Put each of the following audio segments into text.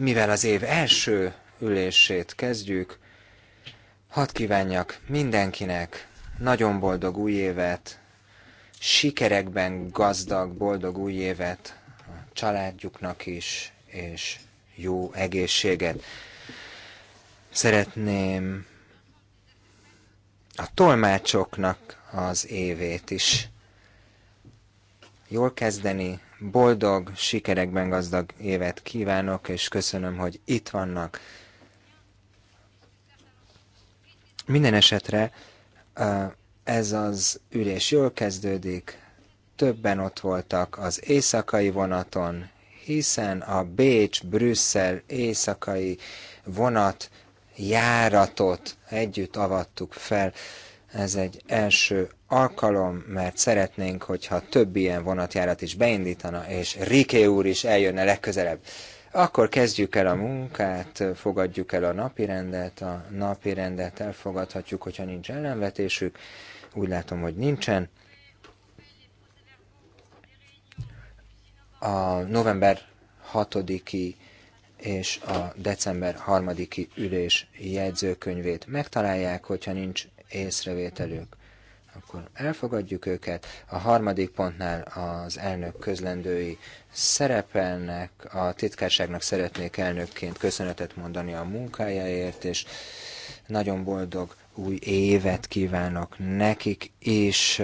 mivel az év első ülését kezdjük, hadd kívánjak mindenkinek nagyon boldog új évet, sikerekben gazdag, boldog új évet a családjuknak is, és jó egészséget. Szeretném a tolmácsoknak az évét is jól kezdeni, boldog, sikerekben gazdag évet kívánok, és köszönöm, hogy itt vannak. Minden esetre ez az ülés jól kezdődik, többen ott voltak az éjszakai vonaton, hiszen a Bécs-Brüsszel éjszakai vonat járatot együtt avattuk fel. Ez egy első alkalom, mert szeretnénk, hogyha több ilyen vonatjárat is beindítana, és Riké úr is eljönne legközelebb. Akkor kezdjük el a munkát, fogadjuk el a rendet, a rendet elfogadhatjuk, hogyha nincs ellenvetésük. Úgy látom, hogy nincsen. A november 6-i és a december 3-i ülés jegyzőkönyvét megtalálják, hogyha nincs észrevételünk, akkor elfogadjuk őket. A harmadik pontnál az elnök közlendői szerepelnek, a titkárságnak szeretnék elnökként köszönetet mondani a munkájáért, és nagyon boldog új évet kívánok nekik, és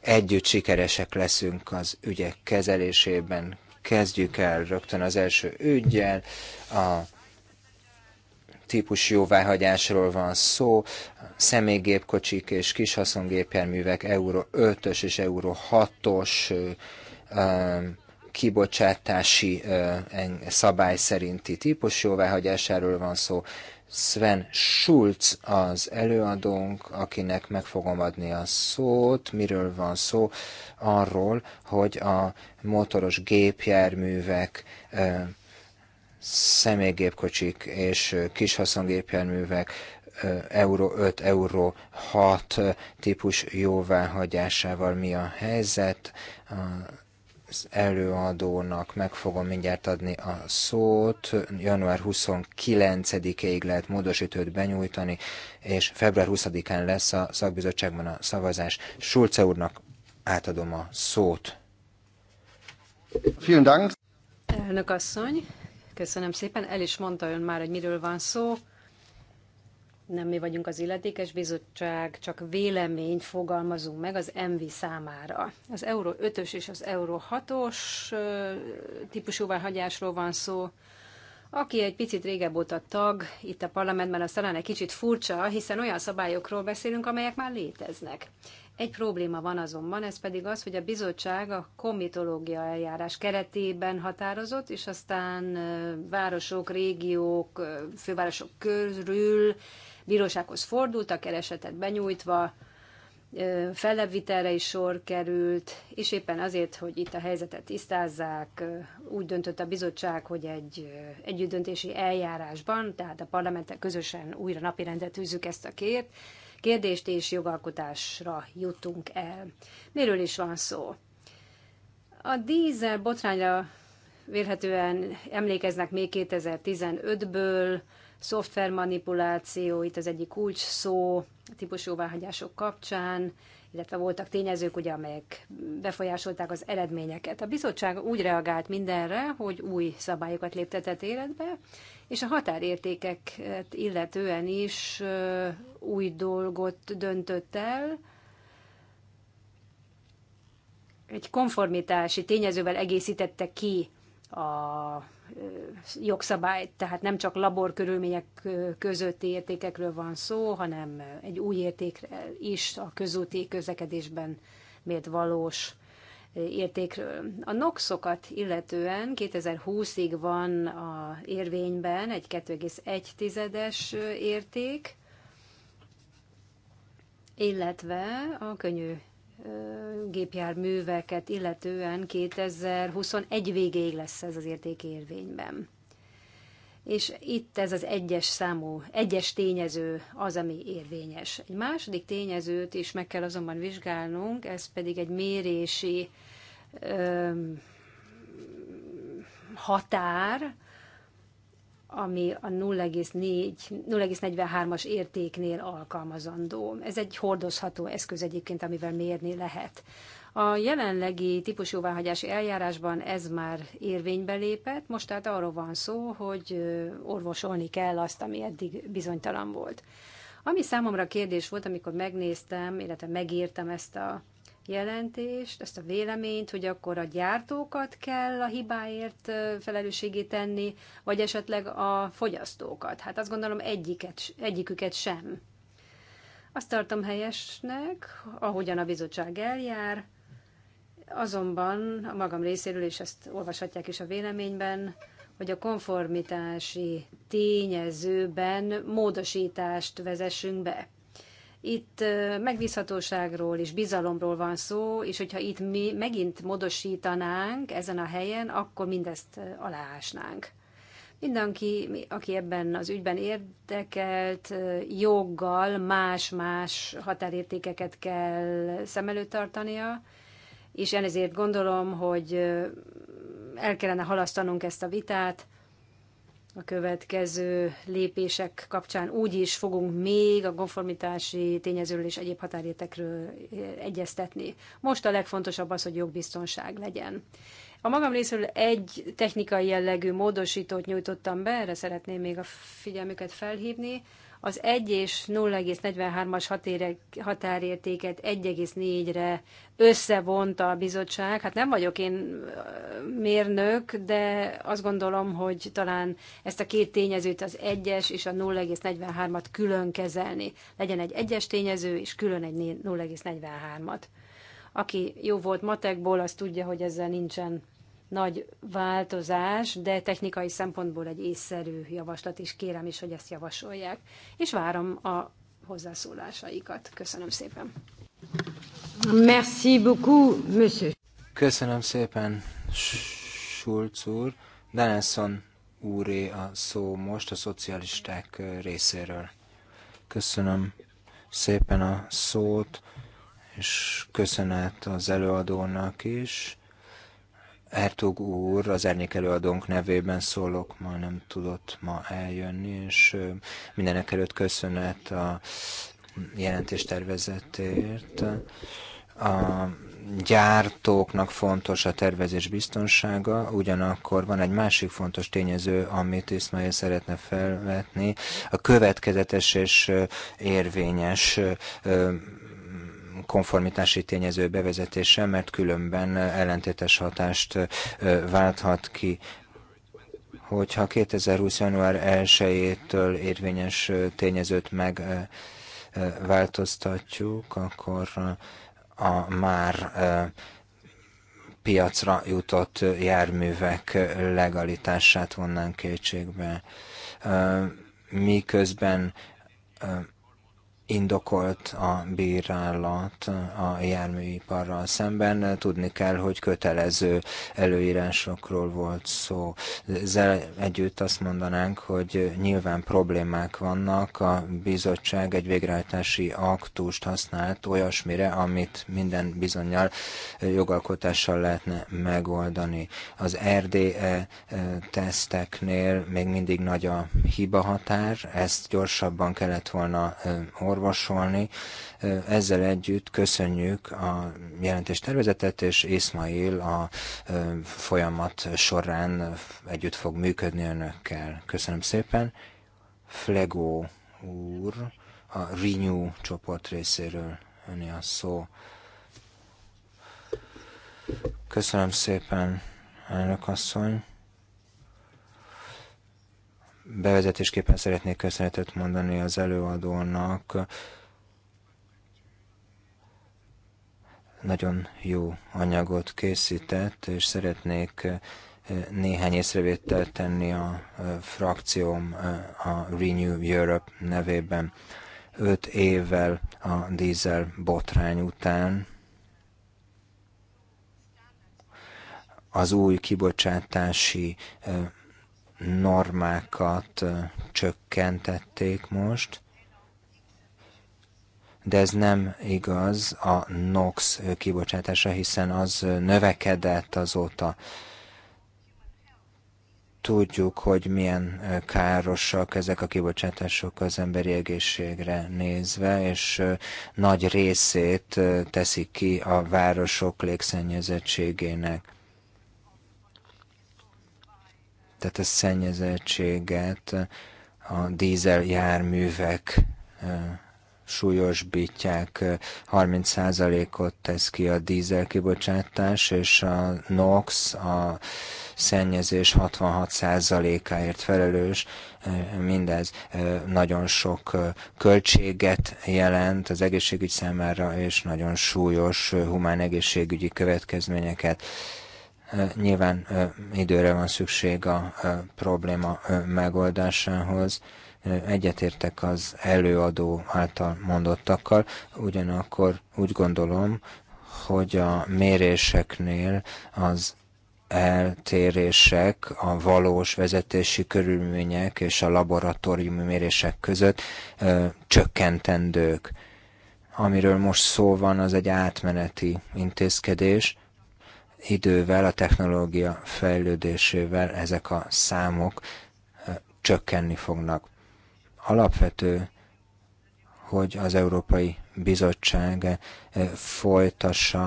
együtt sikeresek leszünk az ügyek kezelésében. Kezdjük el rögtön az első ügyjel, a típus jóváhagyásról van szó, személygépkocsik és kishaszongépjárművek Euró 5-ös és Euró 6-os kibocsátási szabály szerinti típus jóváhagyásáról van szó. Sven Schulz az előadónk, akinek meg fogom adni a szót. Miről van szó? Arról, hogy a motoros gépjárművek személygépkocsik és kis haszongépjárművek euró 5, euró 6 típus jóváhagyásával mi a helyzet. Az előadónak meg fogom mindjárt adni a szót. Január 29-ig lehet módosítőt benyújtani, és február 20-án lesz a szakbizottságban a szavazás. Sulce úrnak átadom a szót. Vielen Dank. Elnök asszony, Köszönöm szépen. El is mondta ön már, hogy miről van szó. Nem mi vagyunk az illetékes bizottság, csak véleményt fogalmazunk meg az MV számára. Az Euró 5-ös és az Euró 6-os típusú hagyásról van szó. Aki egy picit régebb óta tag itt a parlamentben, az talán egy kicsit furcsa, hiszen olyan szabályokról beszélünk, amelyek már léteznek. Egy probléma van azonban, ez pedig az, hogy a bizottság a komitológia eljárás keretében határozott, és aztán városok, régiók, fővárosok körül bírósághoz fordultak, keresetet benyújtva, fellevitelre is sor került, és éppen azért, hogy itt a helyzetet tisztázzák, úgy döntött a bizottság, hogy egy együttdöntési eljárásban, tehát a parlamentek közösen újra napirendet tűzzük ezt a kért, kérdést, és jogalkotásra jutunk el. Miről is van szó? A dízel botrányra vélhetően emlékeznek még 2015-ből, manipuláció itt az egyik kulcs szó, típusú jóváhagyások kapcsán, illetve voltak tényezők, ugye, amelyek befolyásolták az eredményeket. A bizottság úgy reagált mindenre, hogy új szabályokat léptetett életbe, és a határértékeket illetően is új dolgot döntött el, egy konformitási tényezővel egészítette ki a jogszabályt, tehát nem csak laborkörülmények közötti értékekről van szó, hanem egy új értékre is a közúti közlekedésben mért valós értékről. A NOx-okat illetően 2020-ig van a érvényben egy 2,1-es érték, illetve a könnyű gépjárműveket illetően 2021 végéig lesz ez az érték érvényben és itt ez az egyes számú, egyes tényező az, ami érvényes. Egy második tényezőt is meg kell azonban vizsgálnunk, ez pedig egy mérési öm, határ, ami a 0,43-as értéknél alkalmazandó. Ez egy hordozható eszköz egyébként, amivel mérni lehet. A jelenlegi típusjóváhagyási eljárásban ez már érvénybe lépett, most tehát arról van szó, hogy orvosolni kell azt, ami eddig bizonytalan volt. Ami számomra kérdés volt, amikor megnéztem, illetve megírtam ezt a jelentést, ezt a véleményt, hogy akkor a gyártókat kell a hibáért felelősségé tenni, vagy esetleg a fogyasztókat. Hát azt gondolom egyiket, egyiküket sem. Azt tartom helyesnek, ahogyan a bizottság eljár, Azonban a magam részéről, és ezt olvashatják is a véleményben, hogy a konformitási tényezőben módosítást vezessünk be. Itt megbízhatóságról és bizalomról van szó, és hogyha itt mi megint módosítanánk ezen a helyen, akkor mindezt aláásnánk. Mindenki, aki ebben az ügyben érdekelt, joggal más-más határértékeket kell szem előtt tartania, és ezért gondolom, hogy el kellene halasztanunk ezt a vitát. A következő lépések kapcsán úgy is fogunk még a konformitási tényezőről és egyéb határértekről egyeztetni. Most a legfontosabb az, hogy jogbiztonság legyen. A magam részéről egy technikai jellegű módosítót nyújtottam be, erre szeretném még a figyelmüket felhívni az 1 és 0,43-as határértéket 1,4-re összevonta a bizottság. Hát nem vagyok én mérnök, de azt gondolom, hogy talán ezt a két tényezőt, az 1-es és a 0,43-at külön kezelni. Legyen egy 1-es tényező, és külön egy 0,43-at. Aki jó volt matekból, az tudja, hogy ezzel nincsen nagy változás, de technikai szempontból egy észszerű javaslat, is. kérem is, hogy ezt javasolják, és várom a hozzászólásaikat. Köszönöm szépen. Merci beaucoup, monsieur. Köszönöm szépen, Schulz úr. Danielson úré a szó most a szocialisták részéről. Köszönöm szépen a szót, és köszönet az előadónak is Hertog úr, az Ernék előadónk nevében szólok, ma nem tudott ma eljönni, és mindenek előtt köszönet a jelentéstervezetért. A gyártóknak fontos a tervezés biztonsága, ugyanakkor van egy másik fontos tényező, amit Ismail szeretne felvetni, a következetes és érvényes konformitási tényező bevezetése, mert különben ellentétes hatást válthat ki hogyha 2020. január 1-től érvényes tényezőt megváltoztatjuk, akkor a már piacra jutott járművek legalitását vonnánk kétségbe. Miközben indokolt a bírálat a járműiparral szemben. Tudni kell, hogy kötelező előírásokról volt szó. Ezzel együtt azt mondanánk, hogy nyilván problémák vannak. A bizottság egy végrehajtási aktust használt olyasmire, amit minden bizonyal jogalkotással lehetne megoldani. Az RDE e, teszteknél még mindig nagy a hibahatár, ezt gyorsabban kellett volna orvosolni, e, orvosolni. Ezzel együtt köszönjük a jelentés tervezetet, és Ismail a folyamat során együtt fog működni önökkel. Köszönöm szépen. Flego úr a Renew csoport részéről önni a szó. Köszönöm szépen, elnök asszony. Bevezetésképpen szeretnék köszönetet mondani az előadónak. Nagyon jó anyagot készített, és szeretnék eh, néhány észrevételt tenni a eh, frakcióm eh, a Renew Europe nevében. Öt évvel a dízel botrány után az új kibocsátási normákat csökkentették most, de ez nem igaz a NOx kibocsátása, hiszen az növekedett azóta. Tudjuk, hogy milyen károsak ezek a kibocsátások az emberi egészségre nézve, és nagy részét teszik ki a városok légszennyezettségének tehát a szennyezettséget a dízel járművek súlyosbítják, 30%-ot tesz ki a dízel kibocsátás, és a NOx a szennyezés 66%-áért felelős, mindez nagyon sok költséget jelent az egészségügy számára, és nagyon súlyos humán egészségügyi következményeket. Nyilván időre van szükség a probléma megoldásához. Egyetértek az előadó által mondottakkal, ugyanakkor úgy gondolom, hogy a méréseknél az eltérések a valós vezetési körülmények és a laboratóriumi mérések között ö, csökkentendők. Amiről most szó van, az egy átmeneti intézkedés, Idővel, a technológia fejlődésével ezek a számok csökkenni fognak. Alapvető, hogy az Európai Bizottság folytassa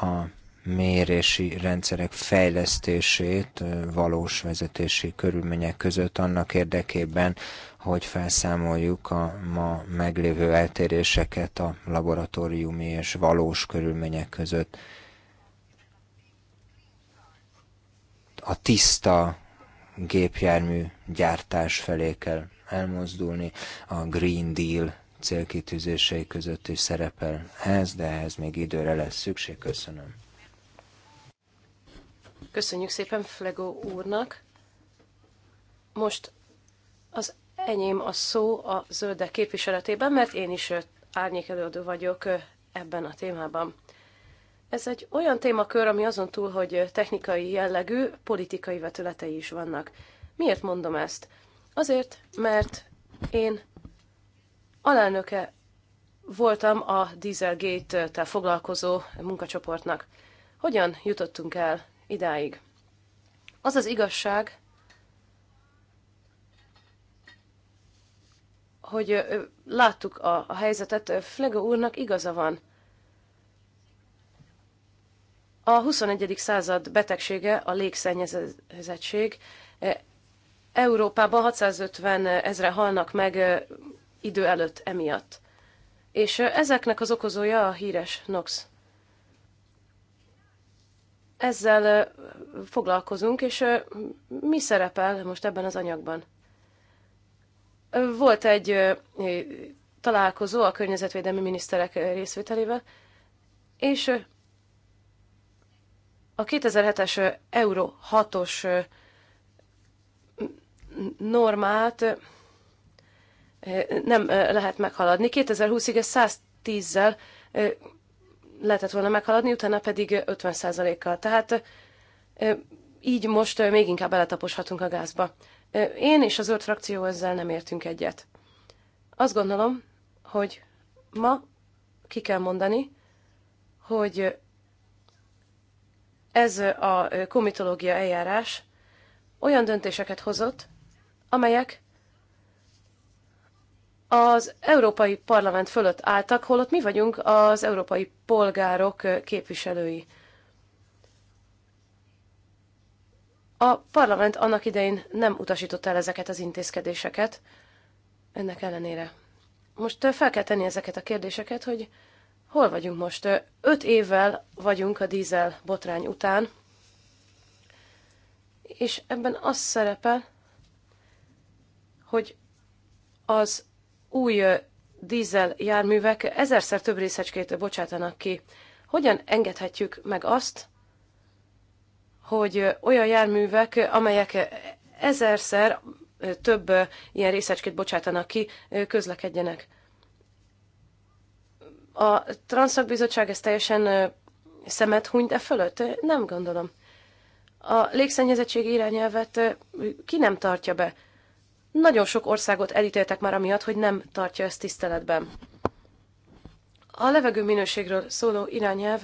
a mérési rendszerek fejlesztését valós vezetési körülmények között annak érdekében, hogy felszámoljuk a ma meglévő eltéréseket a laboratóriumi és valós körülmények között. a tiszta gépjármű gyártás felé kell elmozdulni. A Green Deal célkitűzései között is szerepel ez, de ehhez még időre lesz szükség. Köszönöm. Köszönjük szépen Flego úrnak. Most az enyém a szó a zöldek képviseletében, mert én is árnyékelődő vagyok ebben a témában. Ez egy olyan témakör, ami azon túl, hogy technikai jellegű, politikai vetületei is vannak. Miért mondom ezt? Azért, mert én alelnöke voltam a Dieselgate-tel foglalkozó munkacsoportnak. Hogyan jutottunk el idáig? Az az igazság, hogy láttuk a, a helyzetet, Flego úrnak igaza van – a 21. század betegsége a légszennyezettség. E, Európában 650 ezre halnak meg e, idő előtt emiatt. És e, ezeknek az okozója a híres NOx. Ezzel foglalkozunk, és mi szerepel most ebben az anyagban? Volt egy találkozó a környezetvédelmi miniszterek részvételével, és a 2007-es Euró 6-os normát nem lehet meghaladni. 2020-ig ez 110-zel lehetett volna meghaladni, utána pedig 50%-kal. Tehát így most még inkább beletaposhatunk a gázba. Én és az zöld frakció ezzel nem értünk egyet. Azt gondolom, hogy ma ki kell mondani, hogy ez a komitológia eljárás olyan döntéseket hozott, amelyek az Európai Parlament fölött álltak, holott mi vagyunk az európai polgárok képviselői. A parlament annak idején nem utasította el ezeket az intézkedéseket, ennek ellenére. Most fel kell tenni ezeket a kérdéseket, hogy hol vagyunk most? Öt évvel vagyunk a dízel botrány után, és ebben az szerepel, hogy az új dízel járművek ezerszer több részecskét bocsátanak ki. Hogyan engedhetjük meg azt, hogy olyan járművek, amelyek ezerszer több ilyen részecskét bocsátanak ki, közlekedjenek? A Transzakbizottság ez teljesen szemet hunyt e fölött? Nem gondolom. A légszennyezettség irányelvet ki nem tartja be? Nagyon sok országot elítéltek már amiatt, hogy nem tartja ezt tiszteletben. A levegő minőségről szóló irányelv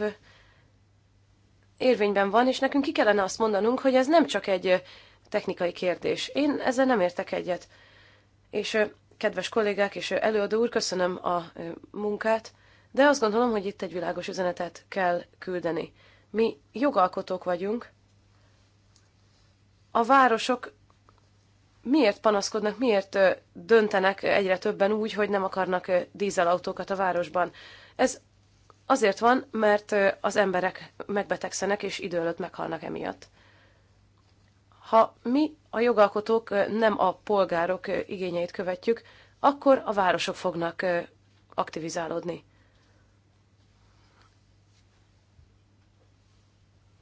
érvényben van, és nekünk ki kellene azt mondanunk, hogy ez nem csak egy technikai kérdés. Én ezzel nem értek egyet. És kedves kollégák és előadó úr, köszönöm a munkát de azt gondolom, hogy itt egy világos üzenetet kell küldeni. Mi jogalkotók vagyunk, a városok miért panaszkodnak, miért döntenek egyre többen úgy, hogy nem akarnak dízelautókat a városban. Ez azért van, mert az emberek megbetegszenek és idő előtt meghalnak emiatt. Ha mi, a jogalkotók, nem a polgárok igényeit követjük, akkor a városok fognak aktivizálódni.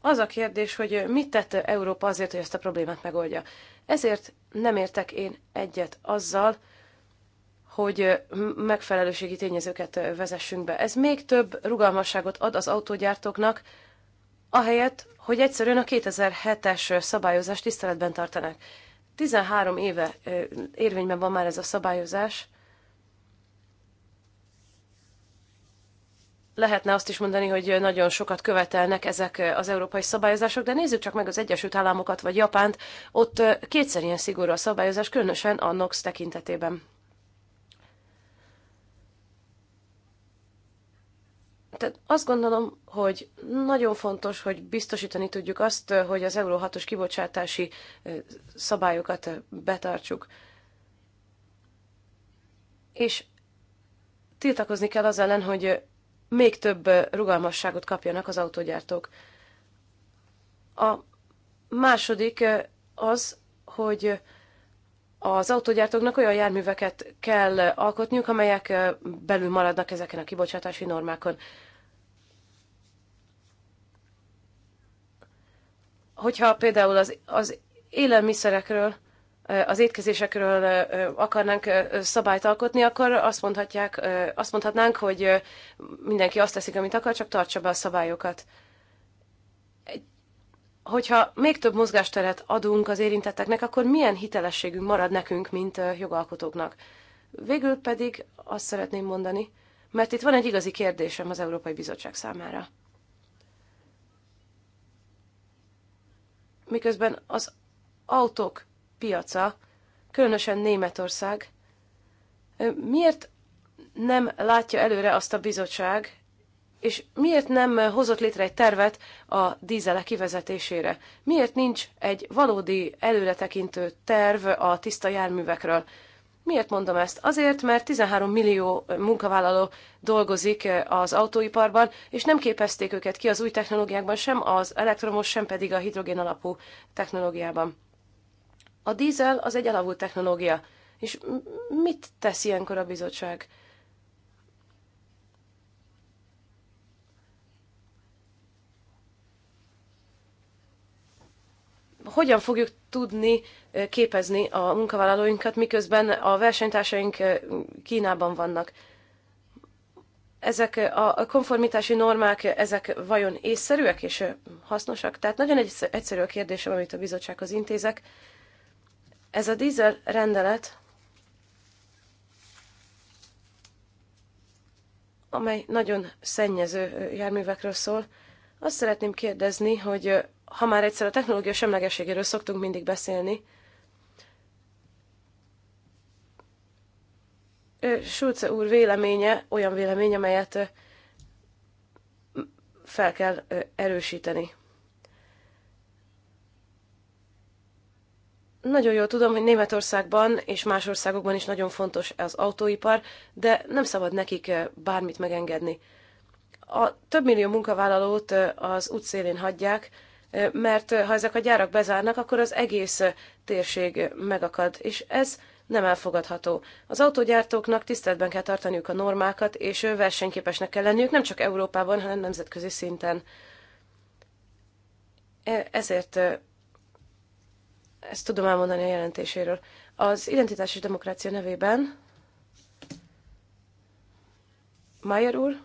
Az a kérdés, hogy mit tett Európa azért, hogy ezt a problémát megoldja. Ezért nem értek én egyet azzal, hogy megfelelőségi tényezőket vezessünk be. Ez még több rugalmasságot ad az autógyártóknak, ahelyett, hogy egyszerűen a 2007-es szabályozást tiszteletben tartanák. 13 éve érvényben van már ez a szabályozás, lehetne azt is mondani, hogy nagyon sokat követelnek ezek az európai szabályozások, de nézzük csak meg az Egyesült Államokat vagy Japánt, ott kétszer ilyen szigorú a szabályozás, különösen a NOx tekintetében. Tehát azt gondolom, hogy nagyon fontos, hogy biztosítani tudjuk azt, hogy az Euró 6-os kibocsátási szabályokat betartsuk. És tiltakozni kell az ellen, hogy még több rugalmasságot kapjanak az autógyártók. A második az, hogy az autógyártóknak olyan járműveket kell alkotniuk, amelyek belül maradnak ezeken a kibocsátási normákon. Hogyha például az, az élelmiszerekről az étkezésekről akarnánk szabályt alkotni, akkor azt, mondhatják, azt mondhatnánk, hogy mindenki azt teszik, amit akar, csak tartsa be a szabályokat. Hogyha még több mozgásteret adunk az érintetteknek, akkor milyen hitelességünk marad nekünk, mint jogalkotóknak? Végül pedig azt szeretném mondani, mert itt van egy igazi kérdésem az Európai Bizottság számára. Miközben az autók piaca, különösen Németország. Miért nem látja előre azt a bizottság, és miért nem hozott létre egy tervet a dízele kivezetésére? Miért nincs egy valódi előretekintő terv a tiszta járművekről? Miért mondom ezt? Azért, mert 13 millió munkavállaló dolgozik az autóiparban, és nem képezték őket ki az új technológiákban, sem az elektromos, sem pedig a hidrogén alapú technológiában. A dízel az egy elavult technológia. És mit tesz ilyenkor a bizottság? Hogyan fogjuk tudni képezni a munkavállalóinkat, miközben a versenytársaink Kínában vannak? ezek a konformitási normák, ezek vajon észszerűek és hasznosak? Tehát nagyon egyszerű a kérdésem, amit a bizottsághoz intézek. Ez a dízel rendelet, amely nagyon szennyező járművekről szól, azt szeretném kérdezni, hogy ha már egyszer a technológia semlegességéről szoktunk mindig beszélni, Schulze úr véleménye olyan vélemény, amelyet fel kell erősíteni. Nagyon jól tudom, hogy Németországban és más országokban is nagyon fontos az autóipar, de nem szabad nekik eh, bármit megengedni. A több millió munkavállalót eh, az útszélén hagyják, eh, mert ha ezek a gyárak bezárnak, akkor az egész térség megakad, és ez nem elfogadható. Az autógyártóknak tiszteletben kell tartaniuk a normákat, és versenyképesnek kell lenniük nem csak Európában, hanem nemzetközi szinten. E, ezért ezt tudom elmondani a jelentéséről. Az Identitás és Demokrácia nevében Mayer úr,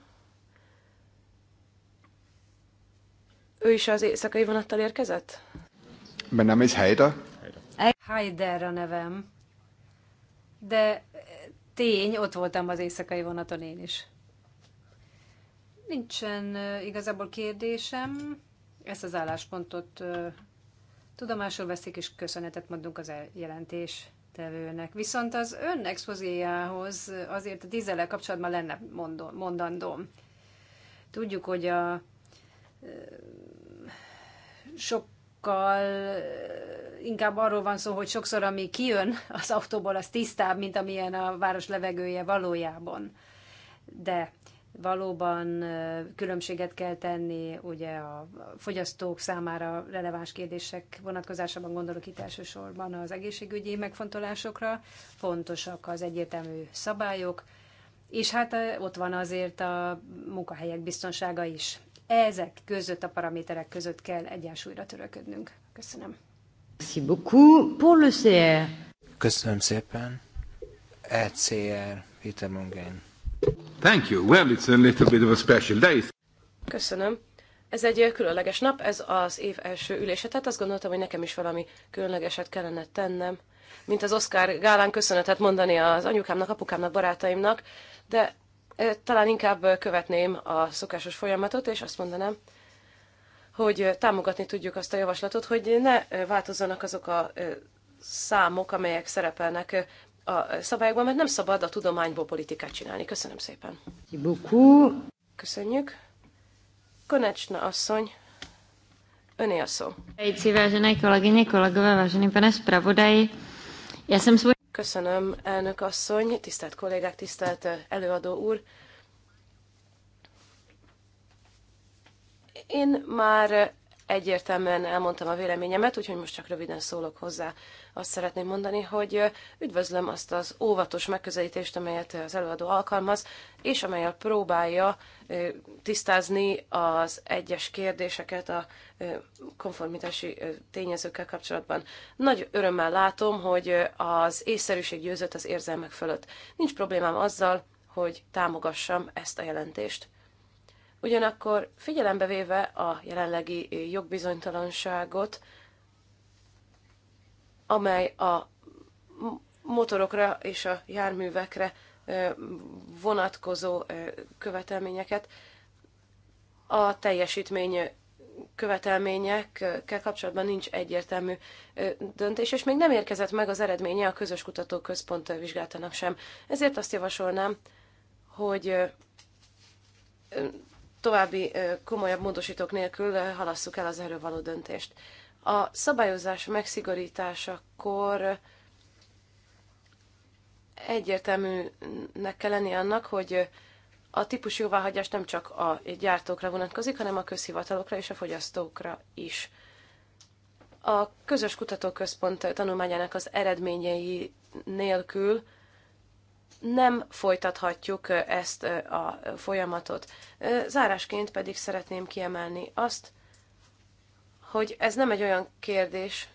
ő is az éjszakai vonattal érkezett? Mert nem is Heider. Heider a nevem. De eh, tény, ott voltam az éjszakai vonaton én is. Nincsen eh, igazából kérdésem. Ezt az álláspontot eh, tudomásul veszik, és köszönetet mondunk az jelentés tevőnek. Viszont az ön expozéjához azért a dízzel kapcsolatban lenne mondandóm. Tudjuk, hogy a sokkal inkább arról van szó, hogy sokszor ami kijön az autóból, az tisztább, mint amilyen a város levegője valójában. De valóban különbséget kell tenni, ugye a fogyasztók számára releváns kérdések vonatkozásában gondolok itt elsősorban az egészségügyi megfontolásokra, fontosak az egyértelmű szabályok, és hát ott van azért a munkahelyek biztonsága is. Ezek között, a paraméterek között kell egyensúlyra töröködnünk. Köszönöm. beaucoup pour le CR. Köszönöm szépen. ECR, Peter Mongain. Thank you. Well, it's a little bit of a special day. Köszönöm. Ez egy különleges nap, ez az év első ülése, tehát azt gondoltam, hogy nekem is valami különlegeset kellene tennem. Mint az Oscar gálán köszönetet mondani az anyukámnak, apukámnak, barátaimnak, de talán inkább követném a szokásos folyamatot, és azt mondanám, hogy támogatni tudjuk azt a javaslatot, hogy ne változzanak azok a számok, amelyek szerepelnek a szabályokban, mert nem szabad a tudományból politikát csinálni. Köszönöm szépen. Köszönjük. Konecsna asszony, öné a szó. Vážené kolegyne, kolegové, vážený pane zpravodaji, já jsem svůj... Köszönöm, elnök asszony, tisztelt kollégák, tisztelt előadó úr. Én már egyértelműen elmondtam a véleményemet, úgyhogy most csak röviden szólok hozzá. Azt szeretném mondani, hogy üdvözlöm azt az óvatos megközelítést, amelyet az előadó alkalmaz, és amelyel próbálja tisztázni az egyes kérdéseket a konformitási tényezőkkel kapcsolatban. Nagy örömmel látom, hogy az észszerűség győzött az érzelmek fölött. Nincs problémám azzal, hogy támogassam ezt a jelentést. Ugyanakkor figyelembe véve a jelenlegi jogbizonytalanságot, amely a motorokra és a járművekre vonatkozó követelményeket, a teljesítmény követelményekkel kapcsolatban nincs egyértelmű döntés, és még nem érkezett meg az eredménye a közös kutatóközpont vizsgáltanak sem. Ezért azt javasolnám, hogy további komolyabb módosítók nélkül halasszuk el az erről való döntést. A szabályozás megszigorításakor egyértelműnek kell lenni annak, hogy a típus jóváhagyás nem csak a gyártókra vonatkozik, hanem a közhivatalokra és a fogyasztókra is. A közös kutatóközpont tanulmányának az eredményei nélkül nem folytathatjuk ezt a folyamatot. Zárásként pedig szeretném kiemelni azt, hogy ez nem egy olyan kérdés,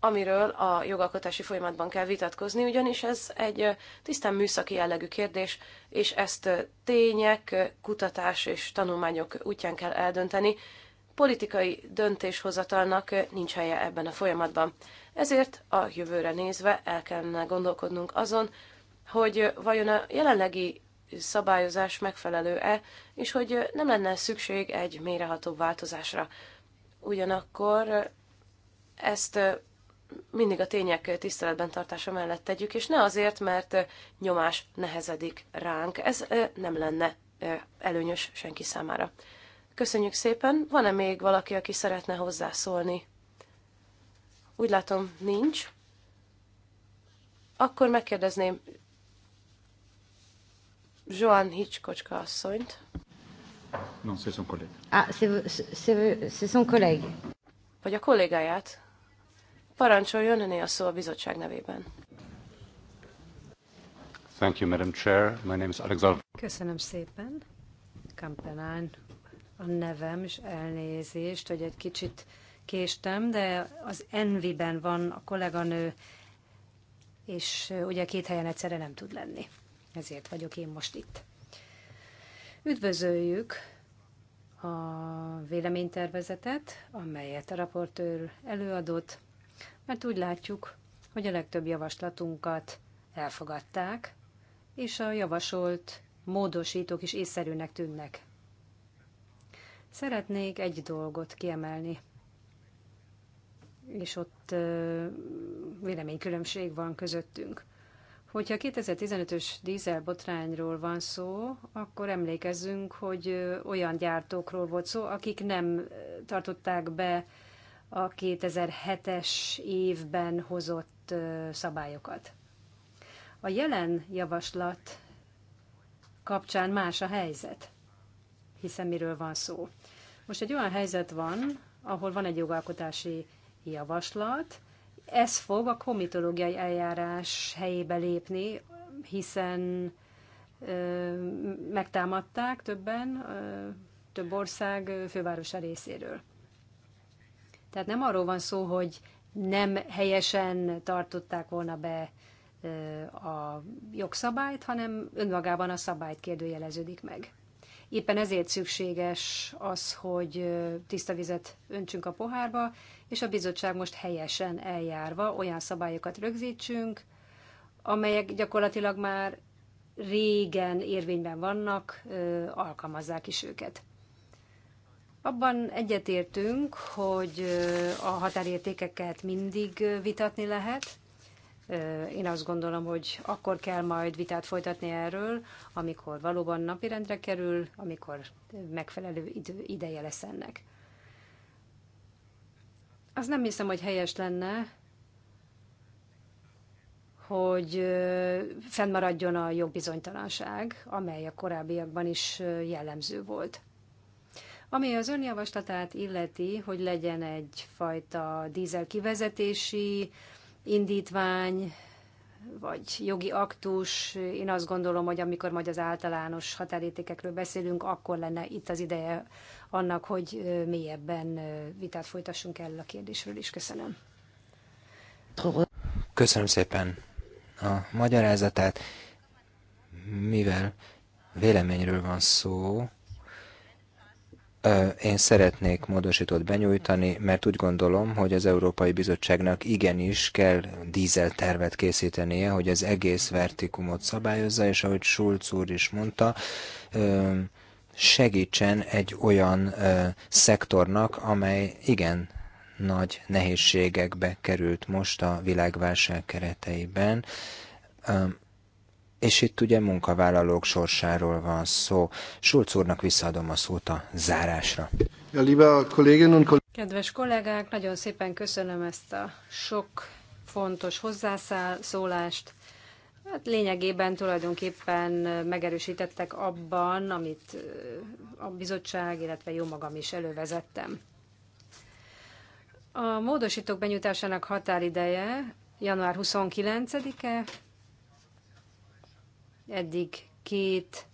amiről a jogalkotási folyamatban kell vitatkozni, ugyanis ez egy tisztán műszaki jellegű kérdés, és ezt tények, kutatás és tanulmányok útján kell eldönteni. Politikai döntéshozatalnak nincs helye ebben a folyamatban. Ezért a jövőre nézve el kellene gondolkodnunk azon, hogy vajon a jelenlegi szabályozás megfelelő-e, és hogy nem lenne szükség egy mérehatóbb változásra. Ugyanakkor ezt mindig a tények tiszteletben tartása mellett tegyük, és ne azért, mert nyomás nehezedik ránk. Ez nem lenne előnyös senki számára. Köszönjük szépen. Van-e még valaki, aki szeretne hozzászólni? Úgy látom, nincs. Akkor megkérdezném Joan Hitchkocska asszonyt. Non, c'est son collègue. Ah, c'est son collègue. Vagy a kollégáját. Parancsoljon öné a szó a bizottság nevében. Thank you, Madam Chair. My name is Alexander. Köszönöm szépen. Kampenán a nevem, és elnézést, hogy egy kicsit késtem, de az Envi-ben van a kolléganő, és ugye két helyen egyszerre nem tud lenni ezért vagyok én most itt. Üdvözöljük a véleménytervezetet, amelyet a raportőr előadott, mert úgy látjuk, hogy a legtöbb javaslatunkat elfogadták, és a javasolt módosítók is észszerűnek tűnnek. Szeretnék egy dolgot kiemelni, és ott véleménykülönbség van közöttünk. Hogyha 2015-ös dízelbotrányról van szó, akkor emlékezzünk, hogy olyan gyártókról volt szó, akik nem tartották be a 2007-es évben hozott szabályokat. A jelen javaslat kapcsán más a helyzet, hiszen miről van szó. Most egy olyan helyzet van, ahol van egy jogalkotási javaslat, ez fog a komitológiai eljárás helyébe lépni, hiszen ö, megtámadták többen, ö, több ország fővárosa részéről. Tehát nem arról van szó, hogy nem helyesen tartották volna be a jogszabályt, hanem önmagában a szabályt kérdőjeleződik meg. Éppen ezért szükséges az, hogy tiszta vizet öntsünk a pohárba, és a bizottság most helyesen eljárva olyan szabályokat rögzítsünk, amelyek gyakorlatilag már régen érvényben vannak, alkalmazzák is őket. Abban egyetértünk, hogy a határértékeket mindig vitatni lehet, én azt gondolom, hogy akkor kell majd vitát folytatni erről, amikor valóban napirendre kerül, amikor megfelelő idő, ideje lesz ennek. Az nem hiszem, hogy helyes lenne, hogy fennmaradjon a jogbizonytalanság, amely a korábbiakban is jellemző volt. Ami az önjavaslatát illeti, hogy legyen egyfajta dízel kivezetési indítvány, vagy jogi aktus. Én azt gondolom, hogy amikor majd az általános határértékekről beszélünk, akkor lenne itt az ideje annak, hogy mélyebben vitát folytassunk el a kérdésről is. Köszönöm. Köszönöm szépen a magyarázatát. Mivel véleményről van szó, én szeretnék módosítót benyújtani, mert úgy gondolom, hogy az Európai Bizottságnak igenis kell dízeltervet készítenie, hogy az egész vertikumot szabályozza, és ahogy Schulz úr is mondta, segítsen egy olyan szektornak, amely igen nagy nehézségekbe került most a világválság kereteiben és itt ugye munkavállalók sorsáról van szó. Sulc úrnak visszaadom a szót a zárásra. Ja, liebe Kolleginnen und Kedves kollégák, nagyon szépen köszönöm ezt a sok fontos hozzászólást. Hát lényegében tulajdonképpen megerősítettek abban, amit a bizottság, illetve jó magam is elővezettem. A módosítók benyújtásának határideje január 29-e, Eddig két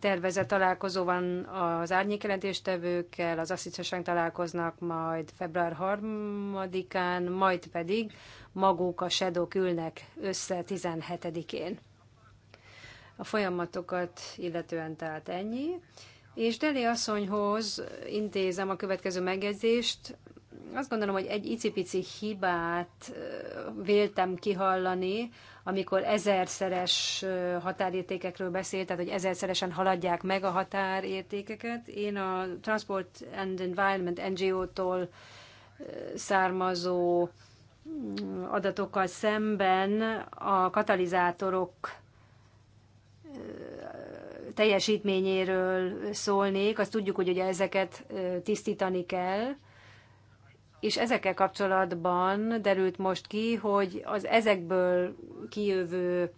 tervezett találkozó van az árnyékelentéstevőkkel, az asszisztensek találkoznak majd február 3-án, majd pedig maguk a sedok ülnek össze 17-én. A folyamatokat illetően tehát ennyi. És Deli asszonyhoz intézem a következő megjegyzést. Azt gondolom, hogy egy icipici hibát véltem kihallani amikor ezerszeres határértékekről beszélt, tehát hogy ezerszeresen haladják meg a határértékeket. Én a Transport and Environment NGO-tól származó mm, adatokkal szemben a katalizátorok teljesítményéről szólnék. Azt tudjuk, hogy ugye ezeket tisztítani kell, és ezekkel kapcsolatban derült most ki, hogy az ezekből kijövő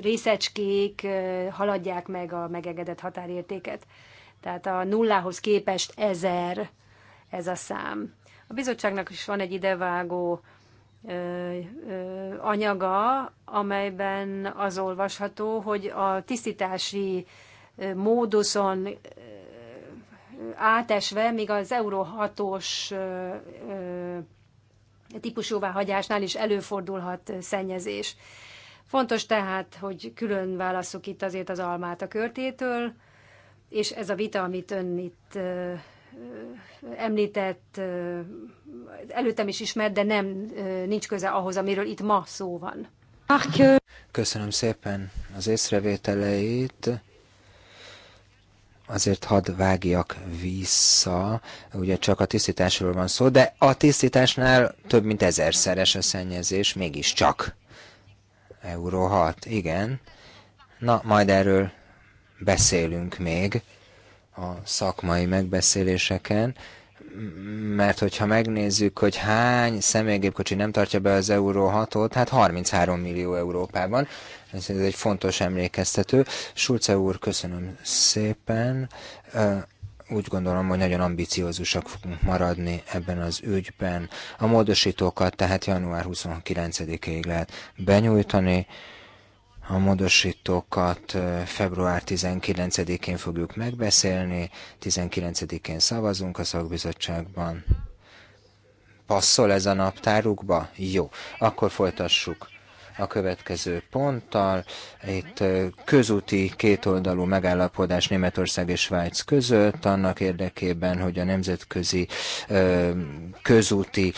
részecskék haladják meg a megengedett határértéket. Tehát a nullához képest ezer ez a szám. A bizottságnak is van egy idevágó anyaga, amelyben az olvasható, hogy a tisztítási móduson átesve még az Euró 6-os típusjóváhagyásnál is előfordulhat szennyezés. Fontos tehát, hogy külön válasszuk itt azért az almát a körtétől, és ez a vita, amit ön itt említett, előttem is ismert, de nem nincs köze ahhoz, amiről itt ma szó van. Köszönöm szépen az észrevételeit azért hadd vágjak vissza, ugye csak a tisztításról van szó, de a tisztításnál több mint ezerszeres a szennyezés, mégiscsak. Euró 6, igen. Na, majd erről beszélünk még a szakmai megbeszéléseken mert hogyha megnézzük, hogy hány személygépkocsi nem tartja be az euró 6-ot, hát 33 millió Európában. Ez egy fontos emlékeztető. Sulce úr, köszönöm szépen. Úgy gondolom, hogy nagyon ambiciózusak fogunk maradni ebben az ügyben. A módosítókat tehát január 29-ig lehet benyújtani. A módosítókat február 19-én fogjuk megbeszélni, 19-én szavazunk a szakbizottságban. Passzol ez a naptárukba? Jó, akkor folytassuk a következő ponttal. Itt közúti kétoldalú megállapodás Németország és Svájc között, annak érdekében, hogy a nemzetközi közúti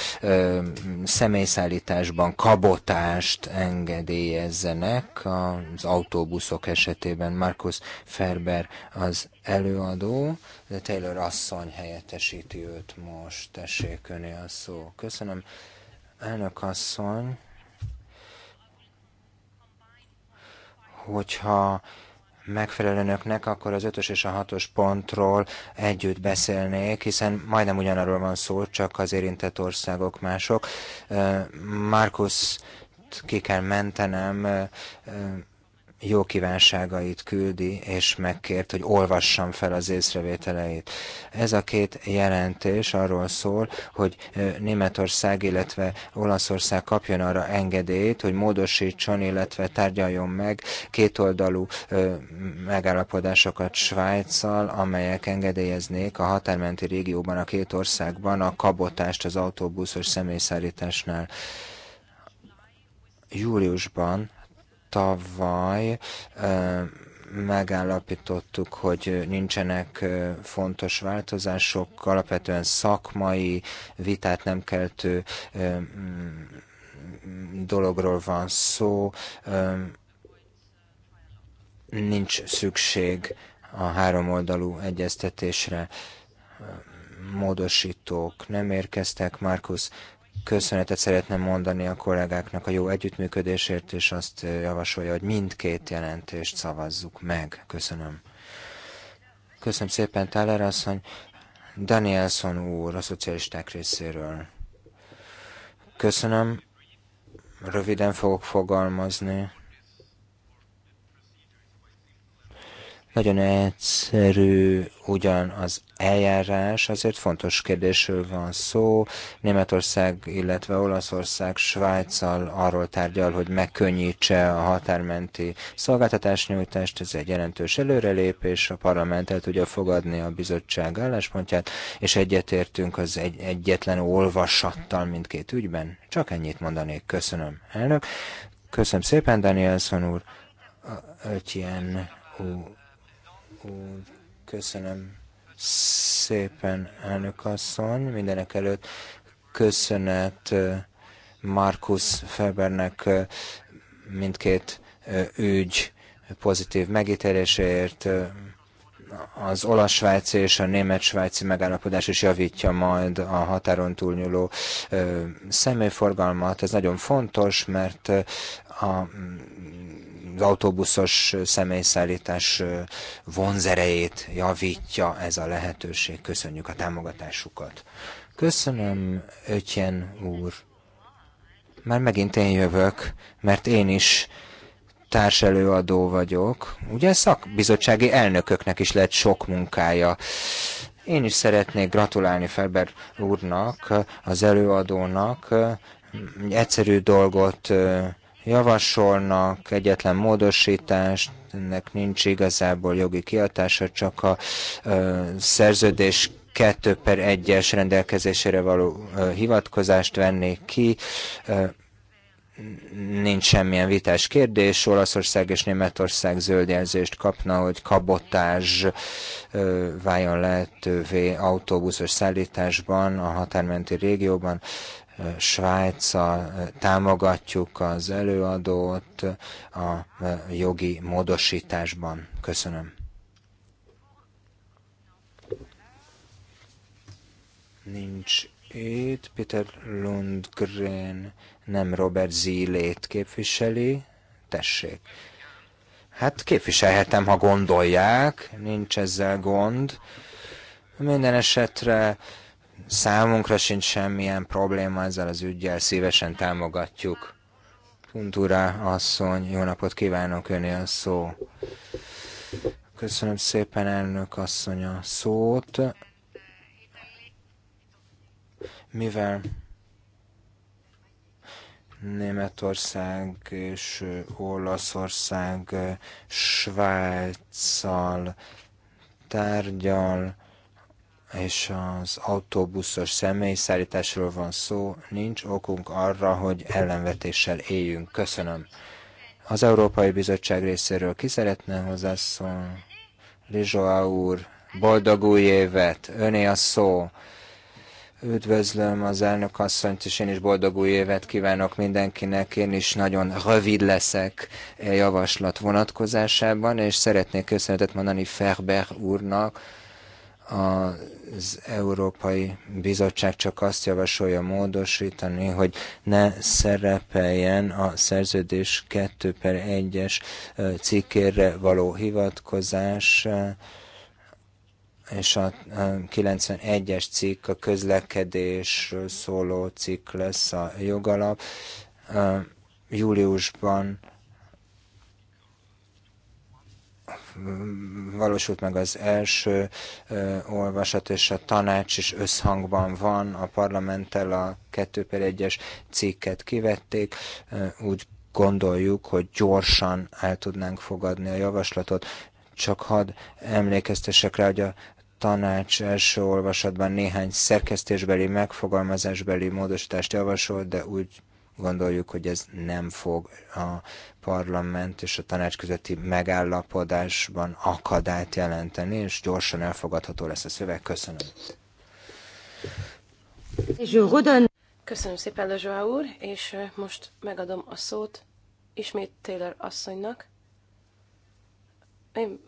személyszállításban kabotást engedélyezzenek az autóbuszok esetében. Markus Ferber az előadó, de Taylor asszony helyettesíti őt most. Tessék, öné a szó. Köszönöm. Elnök asszony, hogyha megfelel önöknek, akkor az ötös és a hatos pontról együtt beszélnék, hiszen majdnem ugyanarról van szó, csak az érintett országok mások. Markus ki kell mentenem, jó kívánságait küldi, és megkért, hogy olvassam fel az észrevételeit. Ez a két jelentés arról szól, hogy Németország, illetve Olaszország kapjon arra engedélyt, hogy módosítson, illetve tárgyaljon meg kétoldalú megállapodásokat Svájccal, amelyek engedélyeznék a határmenti régióban, a két országban a kabotást az autóbuszos személyszállításnál. Júliusban tavaly megállapítottuk, hogy nincsenek fontos változások, alapvetően szakmai, vitát nem keltő dologról van szó, nincs szükség a háromoldalú egyeztetésre, módosítók nem érkeztek, Markus köszönetet szeretne mondani a kollégáknak a jó együttműködésért, és azt javasolja, hogy mindkét jelentést szavazzuk meg. Köszönöm. Köszönöm szépen, Táler asszony. Danielson úr a szocialisták részéről. Köszönöm. Röviden fogok fogalmazni. Nagyon egyszerű ugyan az eljárás, azért fontos kérdésről van szó. Németország, illetve Olaszország Svájccal arról tárgyal, hogy megkönnyítse a határmenti szolgáltatásnyújtást. Ez egy jelentős előrelépés, a parlament el tudja fogadni a bizottság álláspontját, és egyetértünk az egy, egyetlen olvasattal mindkét ügyben. Csak ennyit mondanék. Köszönöm, elnök. Köszönöm szépen, Danielson úr. Ötjen úr úr, köszönöm szépen, elnök asszony. Mindenek előtt köszönet Markus Febernek mindkét ügy pozitív megítéléséért. Az olasz-svájci és a német-svájci megállapodás is javítja majd a határon túlnyúló személyforgalmat. Ez nagyon fontos, mert a az autóbuszos személyszállítás vonzerejét javítja ez a lehetőség. Köszönjük a támogatásukat. Köszönöm, Ötjen úr. Már megint én jövök, mert én is társelőadó vagyok. Ugye szakbizottsági elnököknek is lett sok munkája. Én is szeretnék gratulálni Felber úrnak, az előadónak. Egyszerű dolgot javasolnak egyetlen módosítást, ennek nincs igazából jogi kiadása, csak a ö, szerződés 2 per 1-es rendelkezésére való ö, hivatkozást vennék ki. Ö, nincs semmilyen vitás kérdés, Olaszország és Németország zöldjelzést kapna, hogy kabotás váljon lehetővé autóbuszos szállításban a határmenti régióban. Ö, Svájccal eh, támogatjuk az előadót a eh, jogi módosításban. Köszönöm. Nincs itt. Peter Lundgren nem Robert Zillét képviseli. Tessék. Hát képviselhetem, ha gondolják, nincs ezzel gond. Minden esetre Számunkra sincs semmilyen probléma ezzel az ügyjel, szívesen támogatjuk. Kuntura asszony, jó napot kívánok, önni a szó. Köszönöm szépen, elnök asszony a szót. Mivel Németország és Olaszország Svájccal tárgyal, és az autóbuszos személyszállításról van szó, nincs okunk arra, hogy ellenvetéssel éljünk. Köszönöm. Az Európai Bizottság részéről ki szeretne hozzászólni? Lizsoa úr, boldog új évet, öné a szó. Üdvözlöm az elnök asszonyt, és én is boldog új évet kívánok mindenkinek. Én is nagyon rövid leszek e javaslat vonatkozásában, és szeretnék köszönetet mondani Ferber úrnak, az Európai Bizottság csak azt javasolja módosítani, hogy ne szerepeljen a szerződés 2 per 1-es cikkérre való hivatkozás, és a 91-es cikk a közlekedésről szóló cikk lesz a jogalap. Júliusban valósult meg az első olvasat, és a tanács is összhangban van, a parlamenttel a 2 per 1-es cikket kivették, úgy gondoljuk, hogy gyorsan el tudnánk fogadni a javaslatot. Csak hadd emlékeztessek rá, hogy a tanács első olvasatban néhány szerkesztésbeli, megfogalmazásbeli módosítást javasolt, de úgy gondoljuk, hogy ez nem fog a parlament és a tanács közötti megállapodásban akadályt jelenteni, és gyorsan elfogadható lesz a szöveg. Köszönöm. Köszönöm szépen, Lezsóá úr, és most megadom a szót ismét Taylor asszonynak. Én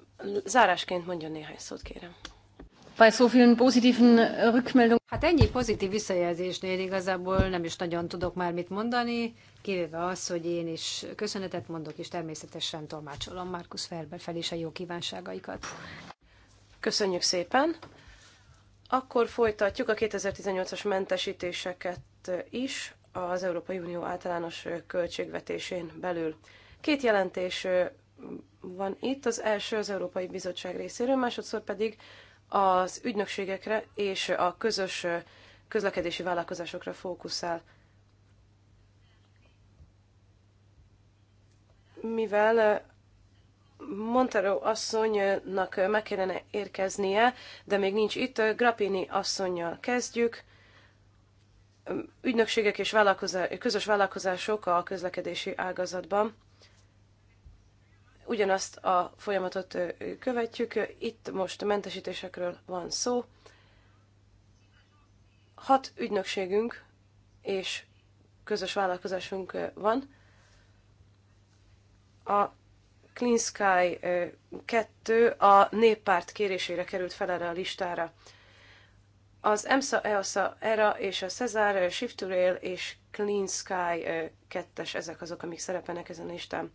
zárásként mondjon néhány szót, kérem bei so vielen positiven äh, Rückmeldungen. Hát ennyi pozitív visszajelzésnél igazából nem is nagyon tudok már mit mondani, kivéve az, hogy én is köszönetet mondok, és természetesen tolmácsolom Markus Ferber fel is a jó kívánságaikat. Köszönjük szépen! Akkor folytatjuk a 2018-as mentesítéseket is az Európai Unió általános költségvetésén belül. Két jelentés van itt, az első az Európai Bizottság részéről, másodszor pedig az ügynökségekre és a közös közlekedési vállalkozásokra fókuszál. Mivel Montero asszonynak meg kellene érkeznie, de még nincs itt, Grappini asszonynal kezdjük. Ügynökségek és vállalkozás, közös vállalkozások a közlekedési ágazatban ugyanazt a folyamatot követjük. Itt most mentesítésekről van szó. Hat ügynökségünk és közös vállalkozásunk van. A Clean Sky 2 a néppárt kérésére került fel erre a listára. Az EMSA, EASA, ERA és a Cezár, Shift to Rail és Clean Sky 2-es, ezek azok, amik szerepelnek ezen a listán.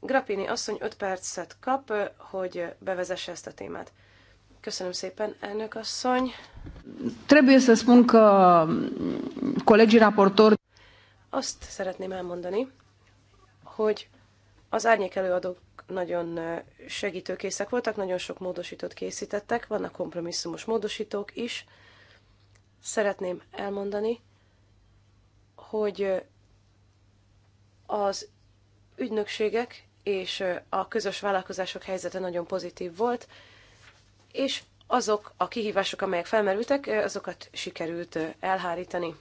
Grappini asszony 5 percet kap, hogy bevezesse ezt a témát. Köszönöm szépen, elnök asszony. Trebuie să spun că colegii raportor... Azt szeretném elmondani, hogy az árnyék előadók nagyon segítőkészek voltak, nagyon sok módosítót készítettek, vannak kompromisszumos módosítók is. Szeretném elmondani, hogy az ügynökségek és a közös vállalkozások helyzete nagyon pozitív volt, és azok a kihívások, amelyek felmerültek, azokat sikerült elhárítani.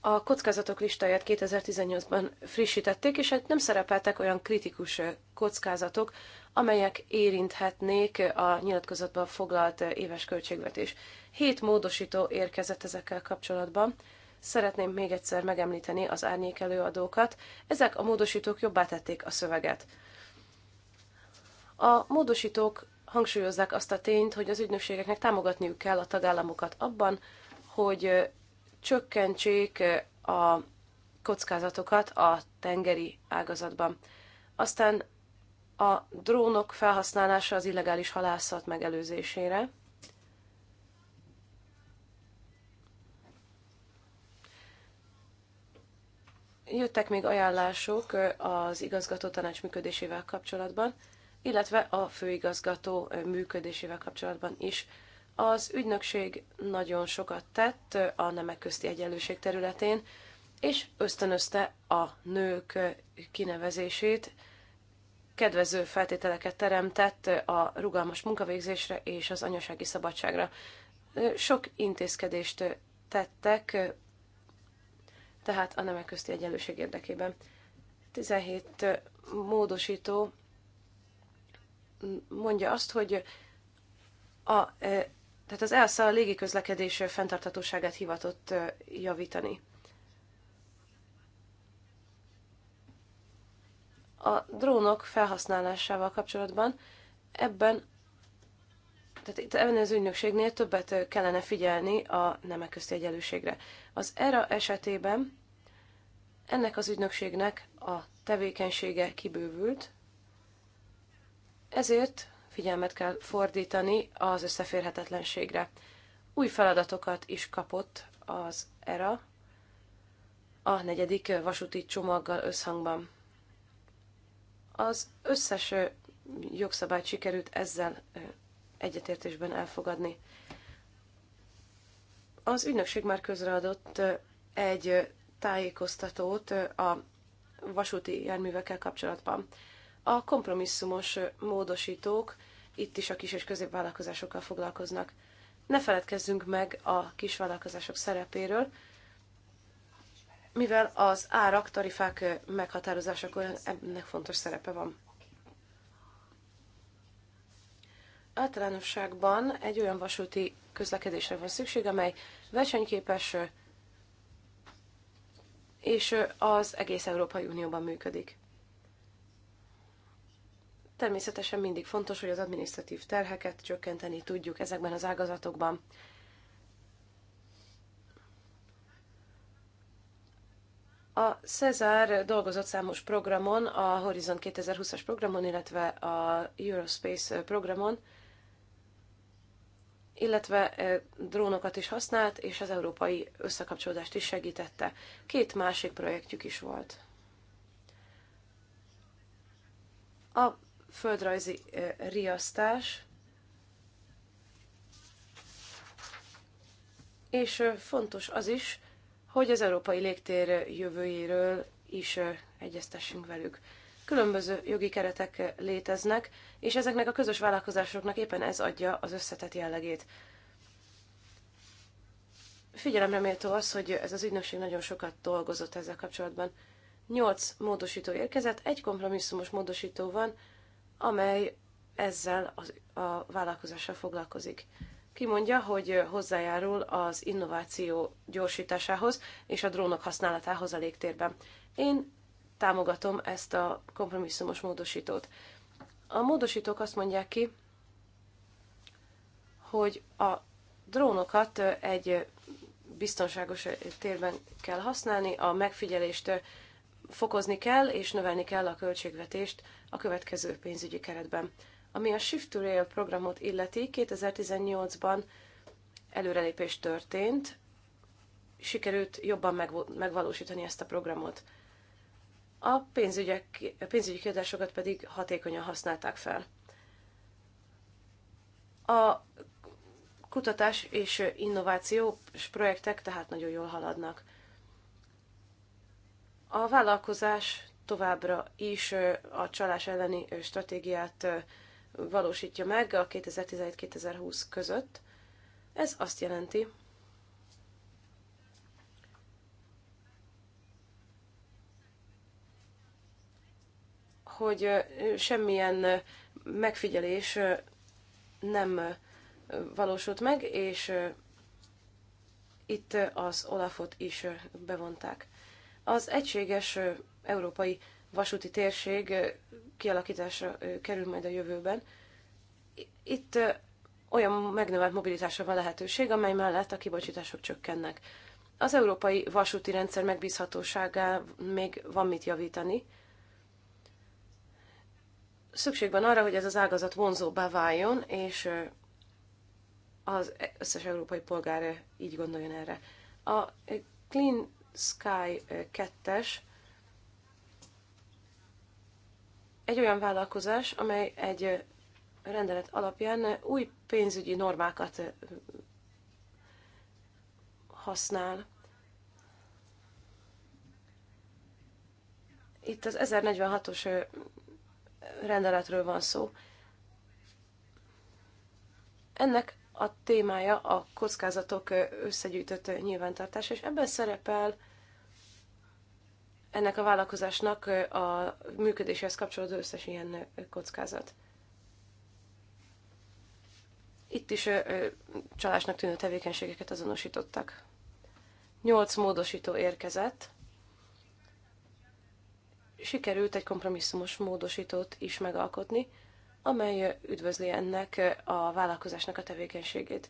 A kockázatok listáját 2018-ban frissítették, és hát nem szerepeltek olyan kritikus kockázatok, amelyek érinthetnék a nyilatkozatban foglalt éves költségvetés. Hét módosító érkezett ezekkel kapcsolatban, Szeretném még egyszer megemlíteni az árnyékelőadókat. Ezek a módosítók jobbá tették a szöveget. A módosítók hangsúlyozzák azt a tényt, hogy az ügynökségeknek támogatniuk kell a tagállamokat abban, hogy csökkentsék a kockázatokat a tengeri ágazatban. Aztán a drónok felhasználása az illegális halászat megelőzésére, Jöttek még ajánlások az igazgató tanács működésével kapcsolatban, illetve a főigazgató működésével kapcsolatban is. Az ügynökség nagyon sokat tett a nemek közti egyenlőség területén, és ösztönözte a nők kinevezését, kedvező feltételeket teremtett a rugalmas munkavégzésre és az anyasági szabadságra. Sok intézkedést tettek tehát a nemek közti egyenlőség érdekében. 17 módosító mondja azt, hogy a, tehát az ELSA a közlekedés fenntartatóságát hivatott javítani. A drónok felhasználásával kapcsolatban ebben tehát itt ebben az ügynökségnél többet kellene figyelni a nemek közti egyenlőségre. Az ERA esetében ennek az ügynökségnek a tevékenysége kibővült, ezért figyelmet kell fordítani az összeférhetetlenségre. Új feladatokat is kapott az ERA a negyedik vasúti csomaggal összhangban. Az összes jogszabályt sikerült ezzel egyetértésben elfogadni. Az ügynökség már közreadott egy tájékoztatót a vasúti járművekkel kapcsolatban. A kompromisszumos módosítók itt is a kis- és középvállalkozásokkal foglalkoznak. Ne feledkezzünk meg a kisvállalkozások szerepéről, mivel az árak, tarifák meghatározásakor ennek fontos szerepe van. általánosságban egy olyan vasúti közlekedésre van szükség, amely versenyképes és az egész Európai Unióban működik. Természetesen mindig fontos, hogy az administratív terheket csökkenteni tudjuk ezekben az ágazatokban. A Cezár dolgozott számos programon, a Horizon 2020-as programon, illetve a Eurospace programon, illetve drónokat is használt, és az európai összekapcsolódást is segítette. Két másik projektjük is volt. A földrajzi riasztás és fontos az is, hogy az európai légtér jövőjéről is egyeztessünk velük. Különböző jogi keretek léteznek, és ezeknek a közös vállalkozásoknak éppen ez adja az összetett jellegét. Figyelemre méltó az, hogy ez az ügynökség nagyon sokat dolgozott ezzel kapcsolatban. Nyolc módosító érkezett, egy kompromisszumos módosító van, amely ezzel az, a vállalkozással foglalkozik. mondja, hogy hozzájárul az innováció gyorsításához és a drónok használatához a légtérben. Én támogatom ezt a kompromisszumos módosítót. A módosítók azt mondják ki, hogy a drónokat egy biztonságos térben kell használni, a megfigyelést fokozni kell, és növelni kell a költségvetést a következő pénzügyi keretben. Ami a Shift to Rail programot illeti, 2018-ban előrelépés történt, sikerült jobban megvalósítani ezt a programot a, pénzügyek, a pénzügyi kiadásokat pedig hatékonyan használták fel. A kutatás és innovációs projektek tehát nagyon jól haladnak. A vállalkozás továbbra is a csalás elleni stratégiát valósítja meg a 2017-2020 között. Ez azt jelenti, hogy semmilyen megfigyelés nem valósult meg, és itt az Olafot is bevonták. Az egységes európai vasúti térség kialakítása kerül majd a jövőben. Itt olyan megnövelt mobilitásra van lehetőség, amely mellett a kibocsátások csökkennek. Az európai vasúti rendszer megbízhatóságá még van mit javítani, szükség van arra, hogy ez az ágazat vonzóbbá váljon, és az összes európai polgár így gondoljon erre. A Clean Sky 2-es egy olyan vállalkozás, amely egy rendelet alapján új pénzügyi normákat használ. Itt az 1046-os rendeletről van szó. Ennek a témája a kockázatok összegyűjtött nyilvántartása, és ebben szerepel ennek a vállalkozásnak a működéshez kapcsolódó összes ilyen kockázat. Itt is csalásnak tűnő tevékenységeket azonosítottak. Nyolc módosító érkezett, sikerült egy kompromisszumos módosítót is megalkotni, amely üdvözli ennek a vállalkozásnak a tevékenységét.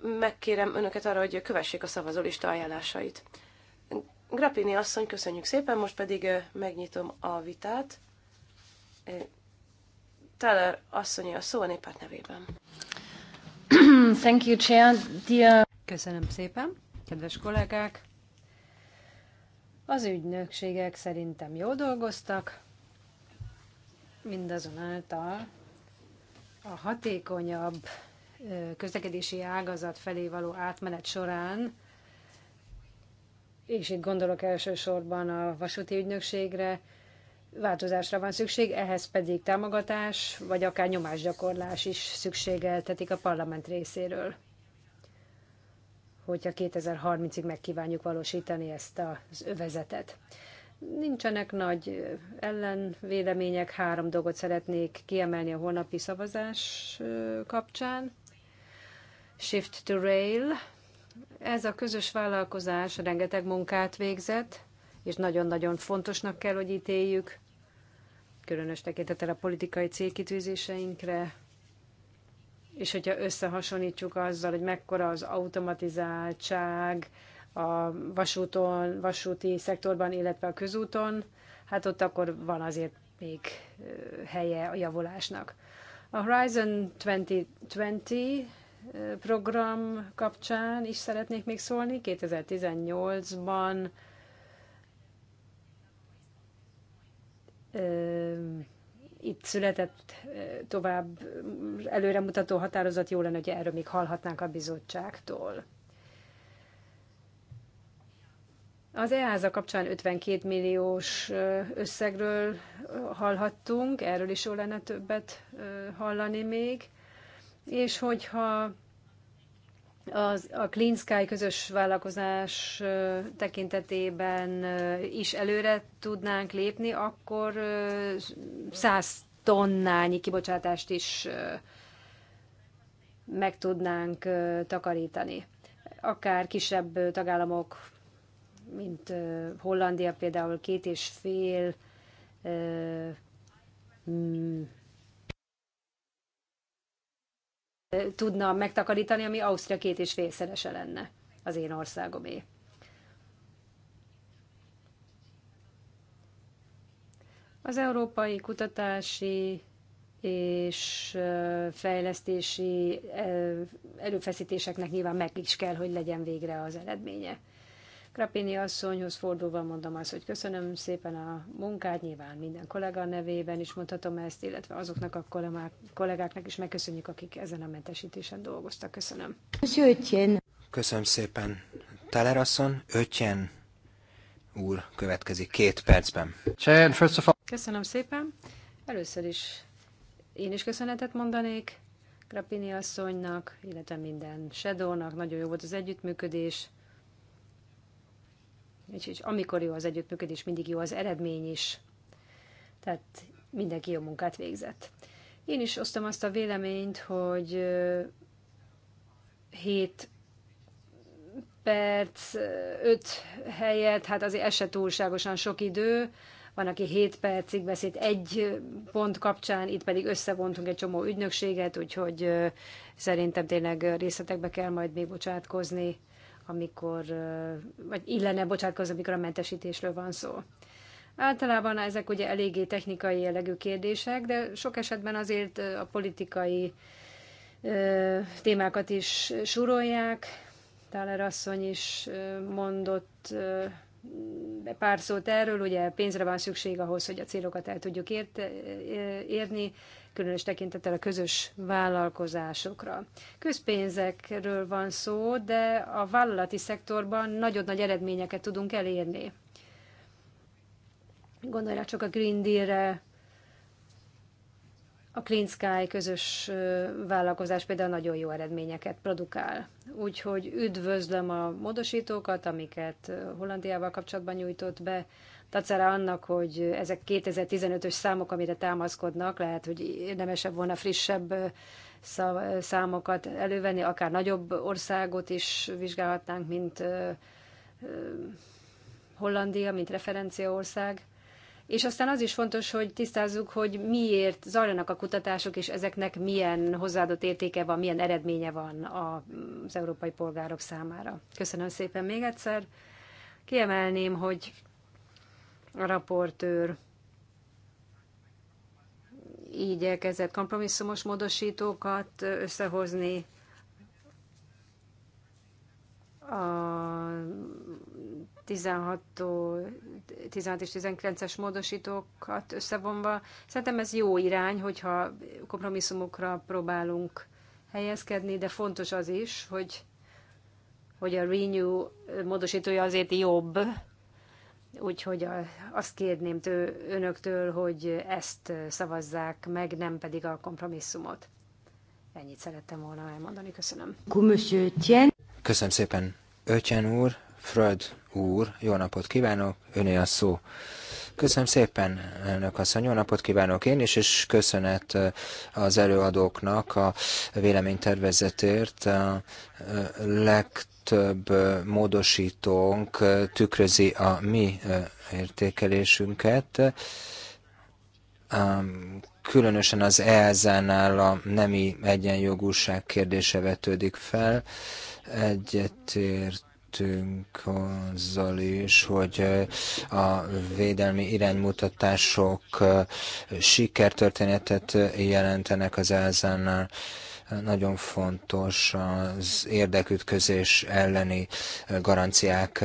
Megkérem önöket arra, hogy kövessék a szavazólista ajánlásait. Grappini asszony, köszönjük szépen, most pedig megnyitom a vitát. Teller asszony! a szó a néppárt nevében. Thank you, Chair. Dear... Köszönöm szépen, kedves kollégák! Az ügynökségek szerintem jól dolgoztak, mindazonáltal a hatékonyabb közlekedési ágazat felé való átmenet során, és itt gondolok elsősorban a vasúti ügynökségre, változásra van szükség, ehhez pedig támogatás, vagy akár nyomásgyakorlás is szükségeltetik a parlament részéről hogyha 2030-ig megkívánjuk valósítani ezt az övezetet. Nincsenek nagy ellenvélemények, három dolgot szeretnék kiemelni a holnapi szavazás kapcsán. Shift to Rail. Ez a közös vállalkozás rengeteg munkát végzett, és nagyon-nagyon fontosnak kell, hogy ítéljük, különös tekintettel a politikai célkitűzéseinkre, és hogyha összehasonlítjuk azzal, hogy mekkora az automatizáltság a vasúton, vasúti szektorban, illetve a közúton, hát ott akkor van azért még helye a javulásnak. A Horizon 2020 program kapcsán is szeretnék még szólni. 2018-ban itt született tovább előremutató határozat, jó lenne, hogy erről még hallhatnánk a bizottságtól. Az EASA kapcsán 52 milliós összegről hallhattunk, erről is jó lenne többet hallani még, és hogyha az, a Clean Sky közös vállalkozás tekintetében is előre tudnánk lépni, akkor 100 tonnányi kibocsátást is meg tudnánk takarítani. Akár kisebb tagállamok, mint Hollandia például két és fél tudna megtakarítani, ami Ausztria két és félszerese lenne az én országomé. Az Európai Kutatási és fejlesztési erőfeszítéseknek nyilván meg is kell, hogy legyen végre az eredménye. Krapini asszonyhoz fordulva mondom azt, hogy köszönöm szépen a munkát, nyilván minden kollega nevében is mondhatom ezt, illetve azoknak a kollégáknak is megköszönjük, akik ezen a mentesítésen dolgoztak. Köszönöm. Köszönöm szépen. Táler asszon, ötjen úr következik két percben. Köszönöm szépen. Először is én is köszönetet mondanék Krapini asszonynak, illetve minden Shadownak. Nagyon jó volt az együttműködés és, és amikor jó az együttműködés, mindig jó az eredmény is. Tehát mindenki jó munkát végzett. Én is osztom azt a véleményt, hogy 7 perc, 5 helyet, hát azért ez se túlságosan sok idő, van, aki 7 percig beszélt egy pont kapcsán, itt pedig összevontunk egy csomó ügynökséget, úgyhogy szerintem tényleg részletekbe kell majd még bocsátkozni amikor, vagy illene bocsátkozni, amikor a mentesítésről van szó. Általában ezek ugye eléggé technikai jellegű kérdések, de sok esetben azért a politikai témákat is súrolják. Táler asszony is mondott pár szót erről, ugye pénzre van szükség ahhoz, hogy a célokat el tudjuk ért, érni, különös tekintettel a közös vállalkozásokra. Közpénzekről van szó, de a vállalati szektorban nagyon nagy eredményeket tudunk elérni. Gondolj csak a Green Deal-re, a Clean Sky közös vállalkozás például nagyon jó eredményeket produkál. Úgyhogy üdvözlöm a módosítókat, amiket Hollandiával kapcsolatban nyújtott be tacára annak, hogy ezek 2015-ös számok, amire támaszkodnak, lehet, hogy érdemesebb volna frissebb számokat elővenni, akár nagyobb országot is vizsgálhatnánk, mint Hollandia, mint referenciaország. És aztán az is fontos, hogy tisztázzuk, hogy miért zajlanak a kutatások, és ezeknek milyen hozzáadott értéke van, milyen eredménye van az európai polgárok számára. Köszönöm szépen még egyszer. Kiemelném, hogy a raportőr igyekezett kompromisszumos módosítókat összehozni a 16, 16 és 19-es módosítókat összevonva. Szerintem ez jó irány, hogyha kompromisszumokra próbálunk helyezkedni, de fontos az is, hogy, hogy a Renew módosítója azért jobb, Úgyhogy azt kérném tő, önöktől, hogy ezt szavazzák meg, nem pedig a kompromisszumot. Ennyit szerettem volna elmondani. Köszönöm. Köszönöm szépen. Ötjen úr, Fröld úr, jó napot kívánok, öné a szó. Köszönöm szépen, elnök asszony, jó napot kívánok én is, és köszönet az előadóknak a véleménytervezetért. A legt több módosítónk tükrözi a mi értékelésünket. Különösen az ez nál a nemi egyenjogúság kérdése vetődik fel. egyetértünk azzal is, hogy a védelmi iránymutatások sikertörténetet jelentenek az EZ-nál. Nagyon fontos az érdekütközés elleni garanciák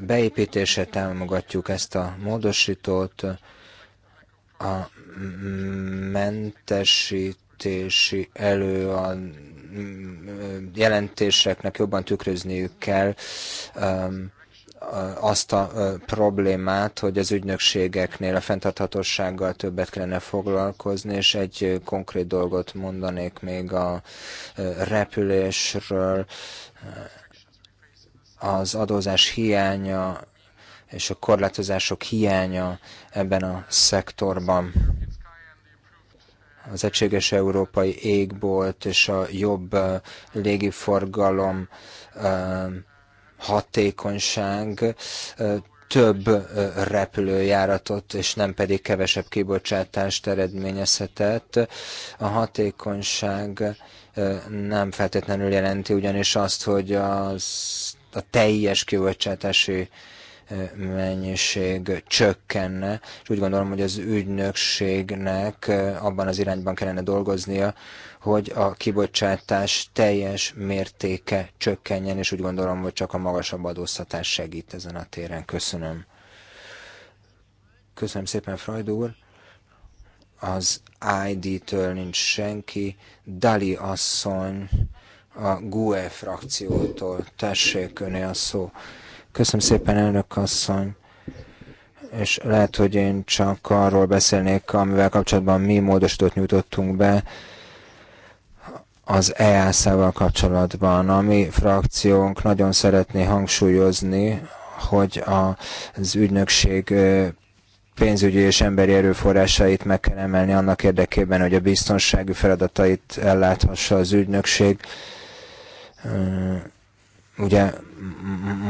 beépítése, támogatjuk ezt a módosítót, a mentesítési elő a jelentéseknek jobban tükrözniük kell um, azt a problémát, hogy az ügynökségeknél a fenntarthatósággal többet kellene foglalkozni, és egy konkrét dolgot mondanék még a repülésről, az adózás hiánya és a korlátozások hiánya ebben a szektorban az egységes európai égbolt és a jobb légiforgalom hatékonyság több repülőjáratot, és nem pedig kevesebb kibocsátást eredményezhetett. A hatékonyság nem feltétlenül jelenti ugyanis azt, hogy az, a teljes kibocsátási mennyiség csökkenne, és úgy gondolom, hogy az ügynökségnek abban az irányban kellene dolgoznia, hogy a kibocsátás teljes mértéke csökkenjen, és úgy gondolom, hogy csak a magasabb adóztatás segít ezen a téren. Köszönöm. Köszönöm szépen, Freud úr. Az ID-től nincs senki. Dali asszony a GUE frakciótól. Tessék, öné a szó. Köszönöm szépen, elnök asszony és lehet, hogy én csak arról beszélnék, amivel kapcsolatban mi módosítót nyújtottunk be, az EASZ-val kapcsolatban. A mi frakciónk nagyon szeretné hangsúlyozni, hogy az ügynökség pénzügyi és emberi erőforrásait meg kell emelni annak érdekében, hogy a biztonsági feladatait elláthassa az ügynökség. Ugye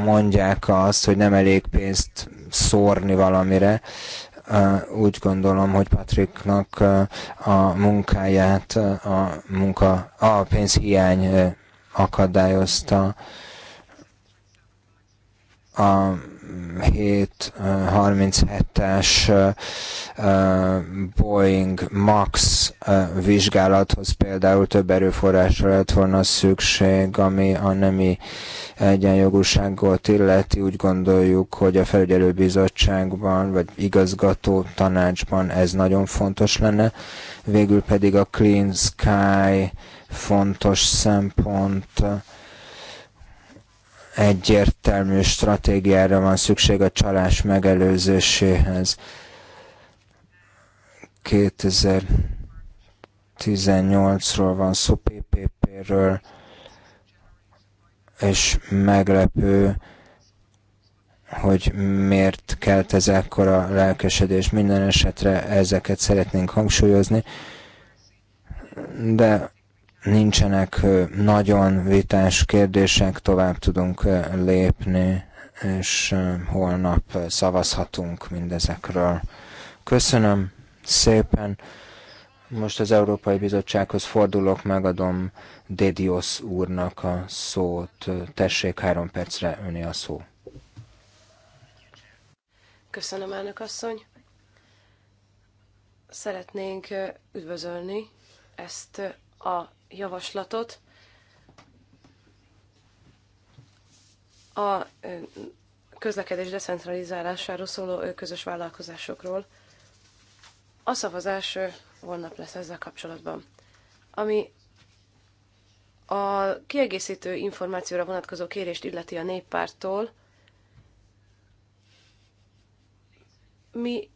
mondják azt, hogy nem elég pénzt szórni valamire, úgy gondolom, hogy Patricknak a munkáját a, munka, a pénzhiány akadályozta. A 737-es Boeing MAX vizsgálathoz például több erőforrásra lett volna szükség, ami a nemi egyenjogúságot illeti, úgy gondoljuk, hogy a felügyelőbizottságban vagy igazgató tanácsban ez nagyon fontos lenne. Végül pedig a Clean Sky fontos szempont egyértelmű stratégiára van szükség a csalás megelőzéséhez. 2018-ról van szó, PPP-ről, és meglepő, hogy miért kelt ez ekkora lelkesedés. Minden esetre ezeket szeretnénk hangsúlyozni, de nincsenek nagyon vitás kérdések, tovább tudunk lépni, és holnap szavazhatunk mindezekről. Köszönöm szépen! Most az Európai Bizottsághoz fordulok, megadom Dédiosz úrnak a szót. Tessék, három percre öni a szó. Köszönöm, elnök asszony. Szeretnénk üdvözölni ezt a javaslatot. A közlekedés decentralizálásáról szóló közös vállalkozásokról. A szavazás holnap lesz ezzel kapcsolatban. Ami a kiegészítő információra vonatkozó kérést illeti a néppártól, mi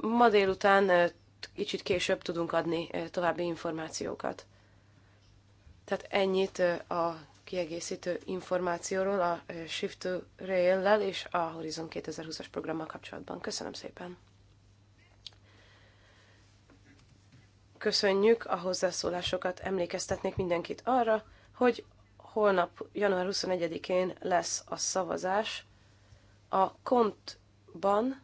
ma délután kicsit később tudunk adni további információkat. Tehát ennyit a kiegészítő információról a Shift to Rail-lel és a Horizon 2020-as programmal kapcsolatban. Köszönöm szépen! köszönjük a hozzászólásokat, emlékeztetnék mindenkit arra, hogy holnap, január 21-én lesz a szavazás a kontban,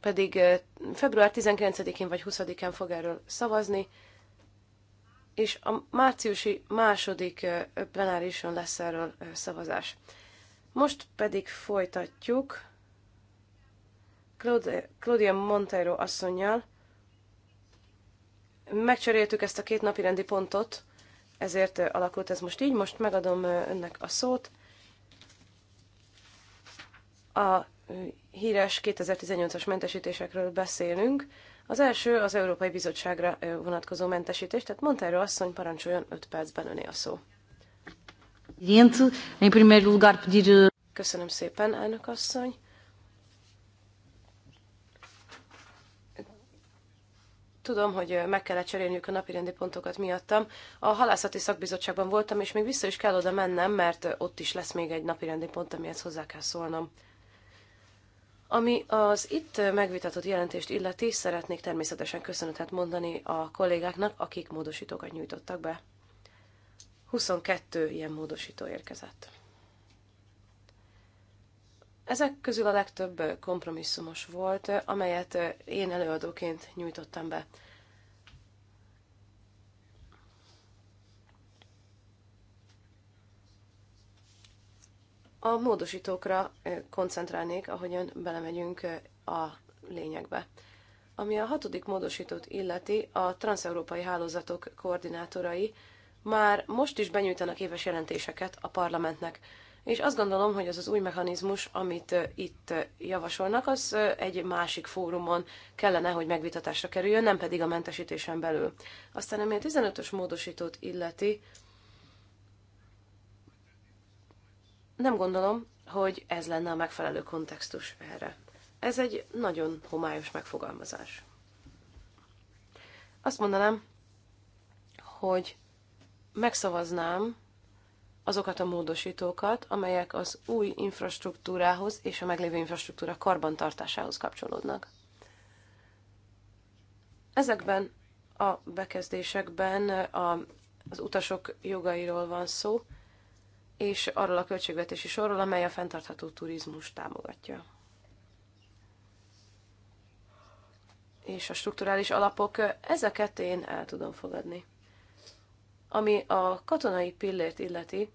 pedig február 19-én vagy 20-án fog erről szavazni, és a márciusi második plenárison lesz erről szavazás. Most pedig folytatjuk. Claudia Monteiro asszonynal. Megcseréltük ezt a két napi rendi pontot, ezért alakult ez most így. Most megadom önnek a szót. A híres 2018-as mentesítésekről beszélünk. Az első az Európai Bizottságra vonatkozó mentesítés, tehát Monteiro asszony parancsoljon 5 percben öné a szó. Köszönöm szépen, elnök asszony. Tudom, hogy meg kellett cserélniük a napirendi pontokat miattam. A halászati szakbizottságban voltam, és még vissza is kell oda mennem, mert ott is lesz még egy napirendi pont, amihez hozzá kell szólnom. Ami az itt megvitatott jelentést illeti, szeretnék természetesen köszönetet mondani a kollégáknak, akik módosítókat nyújtottak be. 22 ilyen módosító érkezett. Ezek közül a legtöbb kompromisszumos volt, amelyet én előadóként nyújtottam be. A módosítókra koncentrálnék, ahogyan belemegyünk a lényegbe. Ami a hatodik módosítót illeti, a transeurópai hálózatok koordinátorai már most is benyújtanak éves jelentéseket a parlamentnek. És azt gondolom, hogy az az új mechanizmus, amit itt javasolnak, az egy másik fórumon kellene, hogy megvitatásra kerüljön, nem pedig a mentesítésen belül. Aztán ami a 15-ös módosítót illeti, nem gondolom, hogy ez lenne a megfelelő kontextus erre. Ez egy nagyon homályos megfogalmazás. Azt mondanám, hogy megszavaznám azokat a módosítókat, amelyek az új infrastruktúrához és a meglévő infrastruktúra karbantartásához kapcsolódnak. Ezekben a bekezdésekben a, az utasok jogairól van szó, és arról a költségvetési sorról, amely a fenntartható turizmus támogatja. És a strukturális alapok, ezeket én el tudom fogadni. Ami a katonai pillért illeti,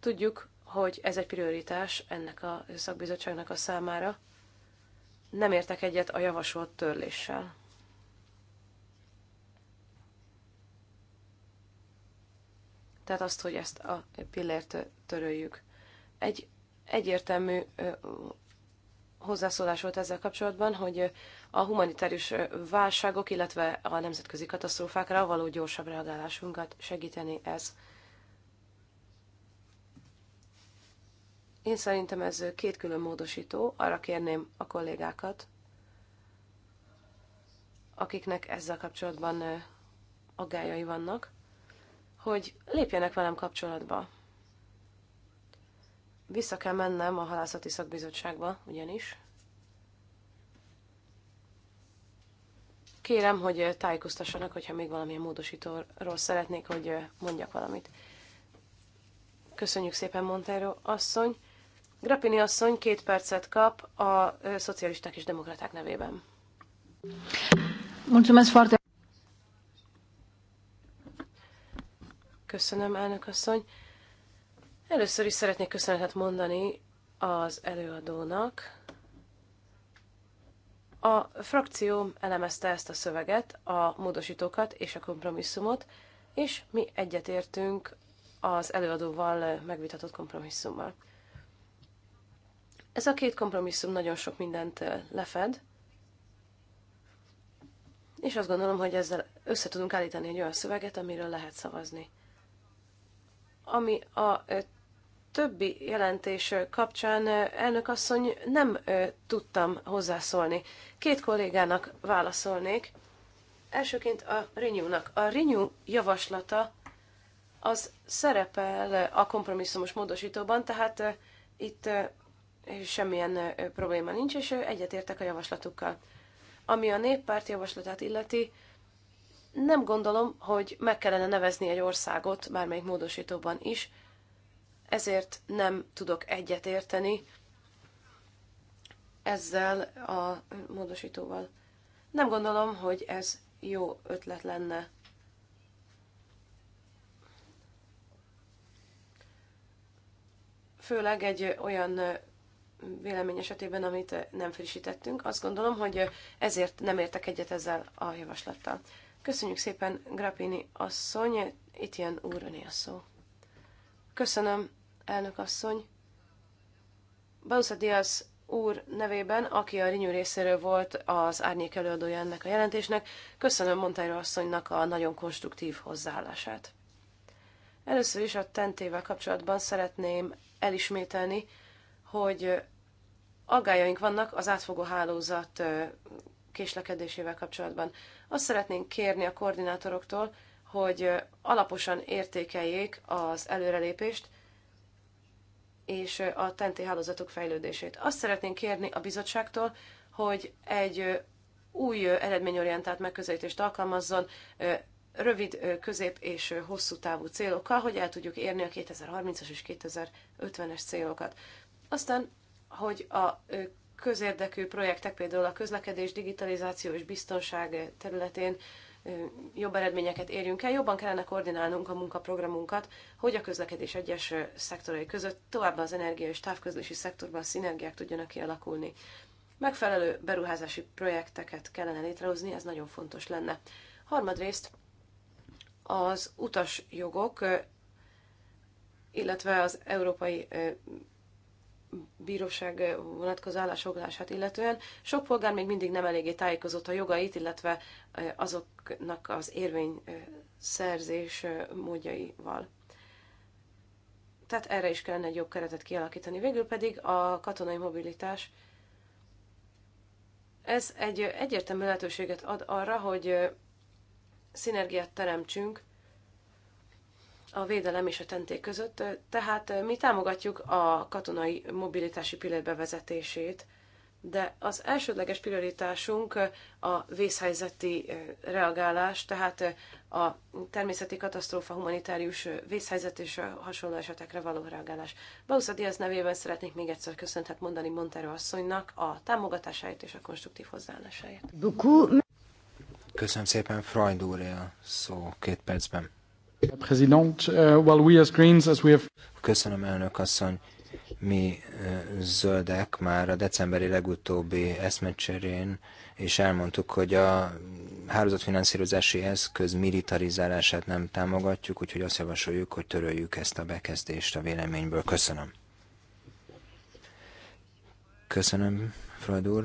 tudjuk, hogy ez egy prioritás ennek a szakbizottságnak a számára. Nem értek egyet a javasolt törléssel. Tehát azt, hogy ezt a pillért töröljük. Egy egyértelmű hozzászólás volt ezzel kapcsolatban, hogy a humanitárius válságok, illetve a nemzetközi katasztrófákra való gyorsabb reagálásunkat segíteni ez. Én szerintem ez két külön módosító, arra kérném a kollégákat, akiknek ezzel kapcsolatban aggájai vannak, hogy lépjenek velem kapcsolatba. Vissza kell mennem a halászati szakbizottságba, ugyanis. Kérem, hogy tájékoztassanak, hogyha még valamilyen módosítóról szeretnék, hogy mondjak valamit. Köszönjük szépen, Montero asszony. Grappini asszony két percet kap a szocialisták és demokraták nevében. Köszönöm, elnök asszony. Először is szeretnék köszönetet mondani az előadónak, a frakcióm elemezte ezt a szöveget, a módosítókat és a kompromisszumot, és mi egyetértünk az előadóval megvitatott kompromisszummal. Ez a két kompromisszum nagyon sok mindent lefed, és azt gondolom, hogy ezzel össze tudunk állítani egy olyan szöveget, amiről lehet szavazni. Ami a többi jelentés kapcsán, elnök asszony, nem tudtam hozzászólni. Két kollégának válaszolnék. Elsőként a Renew-nak. A Renew javaslata az szerepel a kompromisszumos módosítóban, tehát itt semmilyen probléma nincs, és egyetértek a javaslatukkal. Ami a néppárt javaslatát illeti, nem gondolom, hogy meg kellene nevezni egy országot bármelyik módosítóban is, ezért nem tudok egyet érteni ezzel a módosítóval. Nem gondolom, hogy ez jó ötlet lenne. Főleg egy olyan vélemény esetében, amit nem frissítettünk. Azt gondolom, hogy ezért nem értek egyet ezzel a javaslattal. Köszönjük szépen, Grappini asszony, itt ilyen úrani a szó. Köszönöm, elnök asszony. Bausza Diaz úr nevében, aki a Rinyú részéről volt az árnyék előadója ennek a jelentésnek, köszönöm Montaira asszonynak a nagyon konstruktív hozzáállását. Először is a tentével kapcsolatban szeretném elismételni, hogy aggájaink vannak az átfogó hálózat késlekedésével kapcsolatban. Azt szeretnénk kérni a koordinátoroktól, hogy alaposan értékeljék az előrelépést és a tenti hálózatok fejlődését. Azt szeretnénk kérni a bizottságtól, hogy egy új eredményorientált megközelítést alkalmazzon, rövid, közép és hosszú távú célokkal, hogy el tudjuk érni a 2030-as és 2050-es célokat. Aztán, hogy a közérdekű projektek, például a közlekedés, digitalizáció és biztonság területén jobb eredményeket érjünk el, jobban kellene koordinálnunk a munkaprogramunkat, hogy a közlekedés egyes szektorai között továbbá az energia és távközlési szektorban szinergiák tudjanak kialakulni. Megfelelő beruházási projekteket kellene létrehozni, ez nagyon fontos lenne. Harmadrészt az utasjogok, illetve az európai bíróság vonatkozó állásfoglalását illetően sok polgár még mindig nem eléggé tájékozott a jogait, illetve azoknak az érvény szerzés módjaival. Tehát erre is kellene egy jobb keretet kialakítani. Végül pedig a katonai mobilitás. Ez egy egyértelmű lehetőséget ad arra, hogy szinergiát teremtsünk a védelem és a tenték között, tehát mi támogatjuk a katonai mobilitási pillér bevezetését, de az elsődleges prioritásunk a vészhelyzeti reagálás, tehát a természeti katasztrófa, humanitárius vészhelyzet és hasonló esetekre való reagálás. Bausza Diaz nevében szeretnék még egyszer köszöntet mondani Montero asszonynak a támogatásáért és a konstruktív hozzáállásáért. Köszönöm szépen, Freund úr, a szó két percben. Uh, Köszönöm, elnök asszony. Mi uh, zöldek már a decemberi legutóbbi eszmecserén és elmondtuk, hogy a hálózatfinanszírozási eszköz militarizálását nem támogatjuk, úgyhogy azt javasoljuk, hogy töröljük ezt a bekezdést a véleményből. Köszönöm. Köszönöm, Freud úr.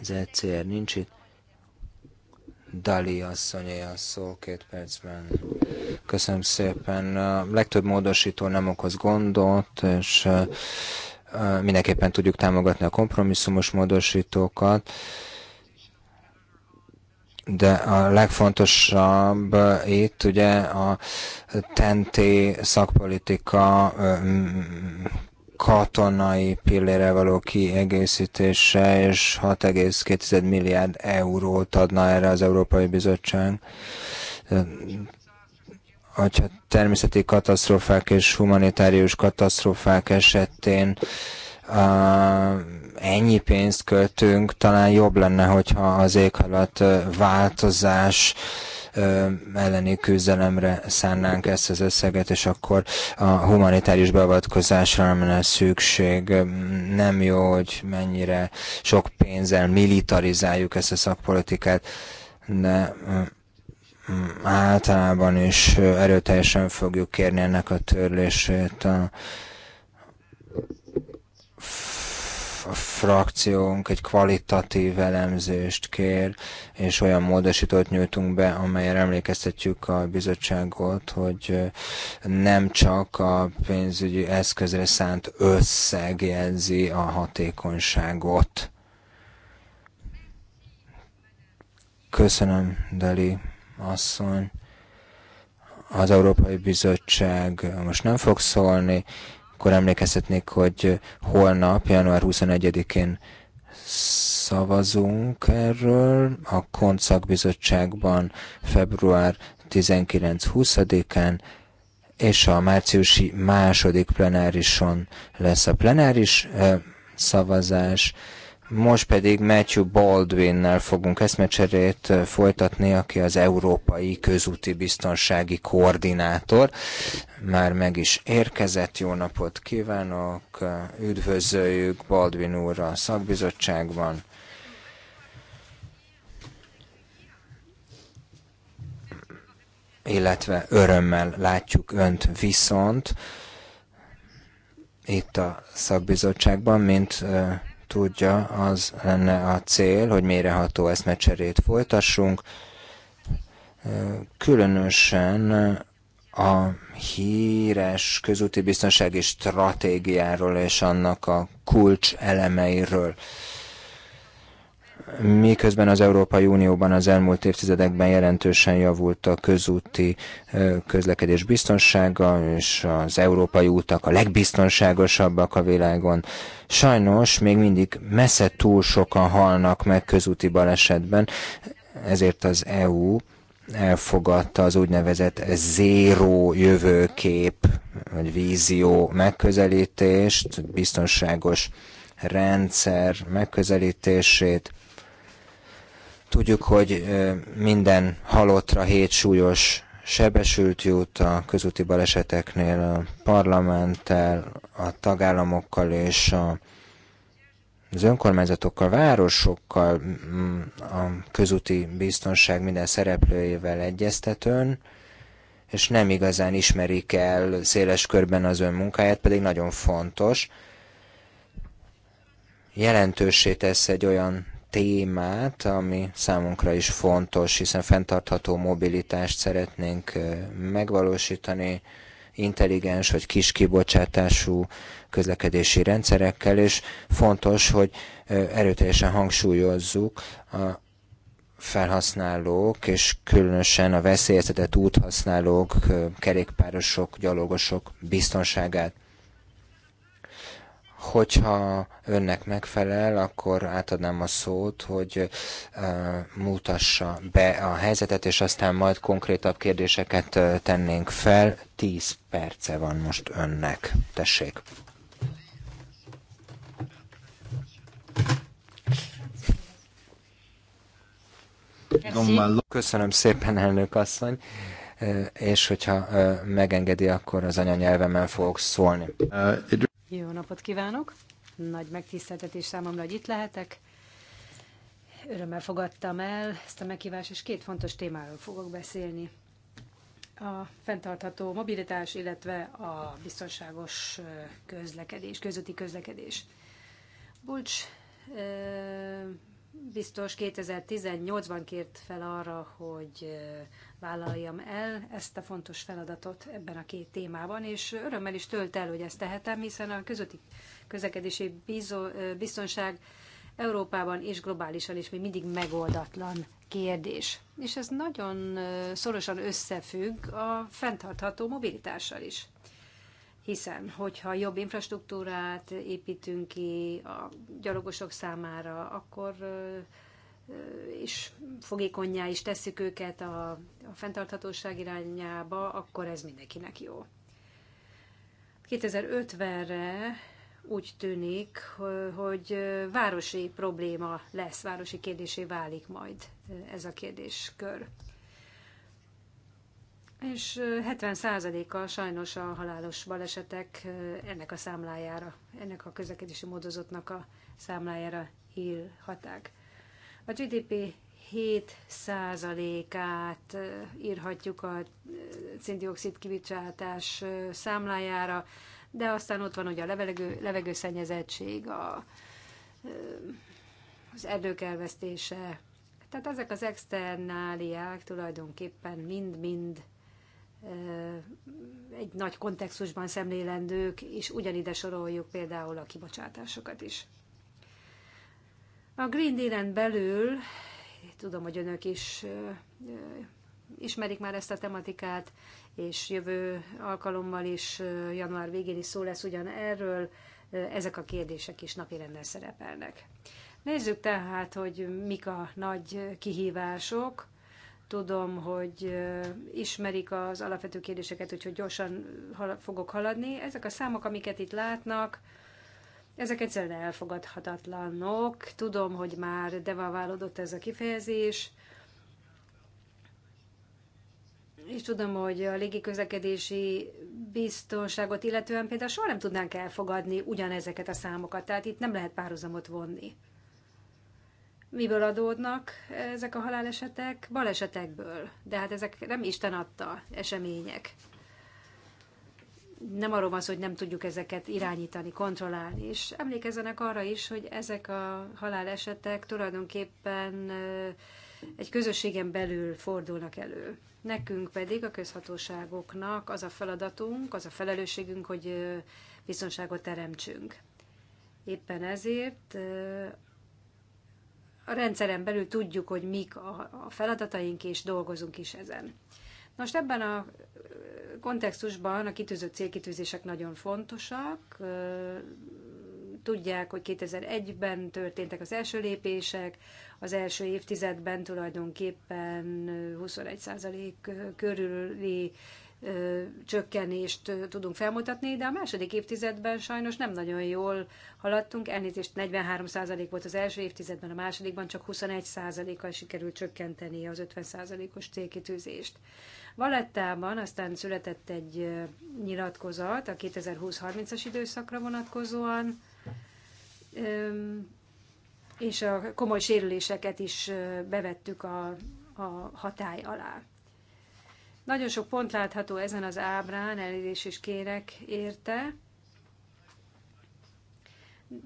Az ECR nincs itt, Dali asszony a szó két percben. Köszönöm szépen. A legtöbb módosító nem okoz gondot, és mindenképpen tudjuk támogatni a kompromisszumos módosítókat de a legfontosabb itt ugye a TNT szakpolitika katonai pillére való kiegészítése, és 6,2 milliárd eurót adna erre az Európai Bizottság. Hogyha természeti katasztrófák és humanitárius katasztrófák esetén Uh, ennyi pénzt költünk, talán jobb lenne, hogyha az éghajlat változás elleni küzdelemre szánnánk ezt az összeget, és akkor a humanitárius beavatkozásra nem lenne szükség. Nem jó, hogy mennyire sok pénzzel militarizáljuk ezt a szakpolitikát, de általában is erőteljesen fogjuk kérni ennek a törlését. A, frakciónk egy kvalitatív elemzést kér, és olyan módosítót nyújtunk be, amelyre emlékeztetjük a bizottságot, hogy nem csak a pénzügyi eszközre szánt összeg jelzi a hatékonyságot. Köszönöm, Deli asszony. Az Európai Bizottság most nem fog szólni, akkor emlékeztetnék, hogy holnap, január 21-én szavazunk erről, a Koncakbizottságban február 19-20-án, és a márciusi második plenárison lesz a plenáris szavazás, most pedig Matthew Baldwin-nel fogunk eszmecserét folytatni, aki az Európai Közúti Biztonsági Koordinátor. Már meg is érkezett, jó napot kívánok, üdvözöljük Baldwin úr a szakbizottságban. illetve örömmel látjuk önt viszont itt a szakbizottságban, mint tudja, az lenne a cél, hogy méreható eszmecserét folytassunk, különösen a híres közúti biztonsági stratégiáról és annak a kulcs elemeiről miközben az Európai Unióban az elmúlt évtizedekben jelentősen javult a közúti közlekedés biztonsága, és az európai útak a legbiztonságosabbak a világon. Sajnos még mindig messze túl sokan halnak meg közúti balesetben, ezért az EU elfogadta az úgynevezett zéró jövőkép, vagy vízió megközelítést, biztonságos rendszer megközelítését, Tudjuk, hogy minden halottra hét súlyos sebesült jut a közúti baleseteknél a parlamenttel, a tagállamokkal és a, az önkormányzatokkal, városokkal, mm, a közúti biztonság minden szereplőjével egyeztetőn, és nem igazán ismerik el széles körben az ön munkáját, pedig nagyon fontos. Jelentősé tesz egy olyan témát, ami számunkra is fontos, hiszen fenntartható mobilitást szeretnénk megvalósítani, intelligens vagy kis kibocsátású közlekedési rendszerekkel, és fontos, hogy erőteljesen hangsúlyozzuk a felhasználók, és különösen a veszélyeztetett úthasználók, kerékpárosok, gyalogosok biztonságát. Hogyha önnek megfelel, akkor átadnám a szót, hogy mutassa be a helyzetet, és aztán majd konkrétabb kérdéseket tennénk fel. Tíz perce van most önnek. Tessék. Köszönöm szépen, elnök asszony, és hogyha megengedi, akkor az anyanyelvemen fogok szólni. Jó napot kívánok! Nagy megtiszteltetés számomra, hogy itt lehetek. Örömmel fogadtam el ezt a meghívást, és két fontos témáról fogok beszélni. A fenntartható mobilitás, illetve a biztonságos közlekedés, közötti közlekedés. Bulcs biztos 2018-ban kért fel arra, hogy vállaljam el ezt a fontos feladatot ebben a két témában, és örömmel is tölt el, hogy ezt tehetem, hiszen a közötti közlekedési biztonság Európában és globálisan is még mindig megoldatlan kérdés. És ez nagyon szorosan összefügg a fenntartható mobilitással is. Hiszen, hogyha jobb infrastruktúrát építünk ki a gyalogosok számára, akkor és fogékonyá is tesszük őket a, a fenntarthatóság irányába, akkor ez mindenkinek jó. 2050-re úgy tűnik, hogy városi probléma lesz, városi kérdésé válik majd ez a kérdéskör. És 70%-a sajnos a halálos balesetek ennek a számlájára, ennek a közlekedési módozatnak a számlájára hírhaták. A GDP 7%-át írhatjuk a szindioxid kibicsátás számlájára, de aztán ott van ugye a levegő, levegőszennyezettség, a, az erdők elvesztése. Tehát ezek az externáliák tulajdonképpen mind-mind egy nagy kontextusban szemlélendők, és ugyanide soroljuk például a kibocsátásokat is. A Green Deal-en belül, tudom, hogy önök is ismerik már ezt a tematikát, és jövő alkalommal is, január végén is szó lesz ugyan erről, ezek a kérdések is napirenden szerepelnek. Nézzük tehát, hogy mik a nagy kihívások. Tudom, hogy ismerik az alapvető kérdéseket, úgyhogy gyorsan fogok haladni. Ezek a számok, amiket itt látnak, ezek egyszerűen elfogadhatatlanok. Tudom, hogy már devalválódott ez a kifejezés, és tudom, hogy a légiközlekedési biztonságot illetően például soha nem tudnánk elfogadni ugyanezeket a számokat, tehát itt nem lehet párhuzamot vonni. Miből adódnak ezek a halálesetek? Balesetekből, de hát ezek nem Isten adta események nem arról van szó, hogy nem tudjuk ezeket irányítani, kontrollálni. És emlékezzenek arra is, hogy ezek a halálesetek tulajdonképpen egy közösségen belül fordulnak elő. Nekünk pedig, a közhatóságoknak az a feladatunk, az a felelősségünk, hogy biztonságot teremtsünk. Éppen ezért a rendszeren belül tudjuk, hogy mik a feladataink, és dolgozunk is ezen. Most ebben a kontextusban a kitűzött célkitűzések nagyon fontosak. Tudják, hogy 2001-ben történtek az első lépések, az első évtizedben tulajdonképpen 21% körüli csökkenést tudunk felmutatni, de a második évtizedben sajnos nem nagyon jól haladtunk. Elnézést 43% volt az első évtizedben, a másodikban csak 21%-kal sikerült csökkenteni az 50%-os célkitűzést. Valettában aztán született egy nyilatkozat a 2020-30-as időszakra vonatkozóan, és a komoly sérüléseket is bevettük a, a hatály alá. Nagyon sok pont látható ezen az ábrán, elérés is kérek érte,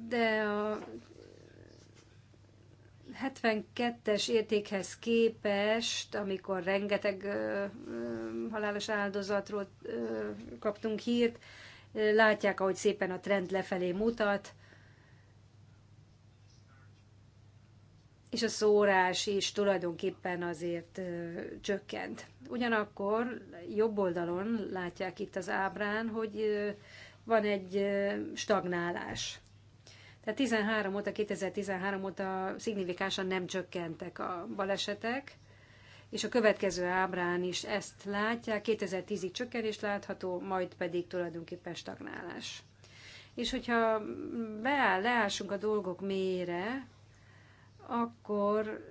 de a 72-es értékhez képest, amikor rengeteg ö, ö, halálos áldozatról ö, kaptunk hírt, látják, ahogy szépen a trend lefelé mutat, és a szórás is tulajdonképpen azért csökkent. Ugyanakkor jobb oldalon látják itt az ábrán, hogy van egy stagnálás. Tehát 13 óta, 2013 óta szignifikánsan nem csökkentek a balesetek, és a következő ábrán is ezt látják, 2010-ig csökkenés látható, majd pedig tulajdonképpen stagnálás. És hogyha beáll, leássunk a dolgok mélyére, akkor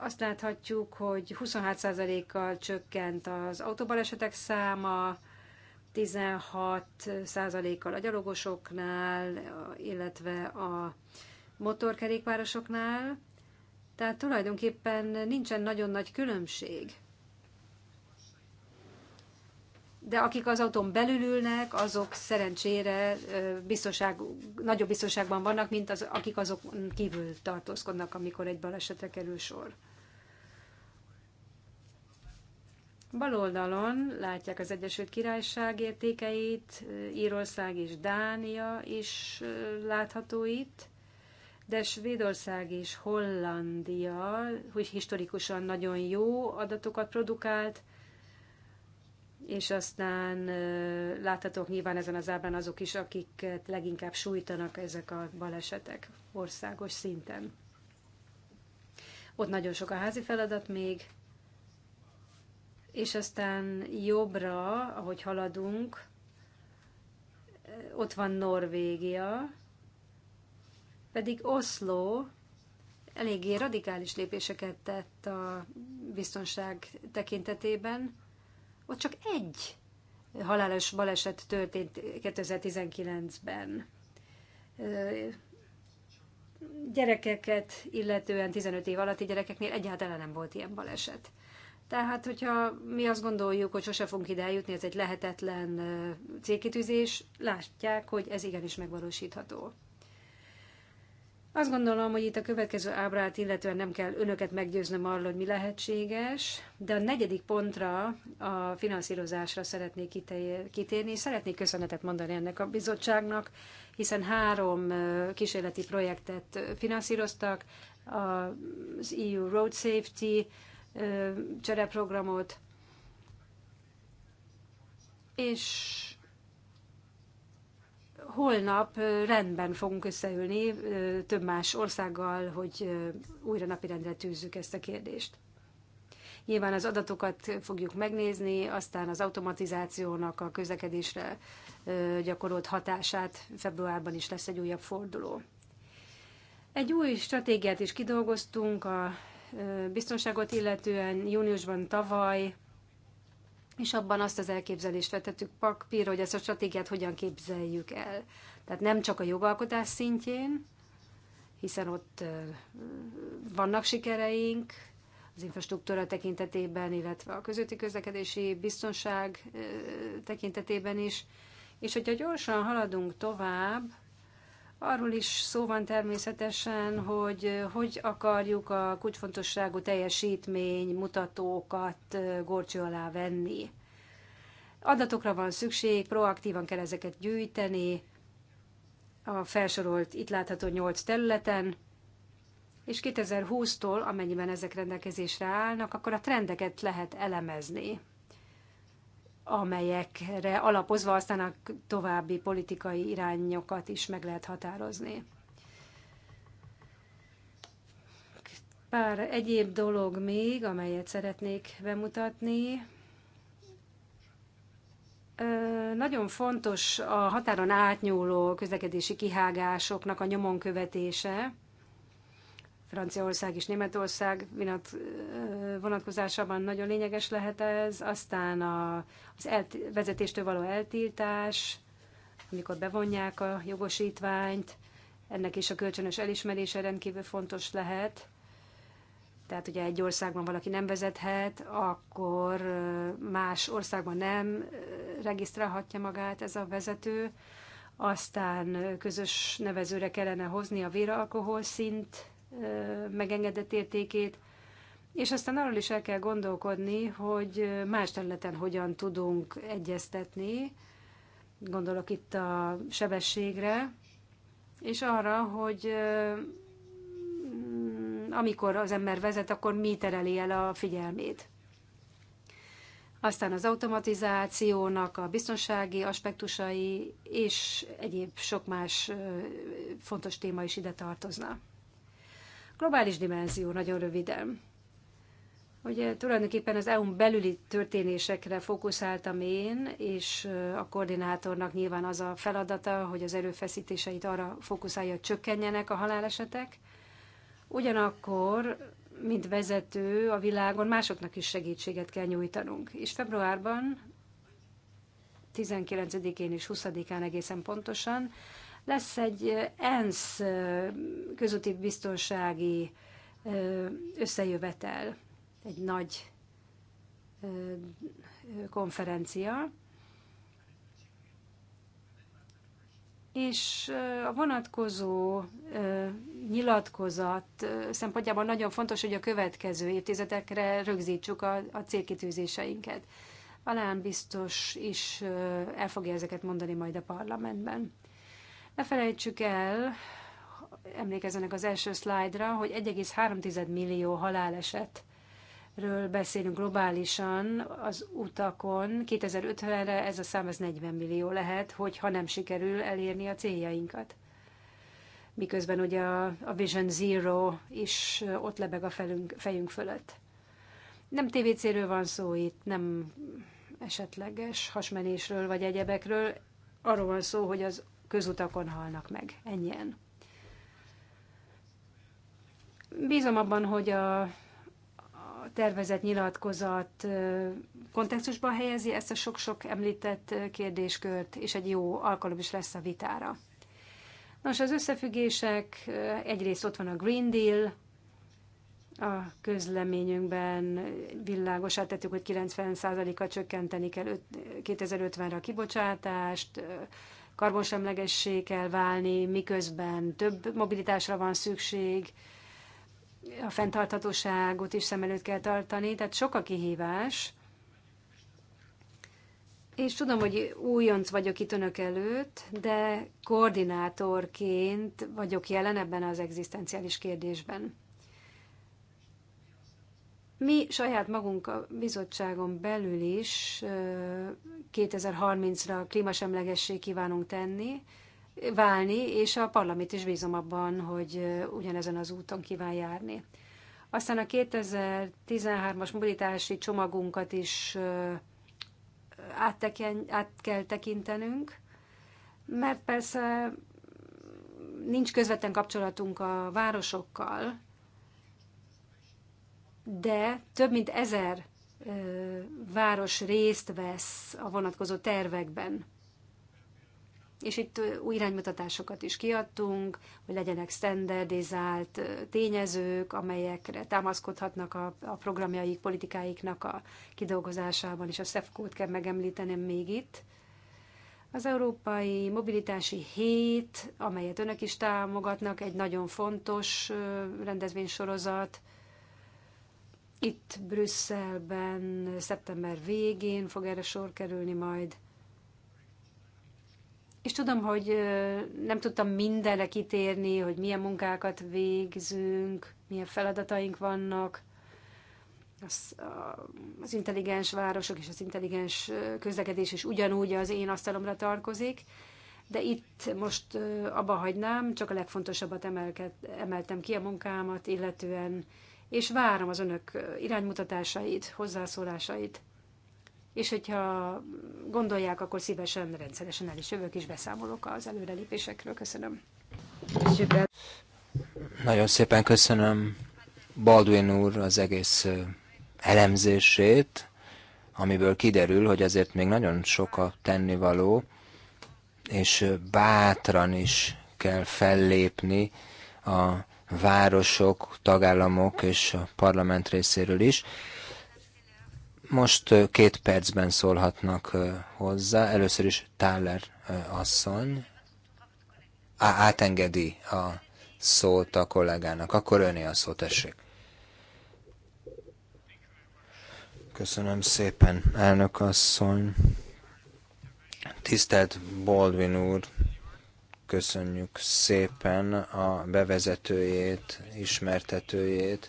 azt láthatjuk, hogy 23%-kal csökkent az autóbalesetek száma, 16%-kal a gyalogosoknál, illetve a motorkerékpárosoknál. Tehát tulajdonképpen nincsen nagyon nagy különbség de akik az autón belül ülnek, azok szerencsére biztonság, nagyobb biztonságban vannak, mint az, akik azok kívül tartózkodnak, amikor egy balesetre kerül sor. Bal oldalon látják az Egyesült Királyság értékeit, Írország és Dánia is látható itt, de Svédország és Hollandia, hogy historikusan nagyon jó adatokat produkált, és aztán láthatók nyilván ezen az ábrán azok is, akiket leginkább sújtanak ezek a balesetek országos szinten. Ott nagyon sok a házi feladat még, és aztán jobbra, ahogy haladunk, ott van Norvégia, pedig Oszló eléggé radikális lépéseket tett a biztonság tekintetében, ott csak egy halálos baleset történt 2019-ben. Gyerekeket, illetően 15 év alatti gyerekeknél egyáltalán nem volt ilyen baleset. Tehát, hogyha mi azt gondoljuk, hogy sose fogunk ide eljutni, ez egy lehetetlen célkitűzés, látják, hogy ez igenis megvalósítható. Azt gondolom, hogy itt a következő ábrát illetően nem kell önöket meggyőznöm arról, hogy mi lehetséges, de a negyedik pontra a finanszírozásra szeretnék kitérni. Szeretnék köszönetet mondani ennek a bizottságnak, hiszen három kísérleti projektet finanszíroztak, az EU Road Safety csereprogramot, és holnap rendben fogunk összeülni több más országgal, hogy újra napirendre tűzzük ezt a kérdést. Nyilván az adatokat fogjuk megnézni, aztán az automatizációnak a közlekedésre gyakorolt hatását februárban is lesz egy újabb forduló. Egy új stratégiát is kidolgoztunk a biztonságot illetően. Júniusban tavaly és abban azt az elképzelést vetettük papírra, hogy ezt a stratégiát hogyan képzeljük el. Tehát nem csak a jogalkotás szintjén, hiszen ott vannak sikereink, az infrastruktúra tekintetében, illetve a közötti közlekedési biztonság tekintetében is. És hogyha gyorsan haladunk tovább, Arról is szó van természetesen, hogy eh, hogy akarjuk a kulcsfontosságú teljesítmény mutatókat eh, gorcső alá venni. Adatokra van szükség, proaktívan kell ezeket gyűjteni a felsorolt itt látható nyolc területen, és 2020-tól, amennyiben ezek rendelkezésre állnak, akkor a trendeket lehet elemezni amelyekre alapozva aztán a további politikai irányokat is meg lehet határozni. Pár egyéb dolog még, amelyet szeretnék bemutatni. Nagyon fontos a határon átnyúló közlekedési kihágásoknak a nyomon követése, Franciaország és Németország vonatkozásában nagyon lényeges lehet ez, aztán a, az elt, vezetéstől való eltiltás, amikor bevonják a jogosítványt, ennek is a kölcsönös elismerése rendkívül fontos lehet. Tehát ugye egy országban valaki nem vezethet, akkor más országban nem regisztrálhatja magát ez a vezető. Aztán közös nevezőre kellene hozni a véralkohol szint, megengedett értékét, és aztán arról is el kell gondolkodni, hogy más területen hogyan tudunk egyeztetni, gondolok itt a sebességre, és arra, hogy mm, amikor az ember vezet, akkor mi tereli el a figyelmét. Aztán az automatizációnak a biztonsági aspektusai és egyéb sok más fontos téma is ide tartozna. Globális dimenzió, nagyon röviden. Ugye tulajdonképpen az EU-n belüli történésekre fókuszáltam én, és a koordinátornak nyilván az a feladata, hogy az erőfeszítéseit arra fókuszálja, hogy csökkenjenek a halálesetek. Ugyanakkor, mint vezető a világon, másoknak is segítséget kell nyújtanunk. És februárban, 19-én és 20-án egészen pontosan, lesz egy ENSZ közúti biztonsági összejövetel, egy nagy konferencia, és a vonatkozó nyilatkozat szempontjában nagyon fontos, hogy a következő évtizedekre rögzítsük a, a célkitűzéseinket. Alán biztos is el fogja ezeket mondani majd a parlamentben. Ne felejtsük el, emlékezzenek az első szlájdra, hogy 1,3 millió halálesetről beszélünk globálisan az utakon. 2050-re ez a szám az 40 millió lehet, hogyha nem sikerül elérni a céljainkat. Miközben ugye a Vision Zero is ott lebeg a felünk, fejünk fölött. Nem TVC-ről van szó itt, nem esetleges hasmenésről vagy egyebekről. Arról van szó, hogy az közutakon halnak meg. Ennyien. Bízom abban, hogy a, a tervezett nyilatkozat kontextusba helyezi ezt a sok-sok említett kérdéskört, és egy jó alkalom is lesz a vitára. Nos, az összefüggések, egyrészt ott van a Green Deal, a közleményünkben világosát tettük, hogy 90%-kal csökkenteni kell 2050-re a kibocsátást, karbonsemlegessé kell válni, miközben több mobilitásra van szükség, a fenntarthatóságot is szem előtt kell tartani, tehát sok a kihívás. És tudom, hogy újonc vagyok itt önök előtt, de koordinátorként vagyok jelen ebben az egzisztenciális kérdésben. Mi saját magunk a bizottságon belül is 2030-ra klímasemlegessé kívánunk tenni, válni, és a parlament is bízom abban, hogy ugyanezen az úton kíván járni. Aztán a 2013-as mobilitási csomagunkat is átteken, át kell tekintenünk, mert persze nincs közvetlen kapcsolatunk a városokkal, de több mint ezer város részt vesz a vonatkozó tervekben. És itt új iránymutatásokat is kiadtunk, hogy legyenek standardizált tényezők, amelyekre támaszkodhatnak a, a programjaik, politikáiknak a kidolgozásában, és a SEFCO-t kell megemlítenem még itt. Az Európai Mobilitási Hét, amelyet önök is támogatnak, egy nagyon fontos rendezvénysorozat, itt Brüsszelben szeptember végén fog erre sor kerülni majd. És tudom, hogy nem tudtam mindenre kitérni, hogy milyen munkákat végzünk, milyen feladataink vannak. Az, az intelligens városok és az intelligens közlekedés is ugyanúgy az én asztalomra tartozik, de itt most abba hagynám, csak a legfontosabbat emelked, emeltem ki a munkámat, illetően és várom az önök iránymutatásait, hozzászólásait, és hogyha gondolják, akkor szívesen, rendszeresen el is jövök, és beszámolok az előrelépésekről. Köszönöm. Köszönöm. Nagyon szépen köszönöm Baldwin úr az egész elemzését, amiből kiderül, hogy azért még nagyon sok a tennivaló, és bátran is kell fellépni a városok, tagállamok és a parlament részéről is. Most két percben szólhatnak hozzá. Először is Táler asszony á, átengedi a szót a kollégának. Akkor öné a szót, tessék. Köszönöm szépen, elnök asszony. Tisztelt Baldwin úr, Köszönjük szépen a bevezetőjét, ismertetőjét.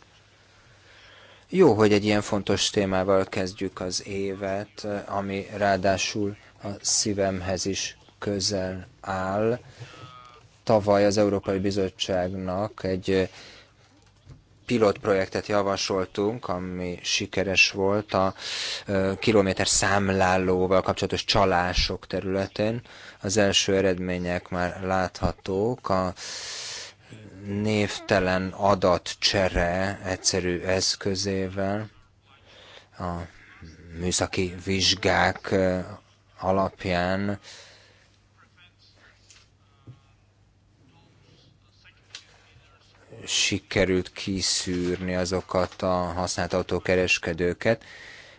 Jó, hogy egy ilyen fontos témával kezdjük az évet, ami ráadásul a szívemhez is közel áll. Tavaly az Európai Bizottságnak egy pilotprojektet javasoltunk, ami sikeres volt a kilométer számlálóval kapcsolatos csalások területén. Az első eredmények már láthatók. A névtelen adatcsere egyszerű eszközével a műszaki vizsgák alapján sikerült kiszűrni azokat a használt autókereskedőket,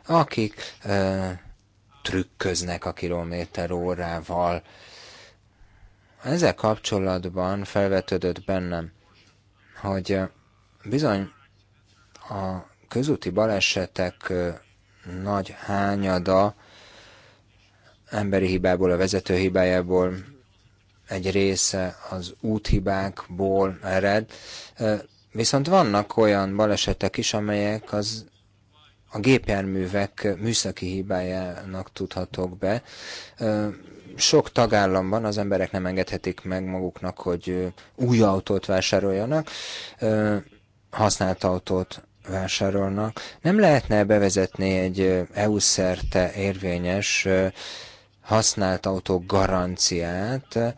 akik trükköznek a kilométer órával. Ezzel kapcsolatban felvetődött bennem, hogy bizony a közúti balesetek nagy hányada emberi hibából, a vezető hibájából, egy része az úthibákból ered, viszont vannak olyan balesetek is, amelyek az a gépjárművek műszaki hibájának tudhatók be. Sok tagállamban az emberek nem engedhetik meg maguknak, hogy új autót vásároljanak, használt autót vásárolnak. Nem lehetne bevezetni egy EU-szerte érvényes használt autó garanciát,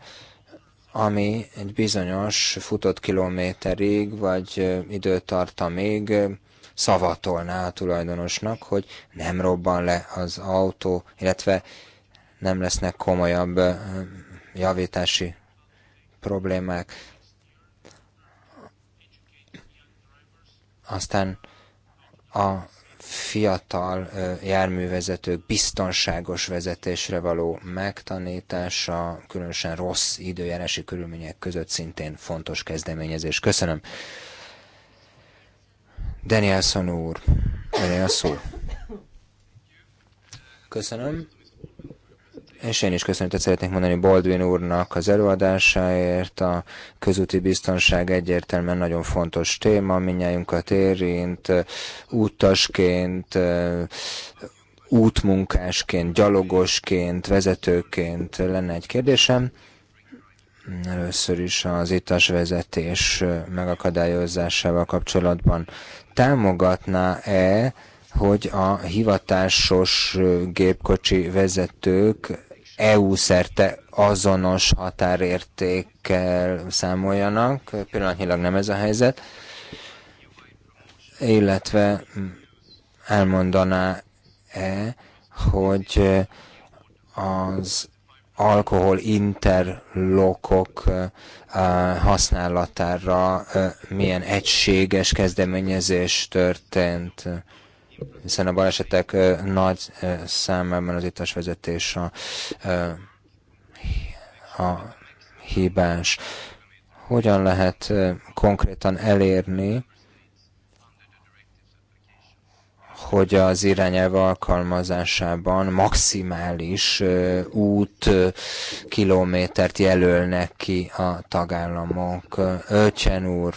ami egy bizonyos futott kilométerig vagy időtartamig szavatolná a tulajdonosnak, hogy nem robban le az autó, illetve nem lesznek komolyabb javítási problémák. Aztán a fiatal járművezetők biztonságos vezetésre való megtanítása, különösen rossz időjárási körülmények között szintén fontos kezdeményezés. Köszönöm. Danielson úr, a szó. Köszönöm. És én is köszönetet szeretnék mondani Baldwin úrnak az előadásáért. A közúti biztonság egyértelműen nagyon fontos téma, minnyájunkat érint, útasként, útmunkásként, gyalogosként, vezetőként lenne egy kérdésem. Először is az itas vezetés megakadályozásával kapcsolatban támogatná-e, hogy a hivatásos gépkocsi vezetők EU-szerte azonos határértékkel számoljanak, pillanatnyilag nem ez a helyzet, illetve elmondaná-e, hogy az alkohol interlokok használatára milyen egységes kezdeményezés történt, hiszen a balesetek nagy számában az a a, a hibás. Hogyan lehet konkrétan elérni, hogy az irányelv alkalmazásában maximális út kilométert jelölnek ki a tagállamok. Öcsen úr,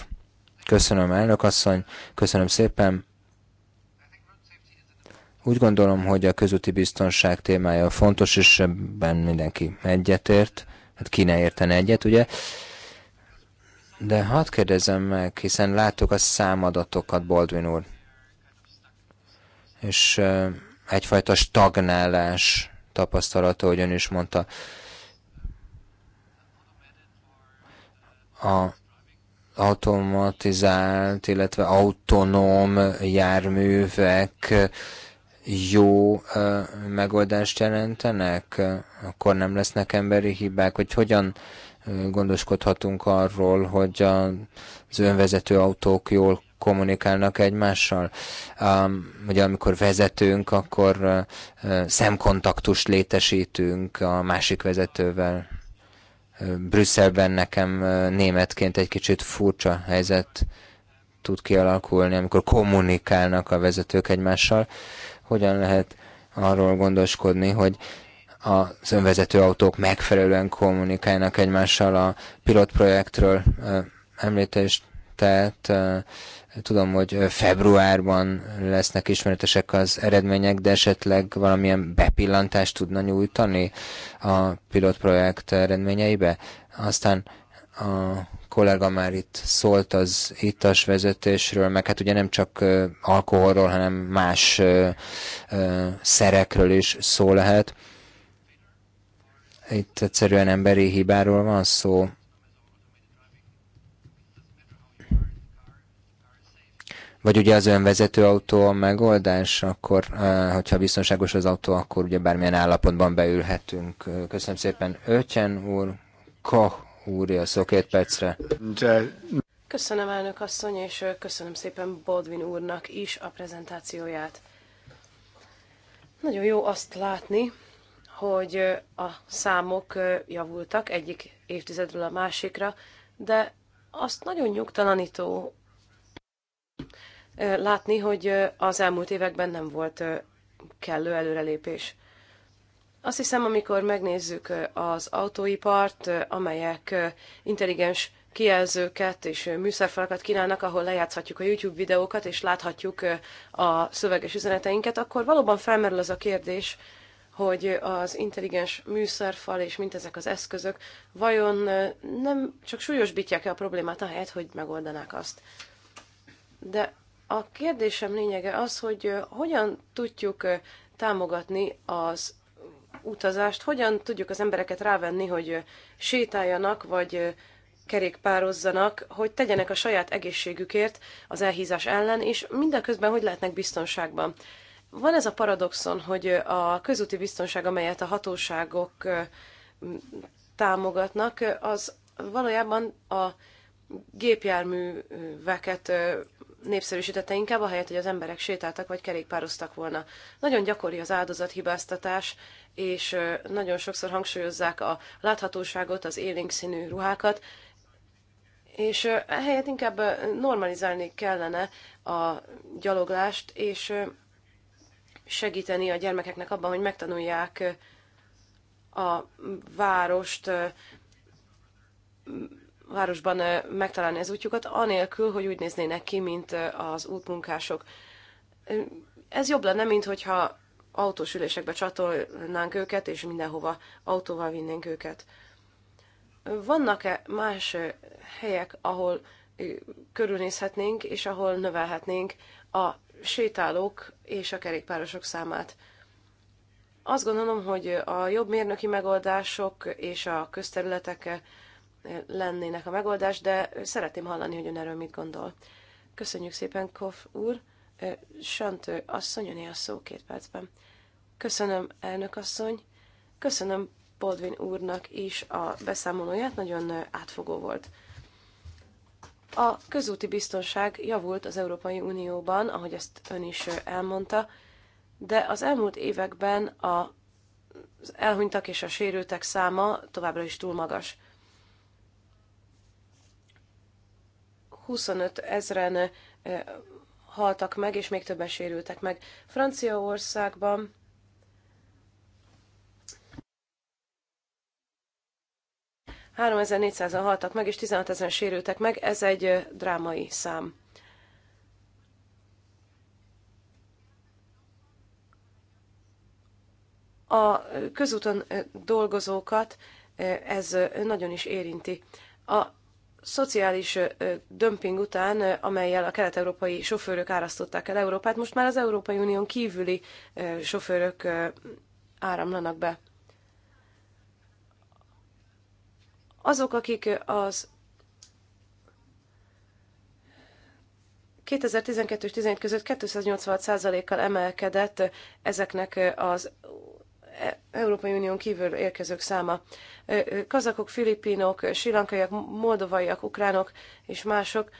köszönöm elnök asszony, köszönöm szépen. Úgy gondolom, hogy a közúti biztonság témája fontos, és ebben mindenki egyetért. Hát ki ne értene egyet, ugye? De hadd kérdezem meg, hiszen láttuk a számadatokat, Baldwin úr és egyfajta stagnálás tapasztalata, hogy ön is mondta. A automatizált, illetve autonóm járművek jó megoldást jelentenek, akkor nem lesznek emberi hibák, hogy hogyan gondoskodhatunk arról, hogy az önvezető autók jól kommunikálnak egymással. Um, ugye amikor vezetünk, akkor uh, uh szemkontaktust létesítünk a másik vezetővel. Uh, Brüsszelben nekem uh, németként egy kicsit furcsa helyzet tud kialakulni, amikor kommunikálnak a vezetők egymással. Hogyan lehet arról gondoskodni, hogy az önvezető autók megfelelően kommunikálnak egymással a pilotprojektről említést, tehát Tudom, hogy februárban lesznek ismeretesek az eredmények, de esetleg valamilyen bepillantást tudna nyújtani a pilotprojekt eredményeibe. Aztán a kollega már itt szólt az ittas vezetésről, meg hát ugye nem csak alkoholról, hanem más szerekről is szó lehet. Itt egyszerűen emberi hibáról van szó. Vagy ugye az önvezető autó a megoldás, akkor, eh, hogyha biztonságos az autó, akkor ugye bármilyen állapotban beülhetünk. Köszönöm szépen Ötyen úr, Ka úr, a szó két percre. Köszönöm elnök asszony, és eh, köszönöm szépen Bodvin úrnak is a prezentációját. Nagyon jó azt látni, hogy eh, a számok javultak egyik évtizedről a másikra, de azt nagyon nyugtalanító, látni, hogy az elmúlt években nem volt kellő előrelépés. Azt hiszem, amikor megnézzük az autóipart, amelyek intelligens kijelzőket és műszerfalakat kínálnak, ahol lejátszhatjuk a YouTube videókat, és láthatjuk a szöveges üzeneteinket, akkor valóban felmerül az a kérdés, hogy az intelligens műszerfal és mindezek az eszközök vajon nem csak súlyosbítják-e a problémát, ahelyett, hogy megoldanák azt. De a kérdésem lényege az, hogy hogyan tudjuk támogatni az utazást, hogyan tudjuk az embereket rávenni, hogy sétáljanak, vagy kerékpározzanak, hogy tegyenek a saját egészségükért az elhízás ellen, és mindeközben hogy lehetnek biztonságban. Van ez a paradoxon, hogy a közúti biztonság, amelyet a hatóságok támogatnak, az valójában a gépjárműveket népszerűsítette inkább, helyet, hogy az emberek sétáltak vagy kerékpároztak volna. Nagyon gyakori az áldozathibáztatás, és nagyon sokszor hangsúlyozzák a láthatóságot, az élénk színű ruhákat, és ehelyett inkább normalizálni kellene a gyaloglást, és segíteni a gyermekeknek abban, hogy megtanulják a várost városban megtalálni az útjukat, anélkül, hogy úgy néznének ki, mint az útmunkások. Ez jobb lenne, mint hogyha autós ülésekbe csatolnánk őket, és mindenhova autóval vinnénk őket. Vannak-e más helyek, ahol körülnézhetnénk, és ahol növelhetnénk a sétálók és a kerékpárosok számát? Azt gondolom, hogy a jobb mérnöki megoldások és a közterületek lennének a megoldás, de szeretném hallani, hogy ön erről mit gondol. Köszönjük szépen, Kof úr. Söntő asszony, a szó két percben. Köszönöm, elnök asszony. Köszönöm Baldwin úrnak is a beszámolóját, nagyon átfogó volt. A közúti biztonság javult az Európai Unióban, ahogy ezt ön is elmondta, de az elmúlt években a, az elhunytak és a sérültek száma továbbra is túl magas. 25 ezeren haltak meg, és még többen sérültek meg. Franciaországban ...3400-an haltak meg, és 16 ezeren sérültek meg. Ez egy drámai szám. A közúton dolgozókat ez nagyon is érinti. A szociális dömping után, amelyel a kelet-európai sofőrök árasztották el Európát, most már az Európai Unión kívüli sofőrök áramlanak be. Azok, akik az 2012 és 2017 között 286%-kal emelkedett ezeknek az Európai Unión kívül érkezők száma. Kazakok, filipinok, silankaiak, moldovaiak, ukránok és mások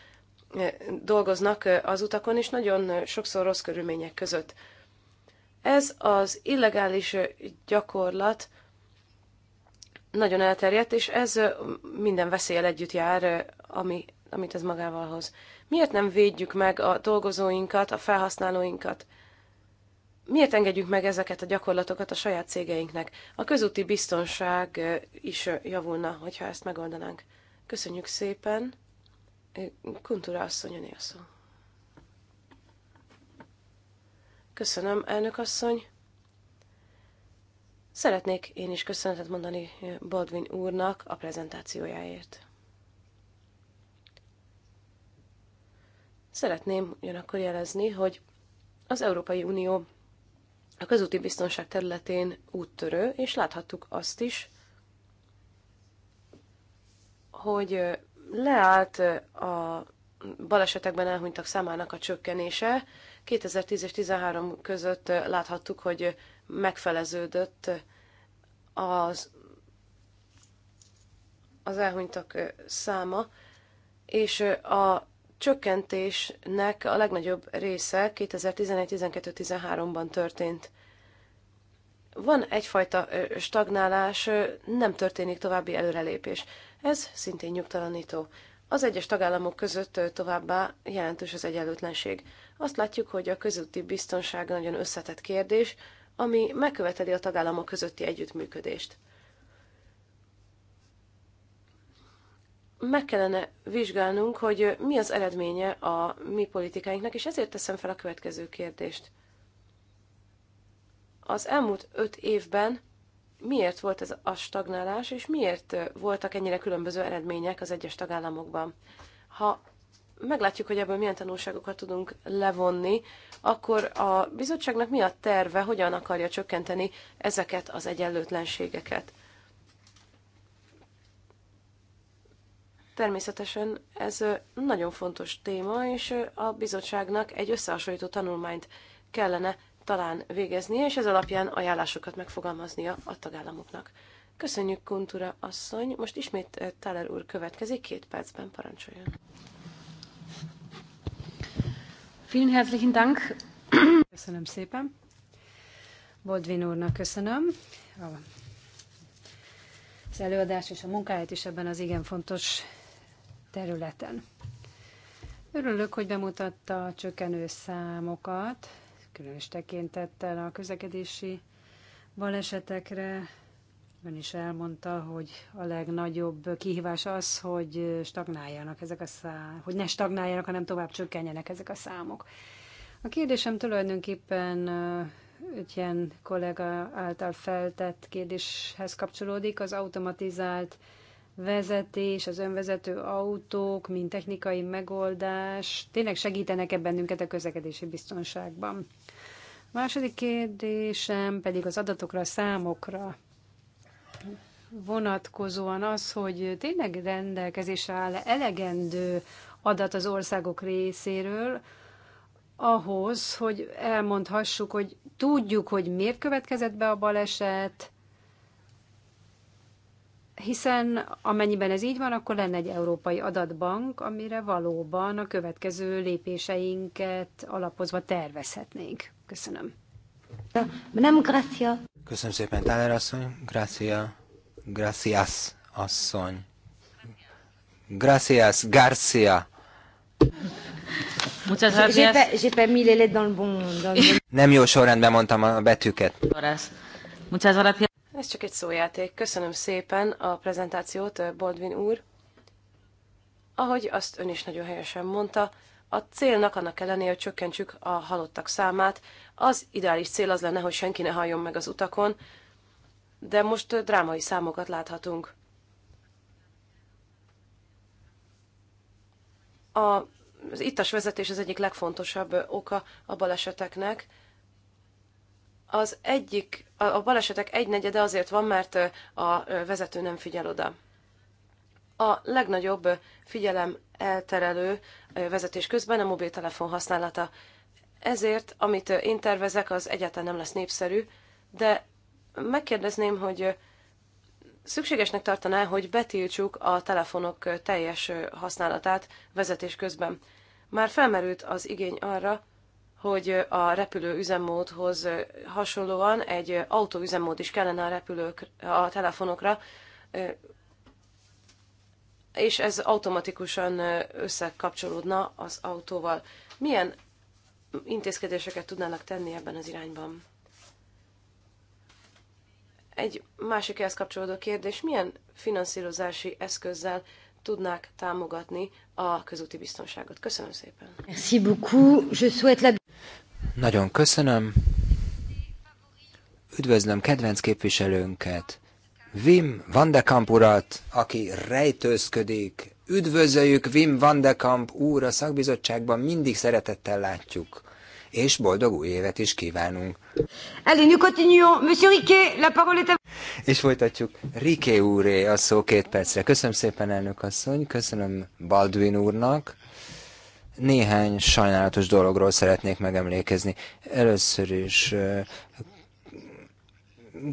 dolgoznak az utakon, és nagyon sokszor rossz körülmények között. Ez az illegális gyakorlat nagyon elterjedt, és ez minden veszéllyel együtt jár, ami, amit ez magával hoz. Miért nem védjük meg a dolgozóinkat, a felhasználóinkat? Miért engedjük meg ezeket a gyakorlatokat a saját cégeinknek? A közúti biztonság is javulna, hogyha ezt megoldanánk. Köszönjük szépen. Kuntura asszony, a szó. Köszönöm, elnök asszony. Szeretnék én is köszönetet mondani Baldwin úrnak a prezentációjáért. Szeretném ugyanakkor jelezni, hogy az Európai Unió a közúti biztonság területén úttörő, és láthattuk azt is, hogy leállt a balesetekben elhunytak számának a csökkenése. 2010 és 2013 között láthattuk, hogy megfeleződött az, az elhunytak száma, és a csökkentésnek a legnagyobb része 2011-12-13-ban történt. Van egyfajta stagnálás, nem történik további előrelépés. Ez szintén nyugtalanító. Az egyes tagállamok között továbbá jelentős az egyenlőtlenség. Azt látjuk, hogy a közötti biztonság nagyon összetett kérdés, ami megköveteli a tagállamok közötti együttműködést. meg kellene vizsgálnunk, hogy mi az eredménye a mi politikáinknak, és ezért teszem fel a következő kérdést. Az elmúlt öt évben miért volt ez a stagnálás, és miért voltak ennyire különböző eredmények az egyes tagállamokban? Ha meglátjuk, hogy ebből milyen tanulságokat tudunk levonni, akkor a bizottságnak mi a terve, hogyan akarja csökkenteni ezeket az egyenlőtlenségeket? Természetesen ez nagyon fontos téma, és a bizottságnak egy összehasonlító tanulmányt kellene talán végeznie, és ez alapján ajánlásokat megfogalmaznia a tagállamoknak. Köszönjük, Kuntura asszony. Most ismét Teller úr következik, két percben parancsoljon. Vielen herzlichen Dank. Köszönöm szépen. Bodvin úrnak köszönöm az előadás és a munkáját is ebben az igen fontos területen. Örülök, hogy bemutatta a csökkenő számokat, különös tekintettel a közlekedési balesetekre. Ön is elmondta, hogy a legnagyobb kihívás az, hogy stagnáljanak ezek a számok, hogy ne stagnáljanak, hanem tovább csökkenjenek ezek a számok. A kérdésem tulajdonképpen Ötjen kollega által feltett kérdéshez kapcsolódik, az automatizált vezetés, az önvezető autók, mint technikai megoldás tényleg segítenek-e bennünket a közlekedési biztonságban? A második kérdésem pedig az adatokra, számokra vonatkozóan az, hogy tényleg rendelkezésre áll elegendő adat az országok részéről, ahhoz, hogy elmondhassuk, hogy tudjuk, hogy miért következett be a baleset, hiszen amennyiben ez így van, akkor lenne egy európai adatbank, amire valóban a következő lépéseinket alapozva tervezhetnénk. Köszönöm. Nem, gracia. Köszönöm szépen, Táler asszony. Gracia. Gracias, asszony. Gracias, Garcia. Muchas gracias. J'ai pas mis les lettres dans le bon... Nem jó sorrendben mondtam a betűket. Muchas gracias. Ez csak egy szójáték. Köszönöm szépen a prezentációt, eh, Baldwin úr. Ahogy azt ön is nagyon helyesen mondta, a célnak annak ellenére, hogy csökkentsük a halottak számát, az ideális cél az lenne, hogy senki ne halljon meg az utakon, de most eh, drámai számokat láthatunk. A, az ittas vezetés az egyik legfontosabb eh, oka a baleseteknek, az egyik, a balesetek egynegyede azért van, mert a vezető nem figyel oda. A legnagyobb figyelem elterelő vezetés közben a mobiltelefon használata. Ezért, amit én tervezek, az egyáltalán nem lesz népszerű, de megkérdezném, hogy szükségesnek tartaná, hogy betiltsuk a telefonok teljes használatát vezetés közben. Már felmerült az igény arra, hogy a repülő üzemmódhoz hasonlóan egy autóüzemmód is kellene a repülők, a telefonokra, és ez automatikusan összekapcsolódna az autóval. Milyen intézkedéseket tudnának tenni ebben az irányban? Egy másik ehhez kapcsolódó kérdés, milyen finanszírozási eszközzel tudnák támogatni a közúti biztonságot? Köszönöm szépen. Merci beaucoup. Je souhaite la nagyon köszönöm. Üdvözlöm kedvenc képviselőnket, Wim van de Kamp urat, aki rejtőzködik. Üdvözöljük Wim van de Kamp úr a szakbizottságban, mindig szeretettel látjuk. És boldog új évet is kívánunk. Allez, nous continuons. Monsieur Riquet, la parole est à... És folytatjuk. Riké úré a szó két percre. Köszönöm szépen, elnök asszony, köszönöm Baldwin úrnak néhány sajnálatos dologról szeretnék megemlékezni. Először is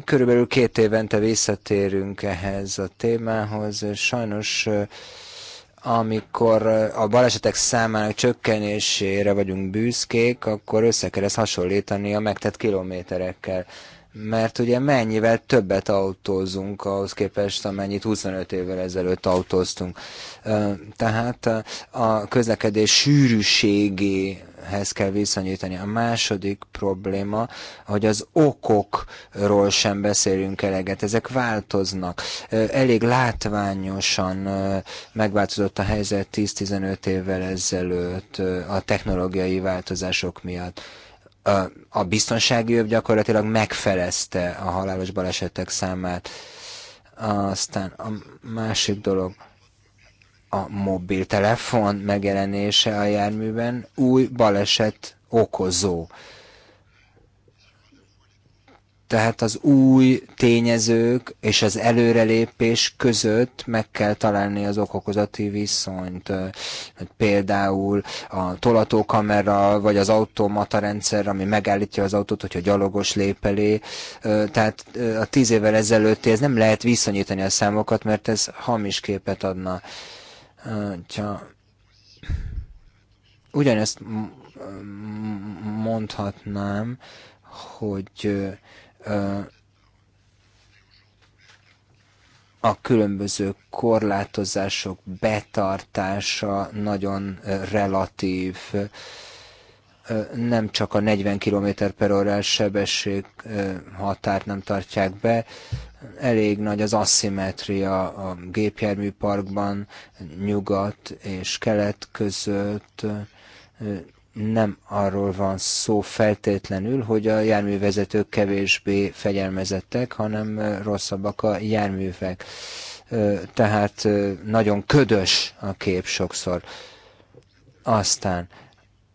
körülbelül két évente visszatérünk ehhez a témához. Sajnos amikor a balesetek számának csökkenésére vagyunk büszkék, akkor össze kell ezt hasonlítani a megtett kilométerekkel mert ugye mennyivel többet autózunk ahhoz képest, amennyit 25 évvel ezelőtt autóztunk. Tehát a közlekedés sűrűségéhez kell viszonyítani. A második probléma, hogy az okokról sem beszélünk eleget, ezek változnak. Elég látványosan megváltozott a helyzet 10-15 évvel ezelőtt a technológiai változások miatt a biztonsági jobb gyakorlatilag megfelezte a halálos balesetek számát. Aztán a másik dolog, a mobiltelefon megjelenése a járműben új baleset okozó. Tehát az új tényezők és az előrelépés között meg kell találni az okokozati viszonyt. Például a tolatókamera vagy az automata rendszer, ami megállítja az autót, hogyha gyalogos lép elé. Tehát a tíz évvel ezelőtti, ez nem lehet viszonyítani a számokat, mert ez hamis képet adna. Ugyanezt mondhatnám, hogy a különböző korlátozások betartása nagyon relatív. Nem csak a 40 km per órás sebesség határt nem tartják be, elég nagy az aszimetria a gépjárműparkban, nyugat és kelet között, nem arról van szó feltétlenül, hogy a járművezetők kevésbé fegyelmezettek, hanem rosszabbak a járművek. Tehát nagyon ködös a kép sokszor. Aztán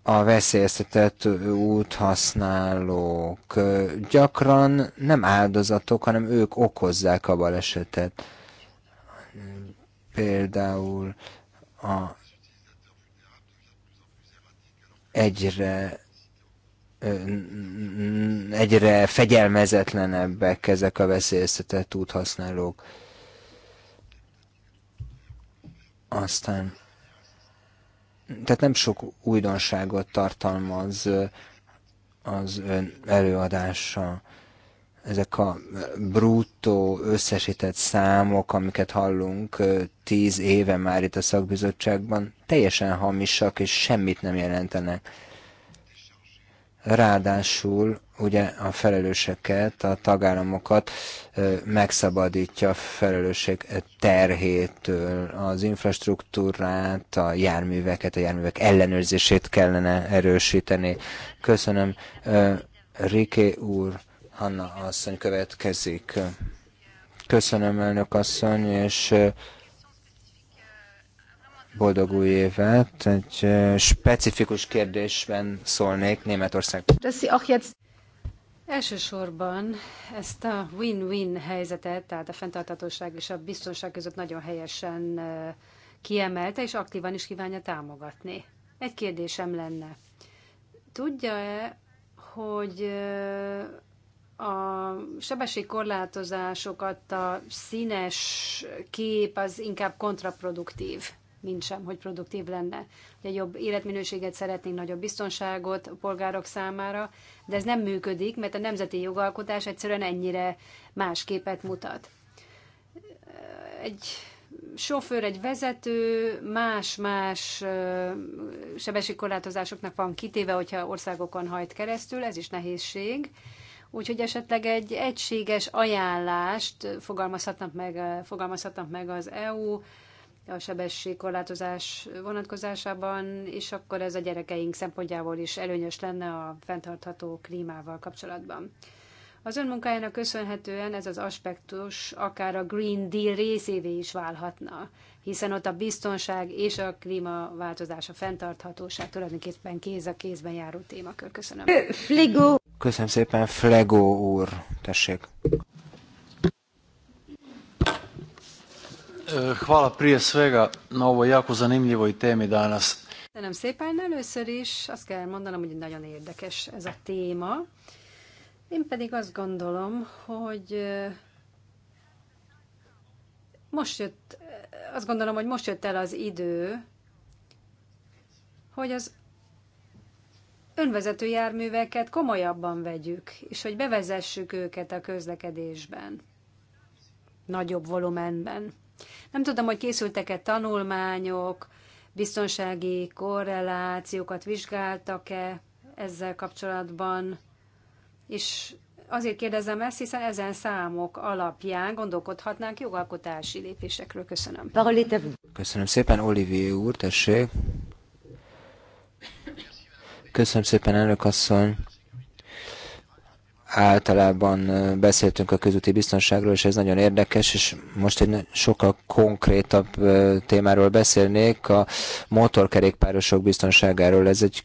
a veszélyeztetett úthasználók gyakran nem áldozatok, hanem ők okozzák a balesetet. Például a egyre egyre fegyelmezetlenebbek ezek a veszélyeztetett úthasználók. Aztán, tehát nem sok újdonságot tartalmaz az ön előadása ezek a bruttó összesített számok, amiket hallunk tíz éve már itt a szakbizottságban, teljesen hamisak és semmit nem jelentenek. Ráadásul ugye a felelőseket, a tagállamokat megszabadítja a felelősség terhétől. Az infrastruktúrát, a járműveket, a járművek ellenőrzését kellene erősíteni. Köszönöm, Riké úr Hanna asszony következik. Köszönöm, elnök asszony, és boldog új évet. Egy specifikus kérdésben szólnék Németország. Elsősorban ezt a win-win helyzetet, tehát a fenntartatóság és a biztonság között nagyon helyesen kiemelte, és aktívan is kívánja támogatni. Egy kérdésem lenne. Tudja-e, hogy a sebességkorlátozásokat a színes kép az inkább kontraproduktív, mint sem, hogy produktív lenne. Ugye jobb életminőséget szeretnénk, nagyobb biztonságot a polgárok számára, de ez nem működik, mert a nemzeti jogalkotás egyszerűen ennyire más képet mutat. Egy sofőr, egy vezető más-más sebességkorlátozásoknak van kitéve, hogyha országokon hajt keresztül, ez is nehézség úgyhogy esetleg egy egységes ajánlást fogalmazhatnak meg, eh, fogalmazhatnak meg az EU a sebességkorlátozás vonatkozásában, és akkor ez a gyerekeink szempontjából is előnyös lenne a fenntartható klímával kapcsolatban. Az önmunkájának köszönhetően ez az aspektus akár a Green Deal részévé is válhatna, hiszen ott a biztonság és a klímaváltozás, a fenntarthatóság tulajdonképpen kéz a kézben járó témakör. Köszönöm. Fligo. Köszönöm szépen, Flegó úr, tessék. Eh, hvala prije svega na ovoj jako zanimljivoj temi danas. Köszönöm szépen. Először is azt kell mondanom, hogy nagyon érdekes ez a téma. Én pedig azt gondolom, hogy eh, most jött, eh, azt gondolom, hogy most jött el az idő, hogy az önvezető járműveket komolyabban vegyük, és hogy bevezessük őket a közlekedésben, nagyobb volumenben. Nem tudom, hogy készültek-e tanulmányok, biztonsági korrelációkat vizsgáltak-e ezzel kapcsolatban, és azért kérdezem ezt, hiszen ezen számok alapján gondolkodhatnánk jogalkotási lépésekről. Köszönöm. Köszönöm szépen, Olivier úr, tessék. Köszönöm szépen, elnök asszony. Általában beszéltünk a közúti biztonságról, és ez nagyon érdekes, és most egy sokkal konkrétabb témáról beszélnék, a motorkerékpárosok biztonságáról. Ez egy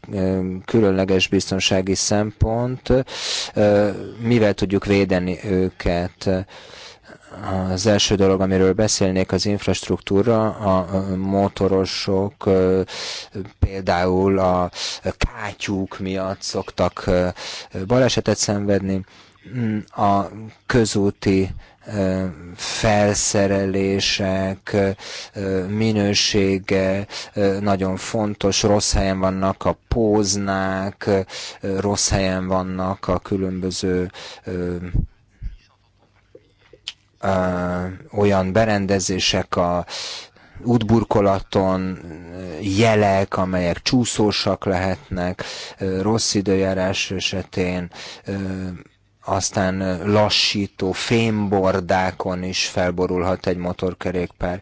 különleges biztonsági szempont. Mivel tudjuk védeni őket? Az első dolog, amiről beszélnék, az infrastruktúra, a motorosok például a kátyúk miatt szoktak balesetet szenvedni, mm, a közúti felszerelések, minősége nagyon fontos, rossz helyen vannak a póznák, rossz helyen vannak a különböző olyan berendezések a útburkolaton, jelek, amelyek csúszósak lehetnek, rossz időjárás esetén, aztán lassító fémbordákon is felborulhat egy motorkerékpár.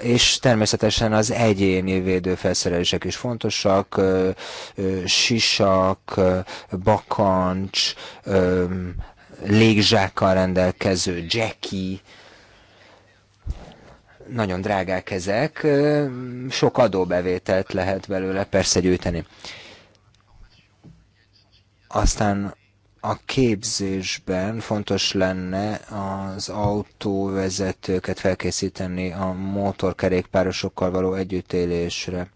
És természetesen az egyéni védőfelszerelések is fontosak, sisak, bakancs, légzsákkal rendelkező Jackie, nagyon drágák ezek, sok adóbevételt lehet belőle persze gyűjteni. Aztán a képzésben fontos lenne az autóvezetőket felkészíteni a motorkerékpárosokkal való együttélésre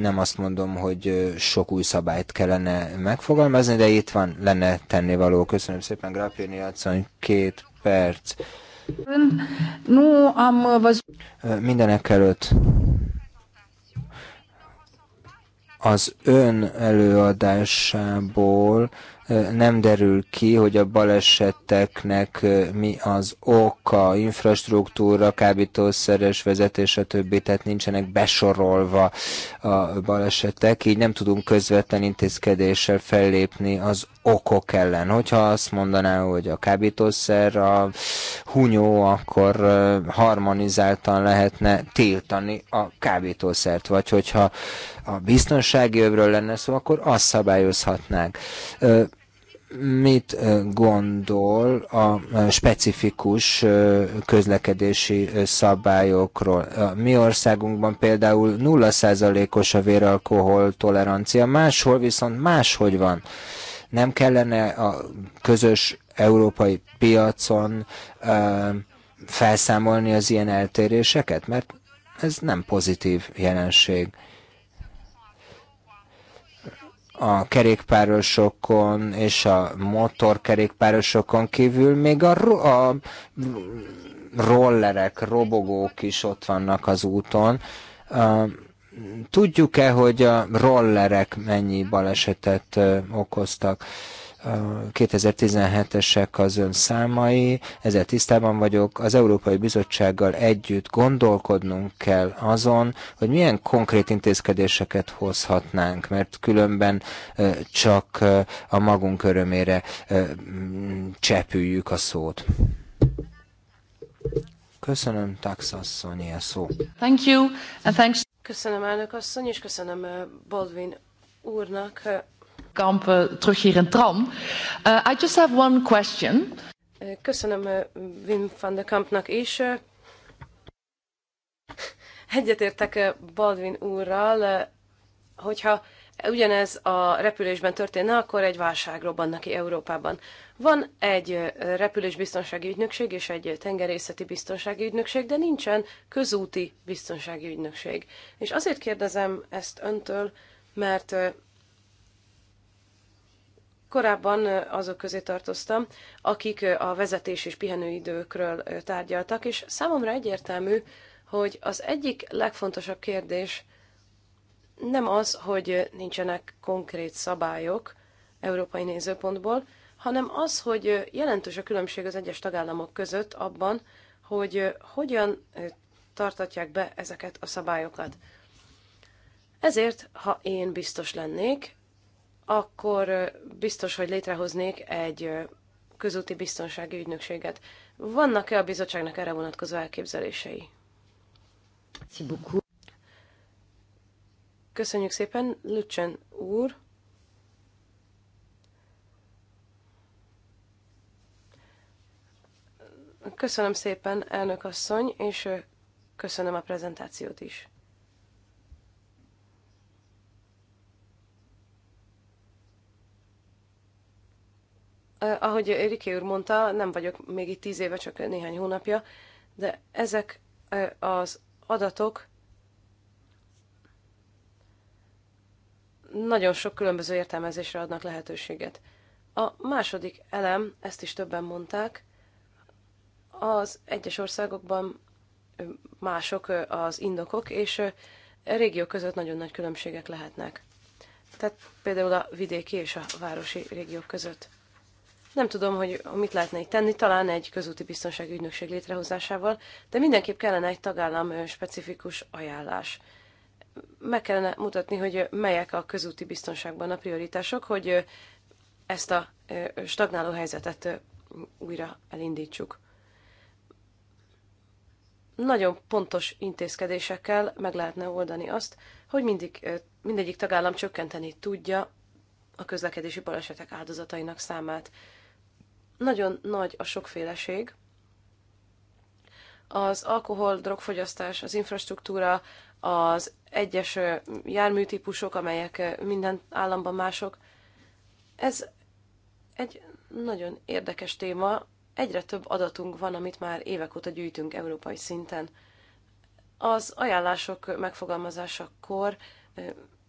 nem azt mondom, hogy sok új szabályt kellene megfogalmazni, de itt van, lenne tennivaló. Köszönöm szépen, Grappini asszony, két perc. No, am văzut... Mindenek előtt az ön előadásából nem derül ki, hogy a baleseteknek mi az oka, infrastruktúra, kábítószeres vezetés, a többi, tehát nincsenek besorolva a balesetek, így nem tudunk közvetlen intézkedéssel fellépni az okok ellen. Hogyha azt mondaná, hogy a kábítószer a hunyó, akkor harmonizáltan lehetne tiltani a kábítószert, vagy hogyha a biztonsági övről lenne szó, akkor azt szabályozhatnánk mit gondol a specifikus közlekedési szabályokról. A mi országunkban például 0%-os a véralkohol tolerancia, máshol viszont máshogy van. Nem kellene a közös európai piacon felszámolni az ilyen eltéréseket, mert ez nem pozitív jelenség a kerékpárosokon és a motorkerékpárosokon kívül még a, ro a rollerek, robogók is ott vannak az úton. Tudjuk-e, hogy a rollerek mennyi balesetet okoztak? 2017-esek az ön számai, ezzel tisztában vagyok. Az Európai Bizottsággal együtt gondolkodnunk kell azon, hogy milyen konkrét intézkedéseket hozhatnánk, mert különben csak a magunk örömére csepüljük a szót. Köszönöm, taxasszony, a szó. Thank you, and thanks. Köszönöm elnök asszony, és köszönöm Baldwin úrnak Kampen terug hier in tram. Uh, I just have one question. Köszönöm uh, Wim van de Kampnak is. Uh, egyetértek uh, Baldwin úrral, hogyha ugyanez a repülésben történne, akkor egy válság robbanna ki Európában. Van egy repülésbiztonsági ügynökség és egy tengerészeti biztonsági ügynökség, de nincsen közúti biztonsági ügynökség. És azért kérdezem ezt öntől, mert Korábban azok közé tartoztam, akik a vezetés és pihenőidőkről tárgyaltak, és számomra egyértelmű, hogy az egyik legfontosabb kérdés nem az, hogy nincsenek konkrét szabályok európai nézőpontból, hanem az, hogy jelentős a különbség az egyes tagállamok között abban, hogy hogyan tartatják be ezeket a szabályokat. Ezért, ha én biztos lennék, akkor biztos, hogy létrehoznék egy közúti biztonsági ügynökséget. Vannak-e a bizottságnak erre vonatkozó elképzelései? Köszönjük szépen, Lücsen úr! Köszönöm szépen, elnök asszony, és köszönöm a prezentációt is. ahogy Riké úr mondta, nem vagyok még itt tíz éve, csak néhány hónapja, de ezek az adatok nagyon sok különböző értelmezésre adnak lehetőséget. A második elem, ezt is többen mondták, az egyes országokban mások az indokok, és régiók között nagyon nagy különbségek lehetnek. Tehát például a vidéki és a városi régiók között. Nem tudom, hogy mit lehetne itt tenni, talán egy közúti biztonsági ügynökség létrehozásával, de mindenképp kellene egy tagállam specifikus ajánlás. Meg kellene mutatni, hogy melyek a közúti biztonságban a prioritások, hogy ezt a stagnáló helyzetet újra elindítsuk. Nagyon pontos intézkedésekkel meg lehetne oldani azt, hogy mindig, mindegyik tagállam csökkenteni tudja a közlekedési balesetek áldozatainak számát nagyon nagy a sokféleség. Az alkohol, drogfogyasztás, az infrastruktúra, az egyes járműtípusok, amelyek minden államban mások. Ez egy nagyon érdekes téma. Egyre több adatunk van, amit már évek óta gyűjtünk európai szinten. Az ajánlások megfogalmazásakor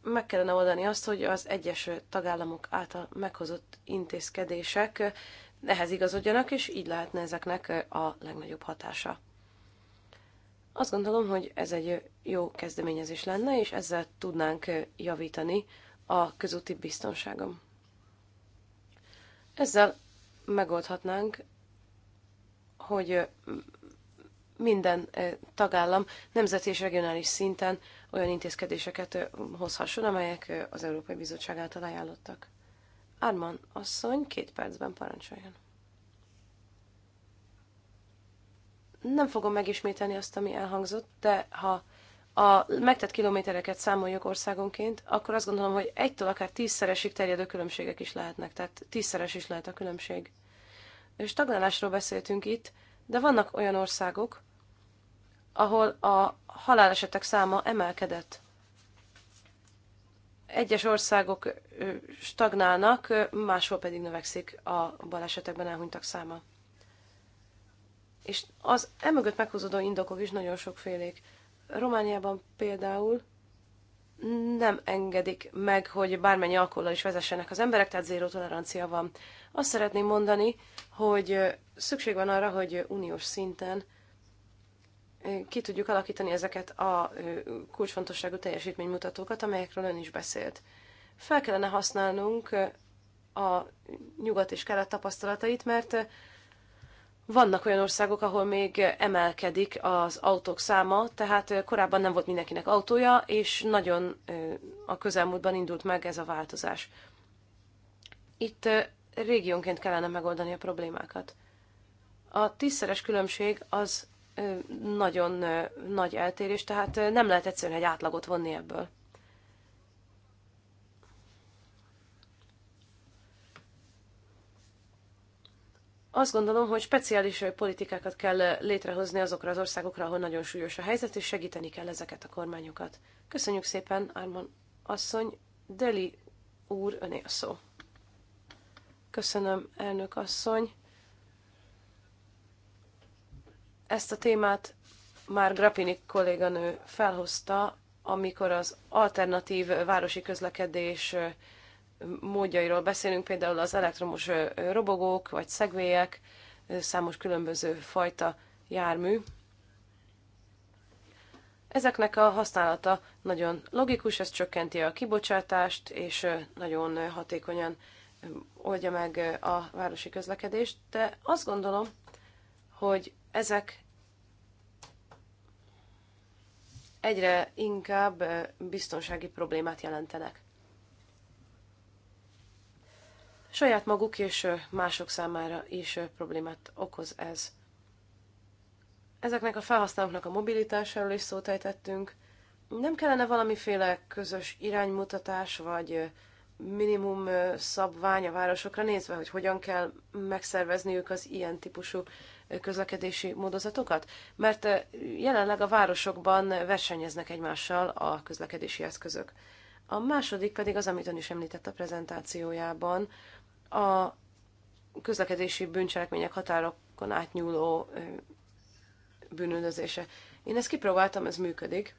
meg kellene oldani azt, hogy az egyes tagállamok által meghozott intézkedések ehhez igazodjanak, és így lehetne ezeknek a legnagyobb hatása. Azt gondolom, hogy ez egy jó kezdeményezés lenne, és ezzel tudnánk javítani a közúti biztonságom. Ezzel megoldhatnánk, hogy minden eh, tagállam nemzeti és regionális szinten olyan intézkedéseket eh, hozhasson, amelyek eh, az Európai Bizottság által ajánlottak. Arman asszony, két percben parancsoljon. Nem fogom megismételni azt, ami elhangzott, de ha a megtett kilométereket számoljuk országonként, akkor azt gondolom, hogy egytől akár tízszeresig terjedő különbségek is lehetnek, tehát tízszeres is lehet a különbség. És taglalásról beszéltünk itt, de vannak olyan országok, ahol a halálesetek száma emelkedett egyes országok stagnálnak, máshol pedig növekszik a balesetekben elhunytak száma. És az emögött meghúzódó indokok is nagyon sokfélék. Romániában például nem engedik meg, hogy bármennyi alkohollal is vezessenek az emberek, tehát zéró tolerancia van. Azt szeretném mondani, hogy szükség van arra, hogy uniós szinten ki tudjuk alakítani ezeket a kulcsfontosságú teljesítménymutatókat, amelyekről ön is beszélt. Fel kellene használnunk a nyugat és kelet tapasztalatait, mert vannak olyan országok, ahol még emelkedik az autók száma, tehát korábban nem volt mindenkinek autója, és nagyon a közelmúltban indult meg ez a változás. Itt régiónként kellene megoldani a problémákat. A tízszeres különbség az nagyon nagy eltérés, tehát nem lehet egyszerűen egy átlagot vonni ebből. Azt gondolom, hogy speciális politikákat kell létrehozni azokra az országokra, ahol nagyon súlyos a helyzet, és segíteni kell ezeket a kormányokat. Köszönjük szépen, Árman asszony. Deli úr, öné a szó. Köszönöm, elnök asszony. Ezt a témát már Grapini kolléganő felhozta, amikor az alternatív városi közlekedés módjairól beszélünk, például az elektromos robogók vagy szegvélyek, számos különböző fajta jármű. Ezeknek a használata nagyon logikus, ez csökkenti a kibocsátást, és nagyon hatékonyan oldja meg a városi közlekedést, de azt gondolom, hogy ezek egyre inkább biztonsági problémát jelentenek. Saját maguk és mások számára is problémát okoz ez. Ezeknek a felhasználóknak a mobilitásáról is szót ejtettünk. Nem kellene valamiféle közös iránymutatás vagy minimum szabvány a városokra nézve, hogy hogyan kell megszervezniük az ilyen típusú közlekedési módozatokat? Mert eh, jelenleg a városokban versenyeznek egymással a közlekedési eszközök. A második pedig az, amit ön is említett a prezentációjában, a közlekedési bűncselekmények határokon átnyúló eh, bűnöldözése. Én ezt kipróbáltam, ez működik.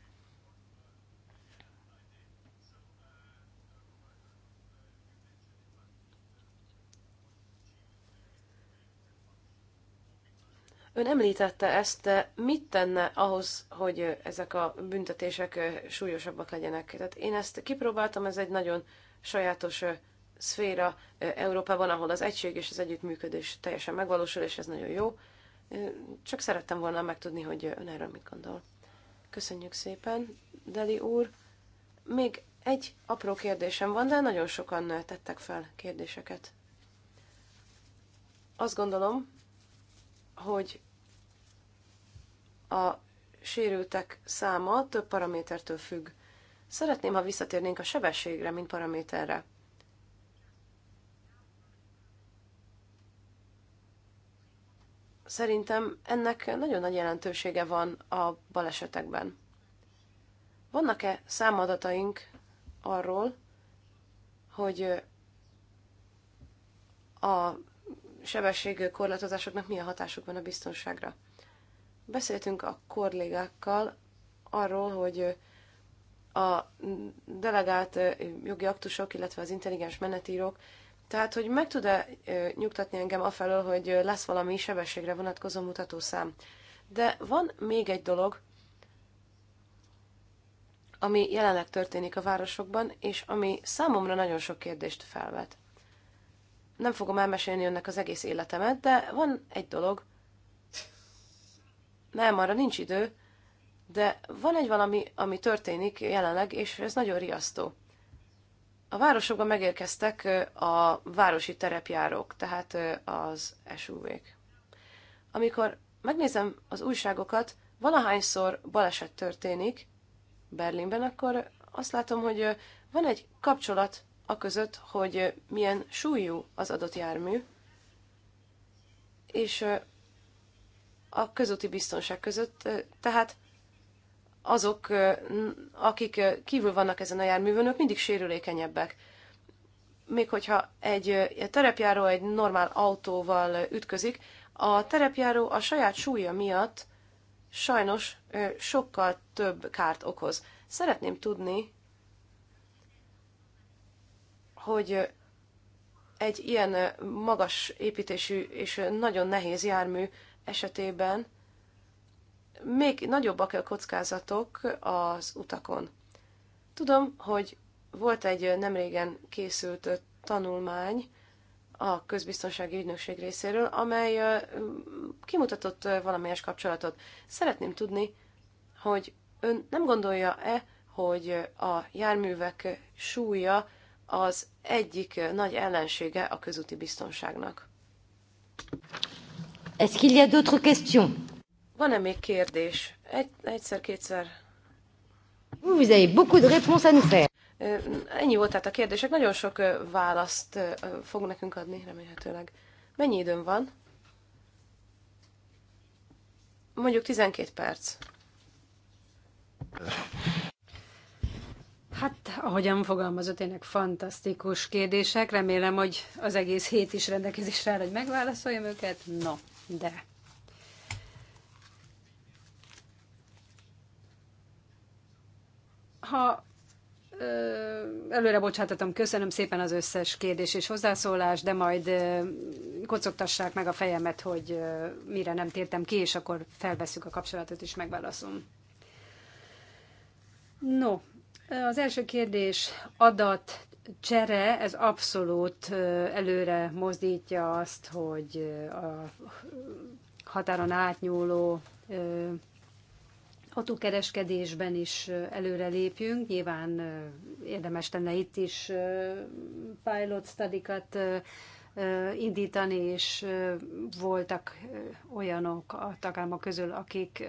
Ön említette ezt, de mit tenne ahhoz, hogy ezek a büntetések súlyosabbak legyenek? Tehát én ezt kipróbáltam, ez egy nagyon sajátos szféra Európában, ahol az egység és az együttműködés teljesen megvalósul, és ez nagyon jó. Csak szerettem volna megtudni, hogy ön erről mit gondol. Köszönjük szépen, Deli úr. Még egy apró kérdésem van, de nagyon sokan tettek fel kérdéseket. Azt gondolom, hogy a sérültek száma több paramétertől függ. Szeretném, ha visszatérnénk a sebességre, mint paraméterre. Szerintem ennek nagyon nagy jelentősége van a balesetekben. Vannak-e számadataink arról, hogy a sebességkorlátozásoknak korlátozásoknak milyen hatásuk van a biztonságra. Beszéltünk a kollégákkal arról, hogy a delegált jogi aktusok, illetve az intelligens menetírók, tehát, hogy meg tud-e nyugtatni engem afelől, hogy lesz valami sebességre vonatkozó mutatószám. De van még egy dolog, ami jelenleg történik a városokban, és ami számomra nagyon sok kérdést felvet nem fogom elmesélni önnek az egész életemet, de van egy dolog. Nem, arra nincs idő, de van egy valami, ami történik jelenleg, és ez nagyon riasztó. A városokba megérkeztek a városi terepjárók, tehát az SUV-k. Amikor megnézem az újságokat, valahányszor baleset történik Berlinben, akkor azt látom, hogy van egy kapcsolat aközött, hogy milyen súlyú az adott jármű, és a közúti biztonság között, tehát azok, akik kívül vannak ezen a járművön, ők mindig sérülékenyebbek. Még hogyha egy terepjáró egy normál autóval ütközik, a terepjáró a saját súlya miatt sajnos sokkal több kárt okoz. Szeretném tudni, hogy egy ilyen magas építésű és nagyon nehéz jármű esetében még nagyobbak a kockázatok az utakon. Tudom, hogy volt egy nemrégen készült tanulmány a közbiztonsági ügynökség részéről, amely kimutatott valamilyes kapcsolatot. Szeretném tudni, hogy ön nem gondolja-e, hogy a járművek súlya az egyik nagy ellensége a közúti biztonságnak. Est-ce qu'il y a d'autres questions? Van-e még kérdés? Egy, egyszer, kétszer. Vous avez beaucoup de réponses à nous faire. Ennyi volt tehát a kérdések. Nagyon sok választ fog nekünk adni, remélhetőleg. Mennyi időm van? Mondjuk 12 perc. Hát, ahogyan fogalmazott, tényleg fantasztikus kérdések. Remélem, hogy az egész hét is rendelkezésre áll, hogy megválaszoljam őket. No, de ha előre bocsátatom, köszönöm szépen az összes kérdés és hozzászólás, de majd kocogtassák meg a fejemet, hogy mire nem tértem ki, és akkor felveszük a kapcsolatot és megválaszom. No, az első kérdés adat csere, ez abszolút előre mozdítja azt, hogy a határon átnyúló autókereskedésben is előre lépjünk. Nyilván érdemes lenne itt is pilot study indítani, és voltak olyanok a tagállamok közül, akik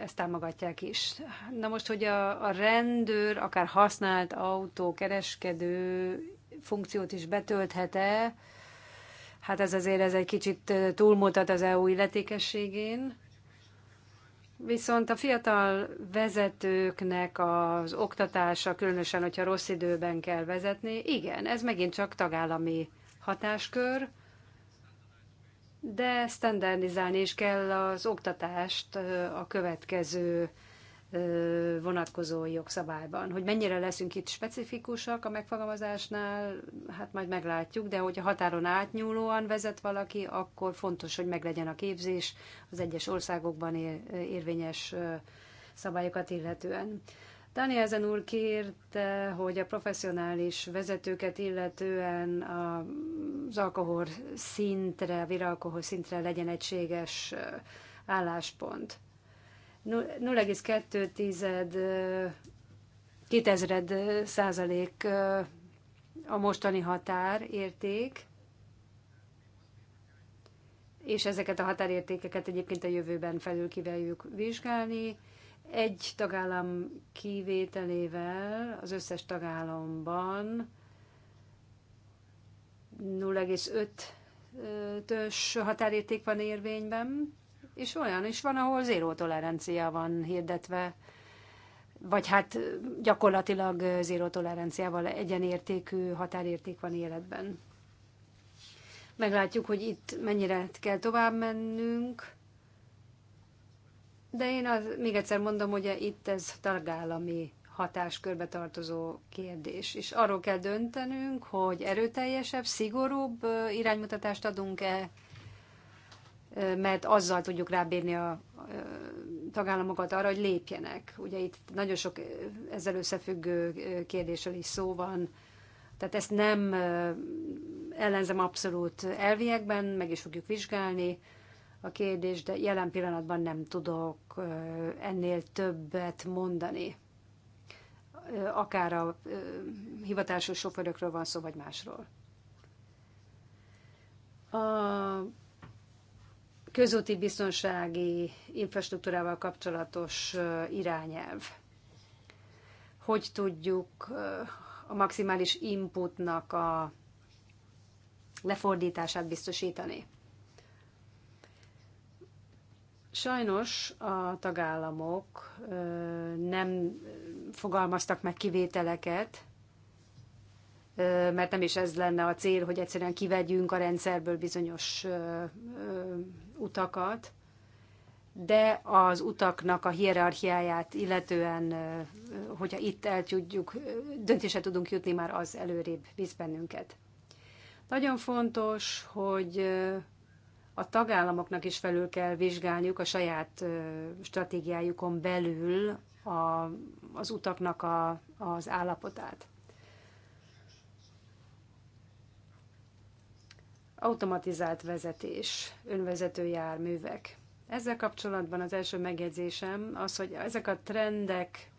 ezt támogatják is. Na most, hogy a, a rendőr, akár használt autó, kereskedő funkciót is betölthet-e, hát ez azért ez egy kicsit túlmutat az EU illetékességén. Viszont a fiatal vezetőknek az oktatása, különösen, hogyha rossz időben kell vezetni, igen, ez megint csak tagállami hatáskör, de standardizálni is kell az oktatást a következő vonatkozó jogszabályban. Hogy mennyire leszünk itt specifikusak a megfogalmazásnál, hát majd meglátjuk, de hogyha határon átnyúlóan vezet valaki, akkor fontos, hogy meglegyen a képzés az egyes országokban érvényes szabályokat illetően ezen úr kérte, hogy a professzionális vezetőket illetően az alkohol szintre, a viralkohol szintre legyen egységes álláspont. 0,2 kétezred százalék a mostani határérték, és ezeket a határértékeket egyébként a jövőben felül kiveljük vizsgálni egy tagállam kivételével az összes tagállamban 0,5-ös határérték van érvényben, és olyan is van, ahol zéró tolerancia van hirdetve, vagy hát gyakorlatilag zéró toleranciával egyenértékű határérték van életben. Meglátjuk, hogy itt mennyire kell tovább mennünk, de én az, még egyszer mondom, hogy itt ez tagállami hatáskörbe tartozó kérdés. És arról kell döntenünk, hogy erőteljesebb, szigorúbb iránymutatást adunk-e, mert azzal tudjuk rábírni a tagállamokat arra, hogy lépjenek. Ugye itt nagyon sok ezzel összefüggő kérdésről is szó van, tehát ezt nem ellenzem abszolút elviekben, meg is fogjuk vizsgálni, a kérdés, de jelen pillanatban nem tudok ennél többet mondani. Akár a hivatásos sofőrökről van szó, vagy másról. A közúti biztonsági infrastruktúrával kapcsolatos irányelv. Hogy tudjuk a maximális inputnak a lefordítását biztosítani? Sajnos a tagállamok nem fogalmaztak meg kivételeket, mert nem is ez lenne a cél, hogy egyszerűen kivegyünk a rendszerből bizonyos utakat, de az utaknak a hierarchiáját illetően, hogyha itt el tudjuk, döntése tudunk jutni, már az előrébb visz bennünket. Nagyon fontos, hogy a tagállamoknak is felül kell vizsgálniuk a saját stratégiájukon belül a, az utaknak a, az állapotát. Automatizált vezetés, önvezető járművek. Ezzel kapcsolatban az első megjegyzésem az, hogy ezek a trendek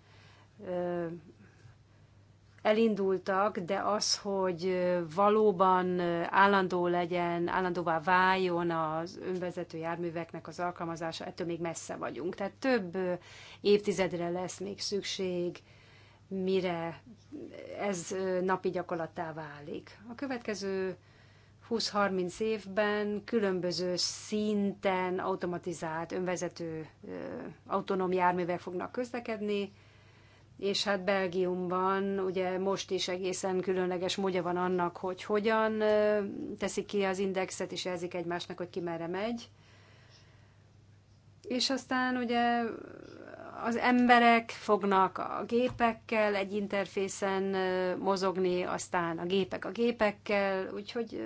elindultak, de az, hogy valóban állandó legyen, állandóvá váljon az önvezető járműveknek az alkalmazása, ettől még messze vagyunk. Tehát több évtizedre lesz még szükség, mire ez napi gyakorlattá válik. A következő 20-30 évben különböző szinten automatizált, önvezető autonóm járművek fognak közlekedni, és hát Belgiumban ugye most is egészen különleges módja van annak, hogy hogyan teszik ki az indexet, és jelzik egymásnak, hogy ki merre megy. És aztán ugye az emberek fognak a gépekkel egy interfészen mozogni, aztán a gépek a gépekkel, úgyhogy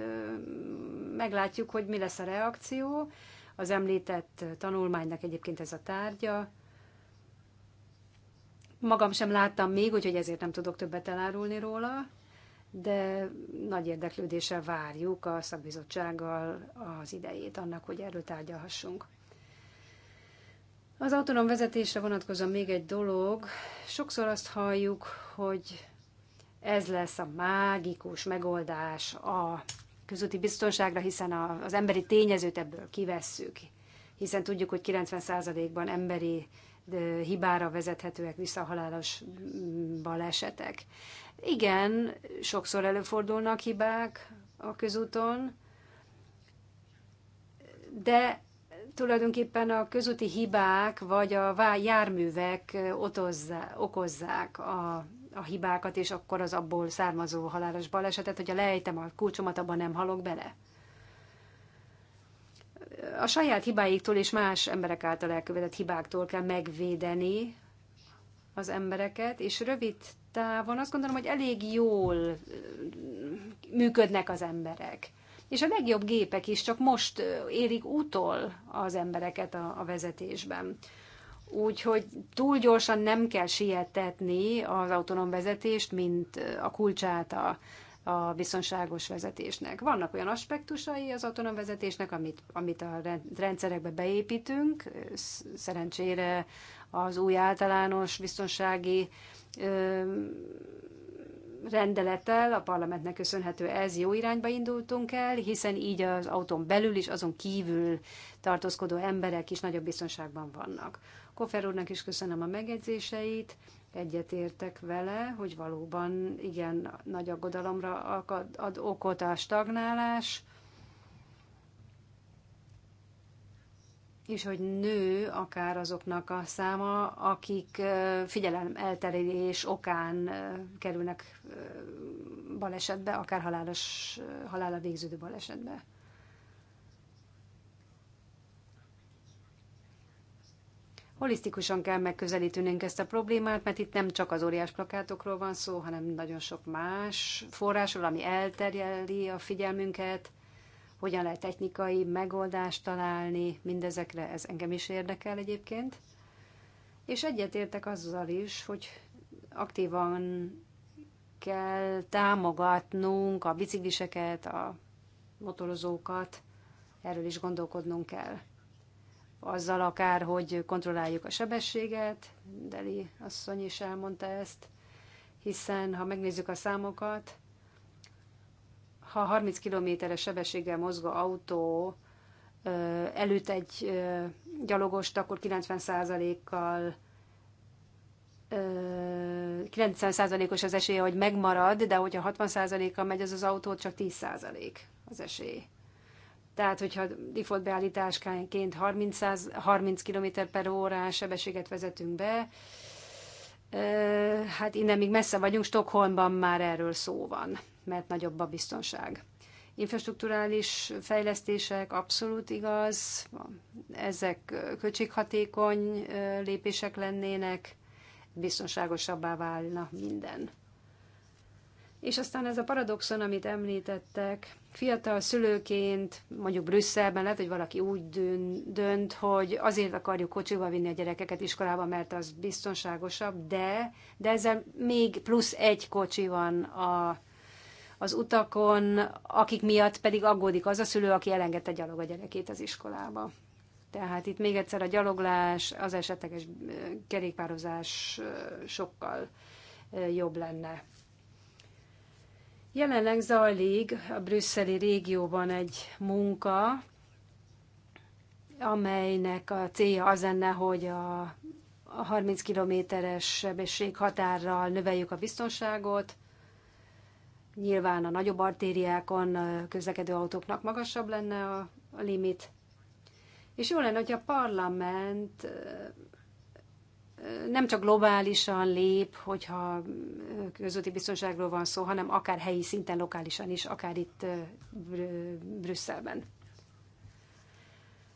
meglátjuk, hogy mi lesz a reakció. Az említett tanulmánynak egyébként ez a tárgya Magam sem láttam még, úgyhogy ezért nem tudok többet elárulni róla, de nagy érdeklődéssel várjuk a szakbizottsággal az idejét annak, hogy erről tárgyalhassunk. Az autonóm vezetésre vonatkozom még egy dolog. Sokszor azt halljuk, hogy ez lesz a mágikus megoldás a közúti biztonságra, hiszen az emberi tényezőt ebből kivesszük, hiszen tudjuk, hogy 90%-ban emberi hibára vezethetőek vissza halálos balesetek. Igen, sokszor előfordulnak hibák a közúton, de tulajdonképpen a közúti hibák vagy a járművek otozzá, okozzák a, a hibákat, és akkor az abból származó halálos balesetet, hogy a lejtem a kulcsomat, abban nem halok bele a saját hibáiktól és más emberek által elkövetett hibáktól kell megvédeni az embereket, és rövid távon azt gondolom, hogy elég jól működnek az emberek. És a legjobb gépek is csak most érik utol az embereket a, a vezetésben. Úgyhogy túl gyorsan nem kell sietetni az autonóm vezetést, mint a kulcsát a a biztonságos vezetésnek. Vannak olyan aspektusai az autonóm vezetésnek, amit, amit a rendszerekbe beépítünk. Szerencsére az új általános biztonsági ö, rendelettel, a parlamentnek köszönhető ez jó irányba indultunk el, hiszen így az autón belül is, azon kívül tartózkodó emberek is nagyobb biztonságban vannak. Koffer úrnak is köszönöm a megjegyzéseit, egyetértek vele, hogy valóban igen nagy aggodalomra ad okot a stagnálás, és hogy nő akár azoknak a száma, akik figyelem elterelés okán kerülnek balesetbe, akár halálos, halála végződő balesetbe. Holisztikusan kell megközelítenünk ezt a problémát, mert itt nem csak az óriás plakátokról van szó, hanem nagyon sok más forrásról, ami elterjeli a figyelmünket, hogyan lehet technikai megoldást találni mindezekre, ez engem is érdekel egyébként. És egyetértek azzal is, hogy aktívan kell támogatnunk a bicikliseket, a motorozókat, erről is gondolkodnunk kell azzal akár, hogy kontrolláljuk a sebességet, Deli asszony is elmondta ezt, hiszen ha megnézzük a számokat, ha 30 es sebességgel mozgó autó előtt egy gyalogost, akkor 90%-kal 90%-os az esélye, hogy megmarad, de hogyha 60%-kal megy az az autó, csak 10% az esély. Tehát, hogyha default beállításként 30, 30 km per órás sebességet vezetünk be, hát innen még messze vagyunk, Stockholmban már erről szó van, mert nagyobb a biztonság. Infrastruktúrális fejlesztések, abszolút igaz, ezek költséghatékony lépések lennének, biztonságosabbá válna minden. És aztán ez a paradoxon, amit említettek, fiatal szülőként, mondjuk Brüsszelben lehet, hogy valaki úgy dönt, hogy azért akarjuk kocsival vinni a gyerekeket iskolába, mert az biztonságosabb, de, de ezzel még plusz egy kocsi van a, az utakon, akik miatt pedig aggódik az a szülő, aki elengedte gyalog a gyerekét az iskolába. Tehát itt még egyszer a gyaloglás, az esetleges kerékpározás sokkal jobb lenne. Jelenleg zajlik a brüsszeli régióban egy munka, amelynek a célja az lenne, hogy a, 30 kilométeres sebesség határral növeljük a biztonságot. Nyilván a nagyobb artériákon a közlekedő autóknak magasabb lenne a, a limit. És jó lenne, hogy a parlament nem csak globálisan lép, hogyha közúti biztonságról van szó, hanem akár helyi szinten, lokálisan is, akár itt Brüsszelben.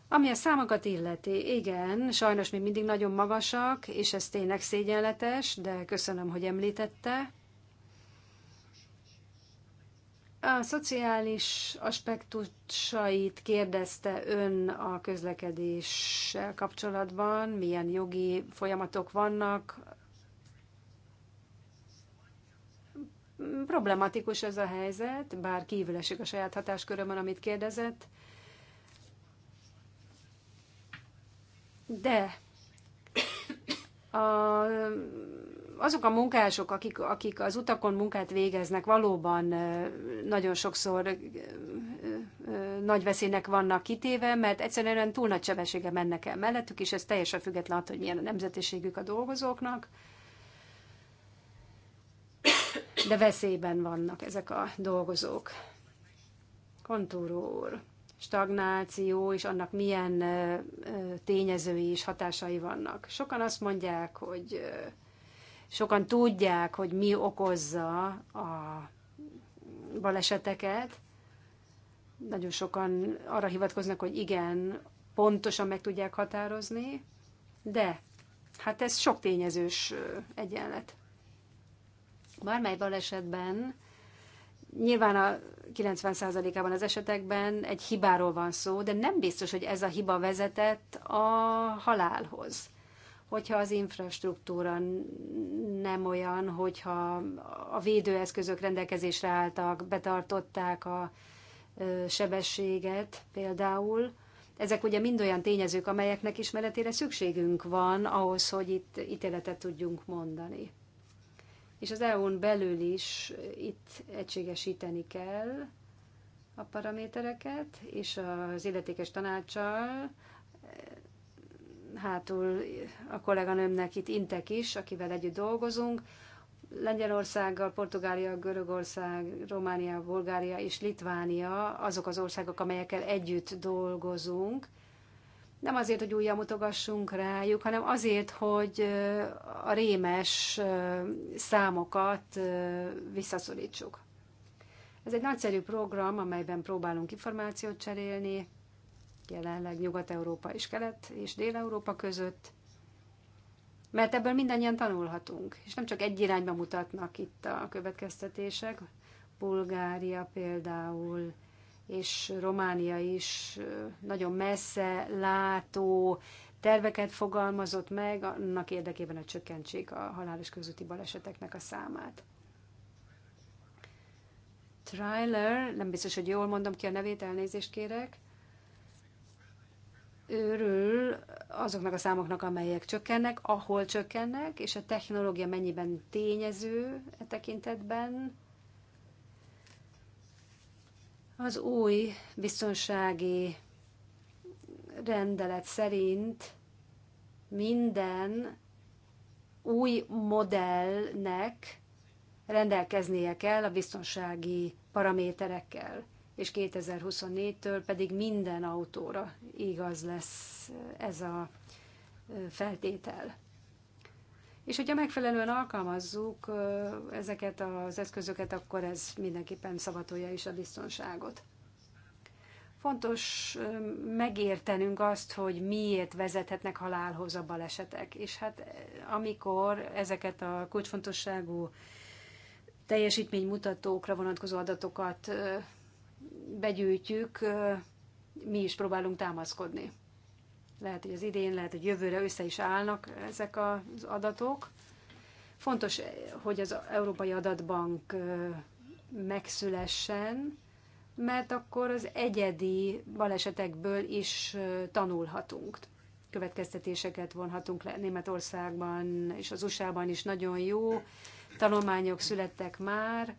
Ami a számokat illeti, igen, sajnos még mindig nagyon magasak, és ez tényleg szégyenletes, de köszönöm, hogy említette. A szociális aspektusait kérdezte ön a közlekedéssel kapcsolatban, milyen jogi folyamatok vannak. Problematikus ez a helyzet, bár kívül esik a saját hatáskörömön, amit kérdezett. De a azok a munkások, akik, akik az utakon munkát végeznek, valóban nagyon sokszor nagy veszélynek vannak kitéve, mert egyszerűen túl nagy sebessége mennek el mellettük, és ez teljesen független attól, hogy milyen a nemzetiségük a dolgozóknak. De veszélyben vannak ezek a dolgozók. Kontúró úr stagnáció és annak milyen tényezői és hatásai vannak. Sokan azt mondják, hogy Sokan tudják, hogy mi okozza a baleseteket. Nagyon sokan arra hivatkoznak, hogy igen, pontosan meg tudják határozni, de hát ez sok tényezős egyenlet. Bármely balesetben Nyilván a 90%-ában az esetekben egy hibáról van szó, de nem biztos, hogy ez a hiba vezetett a halálhoz hogyha az infrastruktúra nem olyan, hogyha a védőeszközök rendelkezésre álltak, betartották a sebességet például. Ezek ugye mind olyan tényezők, amelyeknek ismeretére szükségünk van ahhoz, hogy itt ítéletet tudjunk mondani. És az EU-n belül is itt egységesíteni kell a paramétereket, és az illetékes tanácsal hátul a kolléganőmnek itt Intek is, akivel együtt dolgozunk. Lengyelországgal, Portugália, Görögország, Románia, Bulgária és Litvánia azok az országok, amelyekkel együtt dolgozunk. Nem azért, hogy újra mutogassunk rájuk, hanem azért, hogy a rémes számokat visszaszorítsuk. Ez egy nagyszerű program, amelyben próbálunk információt cserélni, jelenleg Nyugat-Európa és Kelet és Dél-Európa között, mert ebből mindannyian tanulhatunk, és nem csak egy irányba mutatnak itt a következtetések. Bulgária például és Románia is nagyon messze látó terveket fogalmazott meg annak érdekében, hogy csökkentsék a halálos közúti baleseteknek a számát. Trailer, nem biztos, hogy jól mondom ki a nevét, elnézést kérek, őrül azoknak a számoknak, amelyek csökkennek, ahol csökkennek, és a technológia mennyiben tényező e tekintetben. Az új biztonsági rendelet szerint minden új modellnek rendelkeznie kell a biztonsági paraméterekkel és 2024-től pedig minden autóra igaz lesz ez a feltétel. És hogyha megfelelően alkalmazzuk ezeket az eszközöket, akkor ez mindenképpen szavatolja is a biztonságot. Fontos megértenünk azt, hogy miért vezethetnek halálhoz a balesetek. És hát amikor ezeket a kulcsfontosságú teljesítménymutatókra vonatkozó adatokat begyűjtjük, mi is próbálunk támaszkodni. Lehet, hogy az idén, lehet, hogy jövőre össze is állnak ezek az adatok. Fontos, hogy az Európai Adatbank megszülessen, mert akkor az egyedi balesetekből is tanulhatunk. Következtetéseket vonhatunk le Németországban és az USA-ban is nagyon jó tanulmányok születtek már,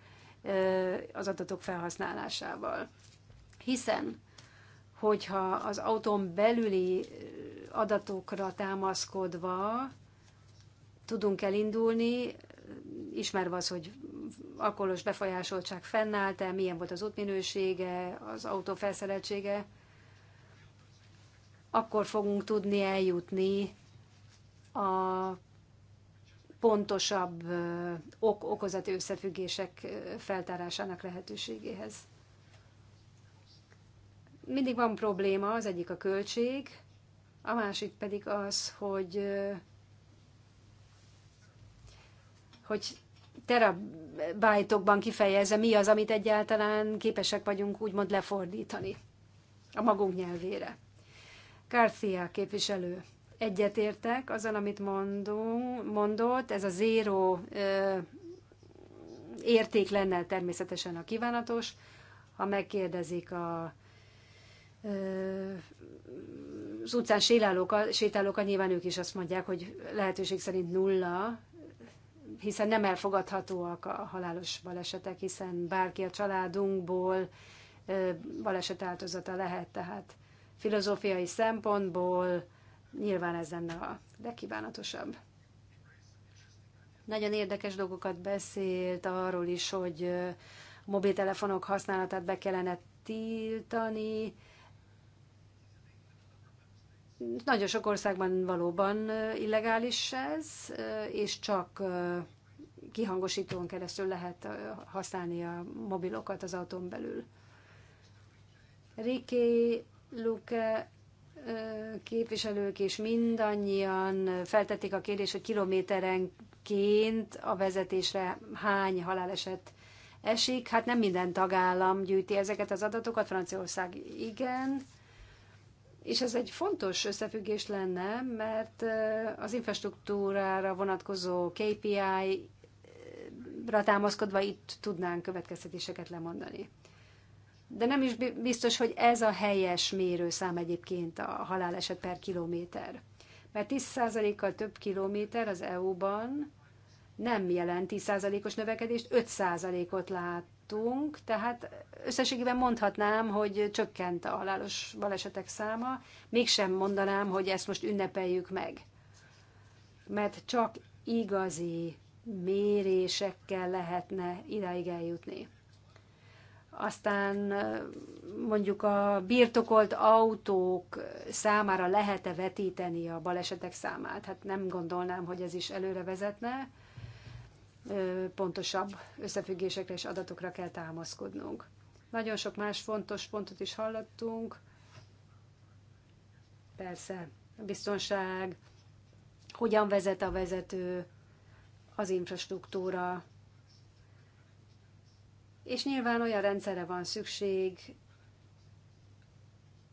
az adatok felhasználásával. Hiszen, hogyha az autón belüli adatokra támaszkodva tudunk elindulni, ismerve az, hogy alkoholos befolyásoltság fennállt-e, milyen volt az útminősége, az autó felszereltsége, akkor fogunk tudni eljutni a pontosabb ok-okozati összefüggések feltárásának lehetőségéhez. Mindig van probléma, az egyik a költség, a másik pedig az, hogy, hogy terabájtokban kifejezze, mi az, amit egyáltalán képesek vagyunk úgymond lefordítani a magunk nyelvére. Garcia képviselő. Egyetértek azzal, amit mondunk, mondott, ez a zéró érték lenne természetesen a kívánatos, ha megkérdezik a az utcán sétálókat, sétálókat, nyilván ők is azt mondják, hogy lehetőség szerint nulla, hiszen nem elfogadhatóak a halálos balesetek, hiszen bárki a családunkból baleset áldozata lehet, tehát filozófiai szempontból Nyilván ez lenne a legkívánatosabb. Nagyon érdekes dolgokat beszélt arról is, hogy a mobiltelefonok használatát be kellene tiltani. Nagyon sok országban valóban illegális ez, és csak kihangosítón keresztül lehet használni a mobilokat az autón belül. Riki Luke képviselők, és mindannyian feltették a kérdést, hogy kilométerenként a vezetésre hány haláleset esik. Hát nem minden tagállam gyűjti ezeket az adatokat, Franciaország igen. És ez egy fontos összefüggés lenne, mert az infrastruktúrára vonatkozó KPI-ra támaszkodva itt tudnánk következtetéseket lemondani de nem is biztos, hogy ez a helyes mérőszám egyébként a haláleset per kilométer. Mert 10%-kal több kilométer az EU-ban nem jelent 10%-os növekedést, 5%-ot láttunk, tehát összességében mondhatnám, hogy csökkent a halálos balesetek száma, mégsem mondanám, hogy ezt most ünnepeljük meg. Mert csak igazi mérésekkel lehetne idáig eljutni aztán mondjuk a birtokolt autók számára lehet-e vetíteni a balesetek számát? Hát nem gondolnám, hogy ez is előre vezetne. Pontosabb összefüggésekre és adatokra kell támaszkodnunk. Nagyon sok más fontos pontot is hallottunk. Persze, a biztonság, hogyan vezet a vezető, az infrastruktúra, és nyilván olyan rendszerre van szükség,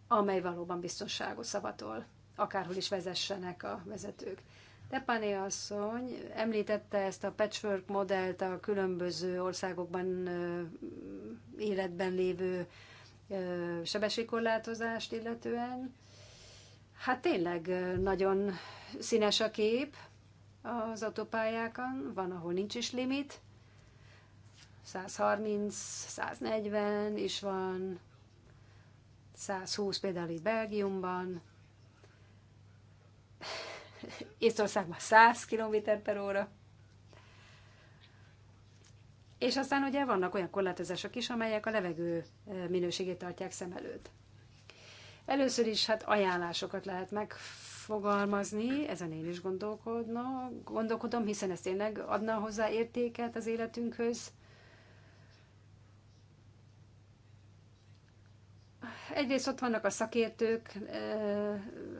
amely valóban biztonságos szavatol, akárhol is vezessenek a vezetők. Tepani asszony említette ezt a patchwork modellt a különböző országokban életben lévő sebességkorlátozást illetően. Hát tényleg nagyon színes a kép az autópályákon, van, ahol nincs is limit, 130, 140 is van, 120 például itt Belgiumban, Észtországban 100 km per óra. És aztán ugye vannak olyan korlátozások is, amelyek a levegő eh, minőségét tartják szem előtt. Először is hát ajánlásokat lehet megfogalmazni, ezen én is gondolkodna, gondolkodom, hiszen ez tényleg adna hozzá értéket az életünkhöz. egyrészt ott vannak a szakértők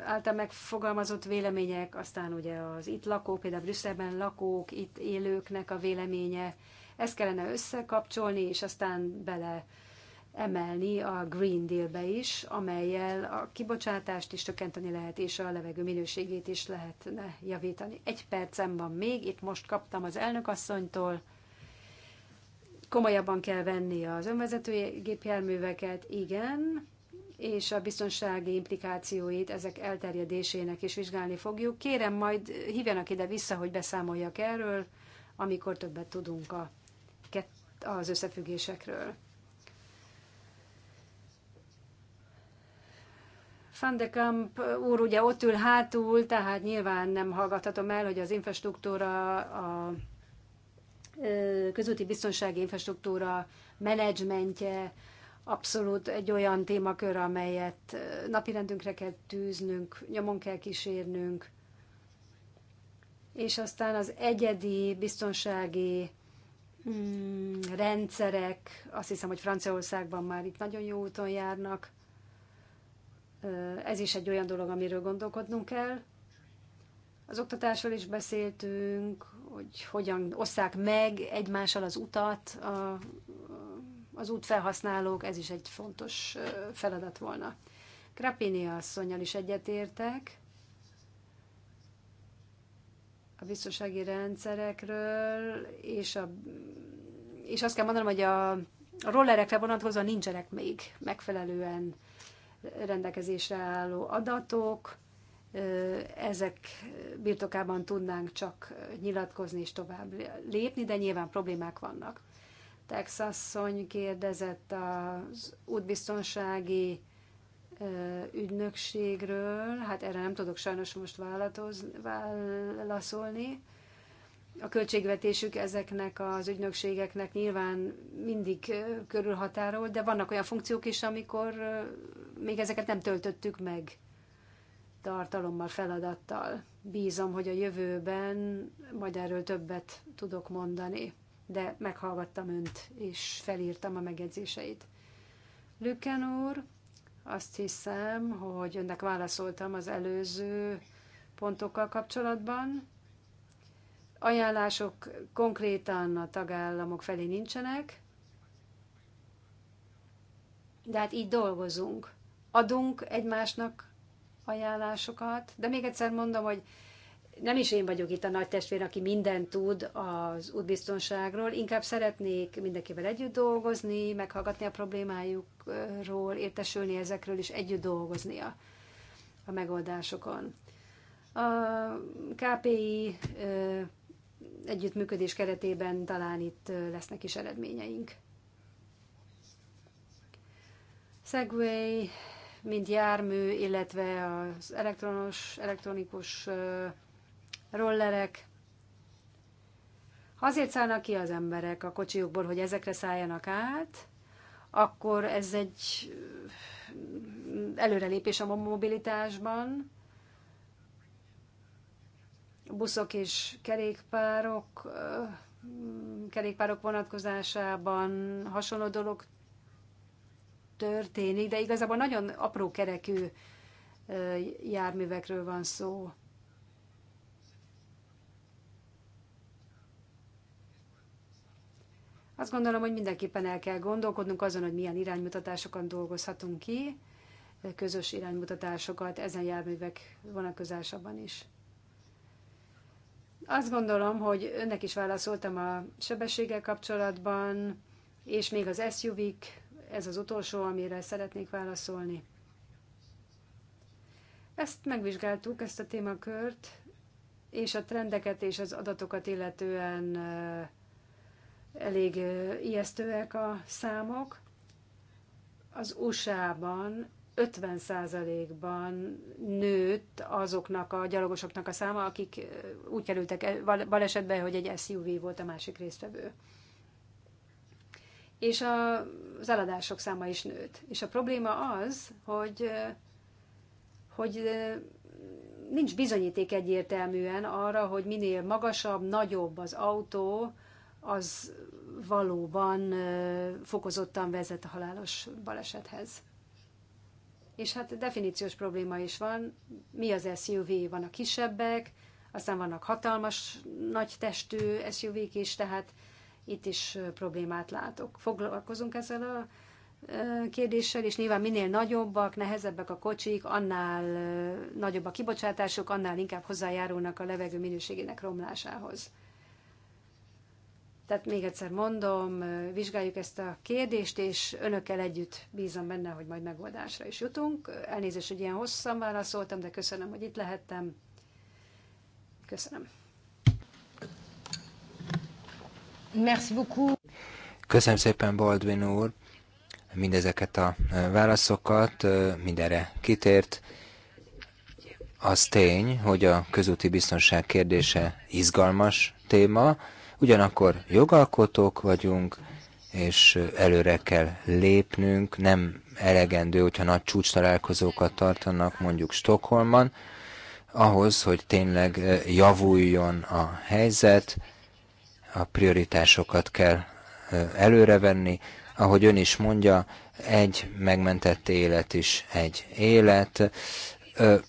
által megfogalmazott vélemények, aztán ugye az itt lakók, például Brüsszelben lakók, itt élőknek a véleménye. Ezt kellene összekapcsolni, és aztán bele emelni a Green Deal-be is, amelyel a kibocsátást is csökkenteni lehet, és a levegő minőségét is lehetne javítani. Egy percem van még, itt most kaptam az elnökasszonytól. Komolyabban kell venni az önvezető gépjárműveket, igen, és a biztonsági implikációit ezek elterjedésének is vizsgálni fogjuk. Kérem majd hívjanak ide vissza, hogy beszámoljak erről, amikor többet tudunk a, az összefüggésekről. Van de Kamp úr ugye ott ül hátul, tehát nyilván nem hallgathatom el, hogy az infrastruktúra, a közúti biztonsági infrastruktúra menedzsmentje, abszolút egy olyan témakör, amelyet napirendünkre kell tűznünk, nyomon kell kísérnünk, és aztán az egyedi biztonsági mm, rendszerek, azt hiszem, hogy Franciaországban már itt nagyon jó úton járnak. Ez is egy olyan dolog, amiről gondolkodnunk kell. Az oktatásról is beszéltünk, hogy hogyan osszák meg egymással az utat a, az útfelhasználók, ez is egy fontos feladat volna. Krapini asszonyal is egyetértek. A biztonsági rendszerekről, és, a, és azt kell mondanom, hogy a, a rollerekre vonatkozóan nincsenek még megfelelően rendelkezésre álló adatok, ezek birtokában tudnánk csak nyilatkozni és tovább lépni, de nyilván problémák vannak. Texasszony kérdezett az útbiztonsági ügynökségről, hát erre nem tudok sajnos most vállalatoz, válaszolni. A költségvetésük ezeknek az ügynökségeknek nyilván mindig körülhatárol, de vannak olyan funkciók is, amikor még ezeket nem töltöttük meg tartalommal, feladattal. Bízom, hogy a jövőben majd erről többet tudok mondani de meghallgattam önt, és felírtam a megjegyzéseit. Lüken úr, azt hiszem, hogy önnek válaszoltam az előző pontokkal kapcsolatban. Ajánlások konkrétan a tagállamok felé nincsenek, de hát így dolgozunk. Adunk egymásnak ajánlásokat, de még egyszer mondom, hogy nem is én vagyok itt a nagy testvér, aki mindent tud az útbiztonságról, inkább szeretnék mindenkivel együtt dolgozni, meghallgatni a problémájukról, értesülni ezekről, és együtt dolgozni a, a megoldásokon. A KPI együttműködés keretében talán itt lesznek is eredményeink. Segway, mint jármű, illetve az elektronos, elektronikus rollerek. Azért szállnak ki az emberek a kocsijukból, hogy ezekre szálljanak át, akkor ez egy előrelépés a mobilitásban. Buszok és kerékpárok, kerékpárok vonatkozásában hasonló dolog történik, de igazából nagyon apró kerekű járművekről van szó. Azt gondolom, hogy mindenképpen el kell gondolkodnunk azon, hogy milyen iránymutatásokat dolgozhatunk ki, közös iránymutatásokat ezen járművek vonatkozásában is. Azt gondolom, hogy önnek is válaszoltam a sebességgel kapcsolatban, és még az suv ez az utolsó, amire szeretnék válaszolni. Ezt megvizsgáltuk, ezt a témakört, és a trendeket és az adatokat illetően Elég ijesztőek a számok. Az USA-ban 50%-ban nőtt azoknak a gyalogosoknak a száma, akik úgy kerültek balesetbe, hogy egy SUV volt a másik résztvevő. És a, az eladások száma is nőtt. És a probléma az, hogy, hogy nincs bizonyíték egyértelműen arra, hogy minél magasabb, nagyobb az autó, az valóban fokozottan vezet a halálos balesethez. És hát definíciós probléma is van, mi az SUV, van a kisebbek, aztán vannak hatalmas, nagy testű SUV-k is, tehát itt is problémát látok. Foglalkozunk ezzel a kérdéssel, és nyilván minél nagyobbak, nehezebbek a kocsik, annál nagyobb a kibocsátások, annál inkább hozzájárulnak a levegő minőségének romlásához. Tehát még egyszer mondom, vizsgáljuk ezt a kérdést, és önökkel együtt bízom benne, hogy majd megoldásra is jutunk. Elnézést, hogy ilyen hosszan válaszoltam, de köszönöm, hogy itt lehettem. Köszönöm. Merci beaucoup. Köszönöm szépen, Baldwin úr, mindezeket a válaszokat, mindenre kitért. Az tény, hogy a közúti biztonság kérdése izgalmas téma, Ugyanakkor jogalkotók vagyunk, és előre kell lépnünk, nem elegendő, hogyha nagy csúcs találkozókat tartanak mondjuk Stockholmban, ahhoz, hogy tényleg eh, javuljon a helyzet, a prioritásokat kell eh, előrevenni. Ahogy ön is mondja, egy megmentett élet is egy élet, eh,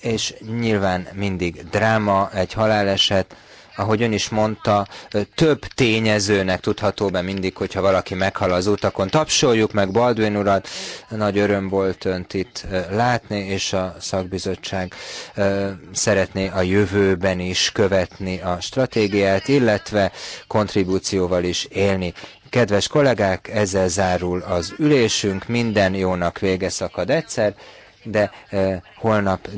és nyilván mindig dráma egy haláleset, ahogy ön is mondta, több tényezőnek tudható be mindig, hogyha valaki meghal az utakon. Tapsoljuk meg Baldwin urat, nagy öröm volt önt itt látni, és a szakbizottság szeretné a jövőben is követni a stratégiát, illetve kontribúcióval is élni. Kedves kollégák, ezzel zárul az ülésünk, minden jónak vége szakad egyszer, de holnap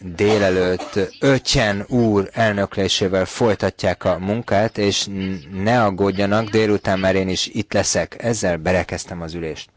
délelőtt Öcsen úr elnöklésével folytatják a munkát, és ne aggódjanak, délután már én is itt leszek. Ezzel berekeztem az ülést.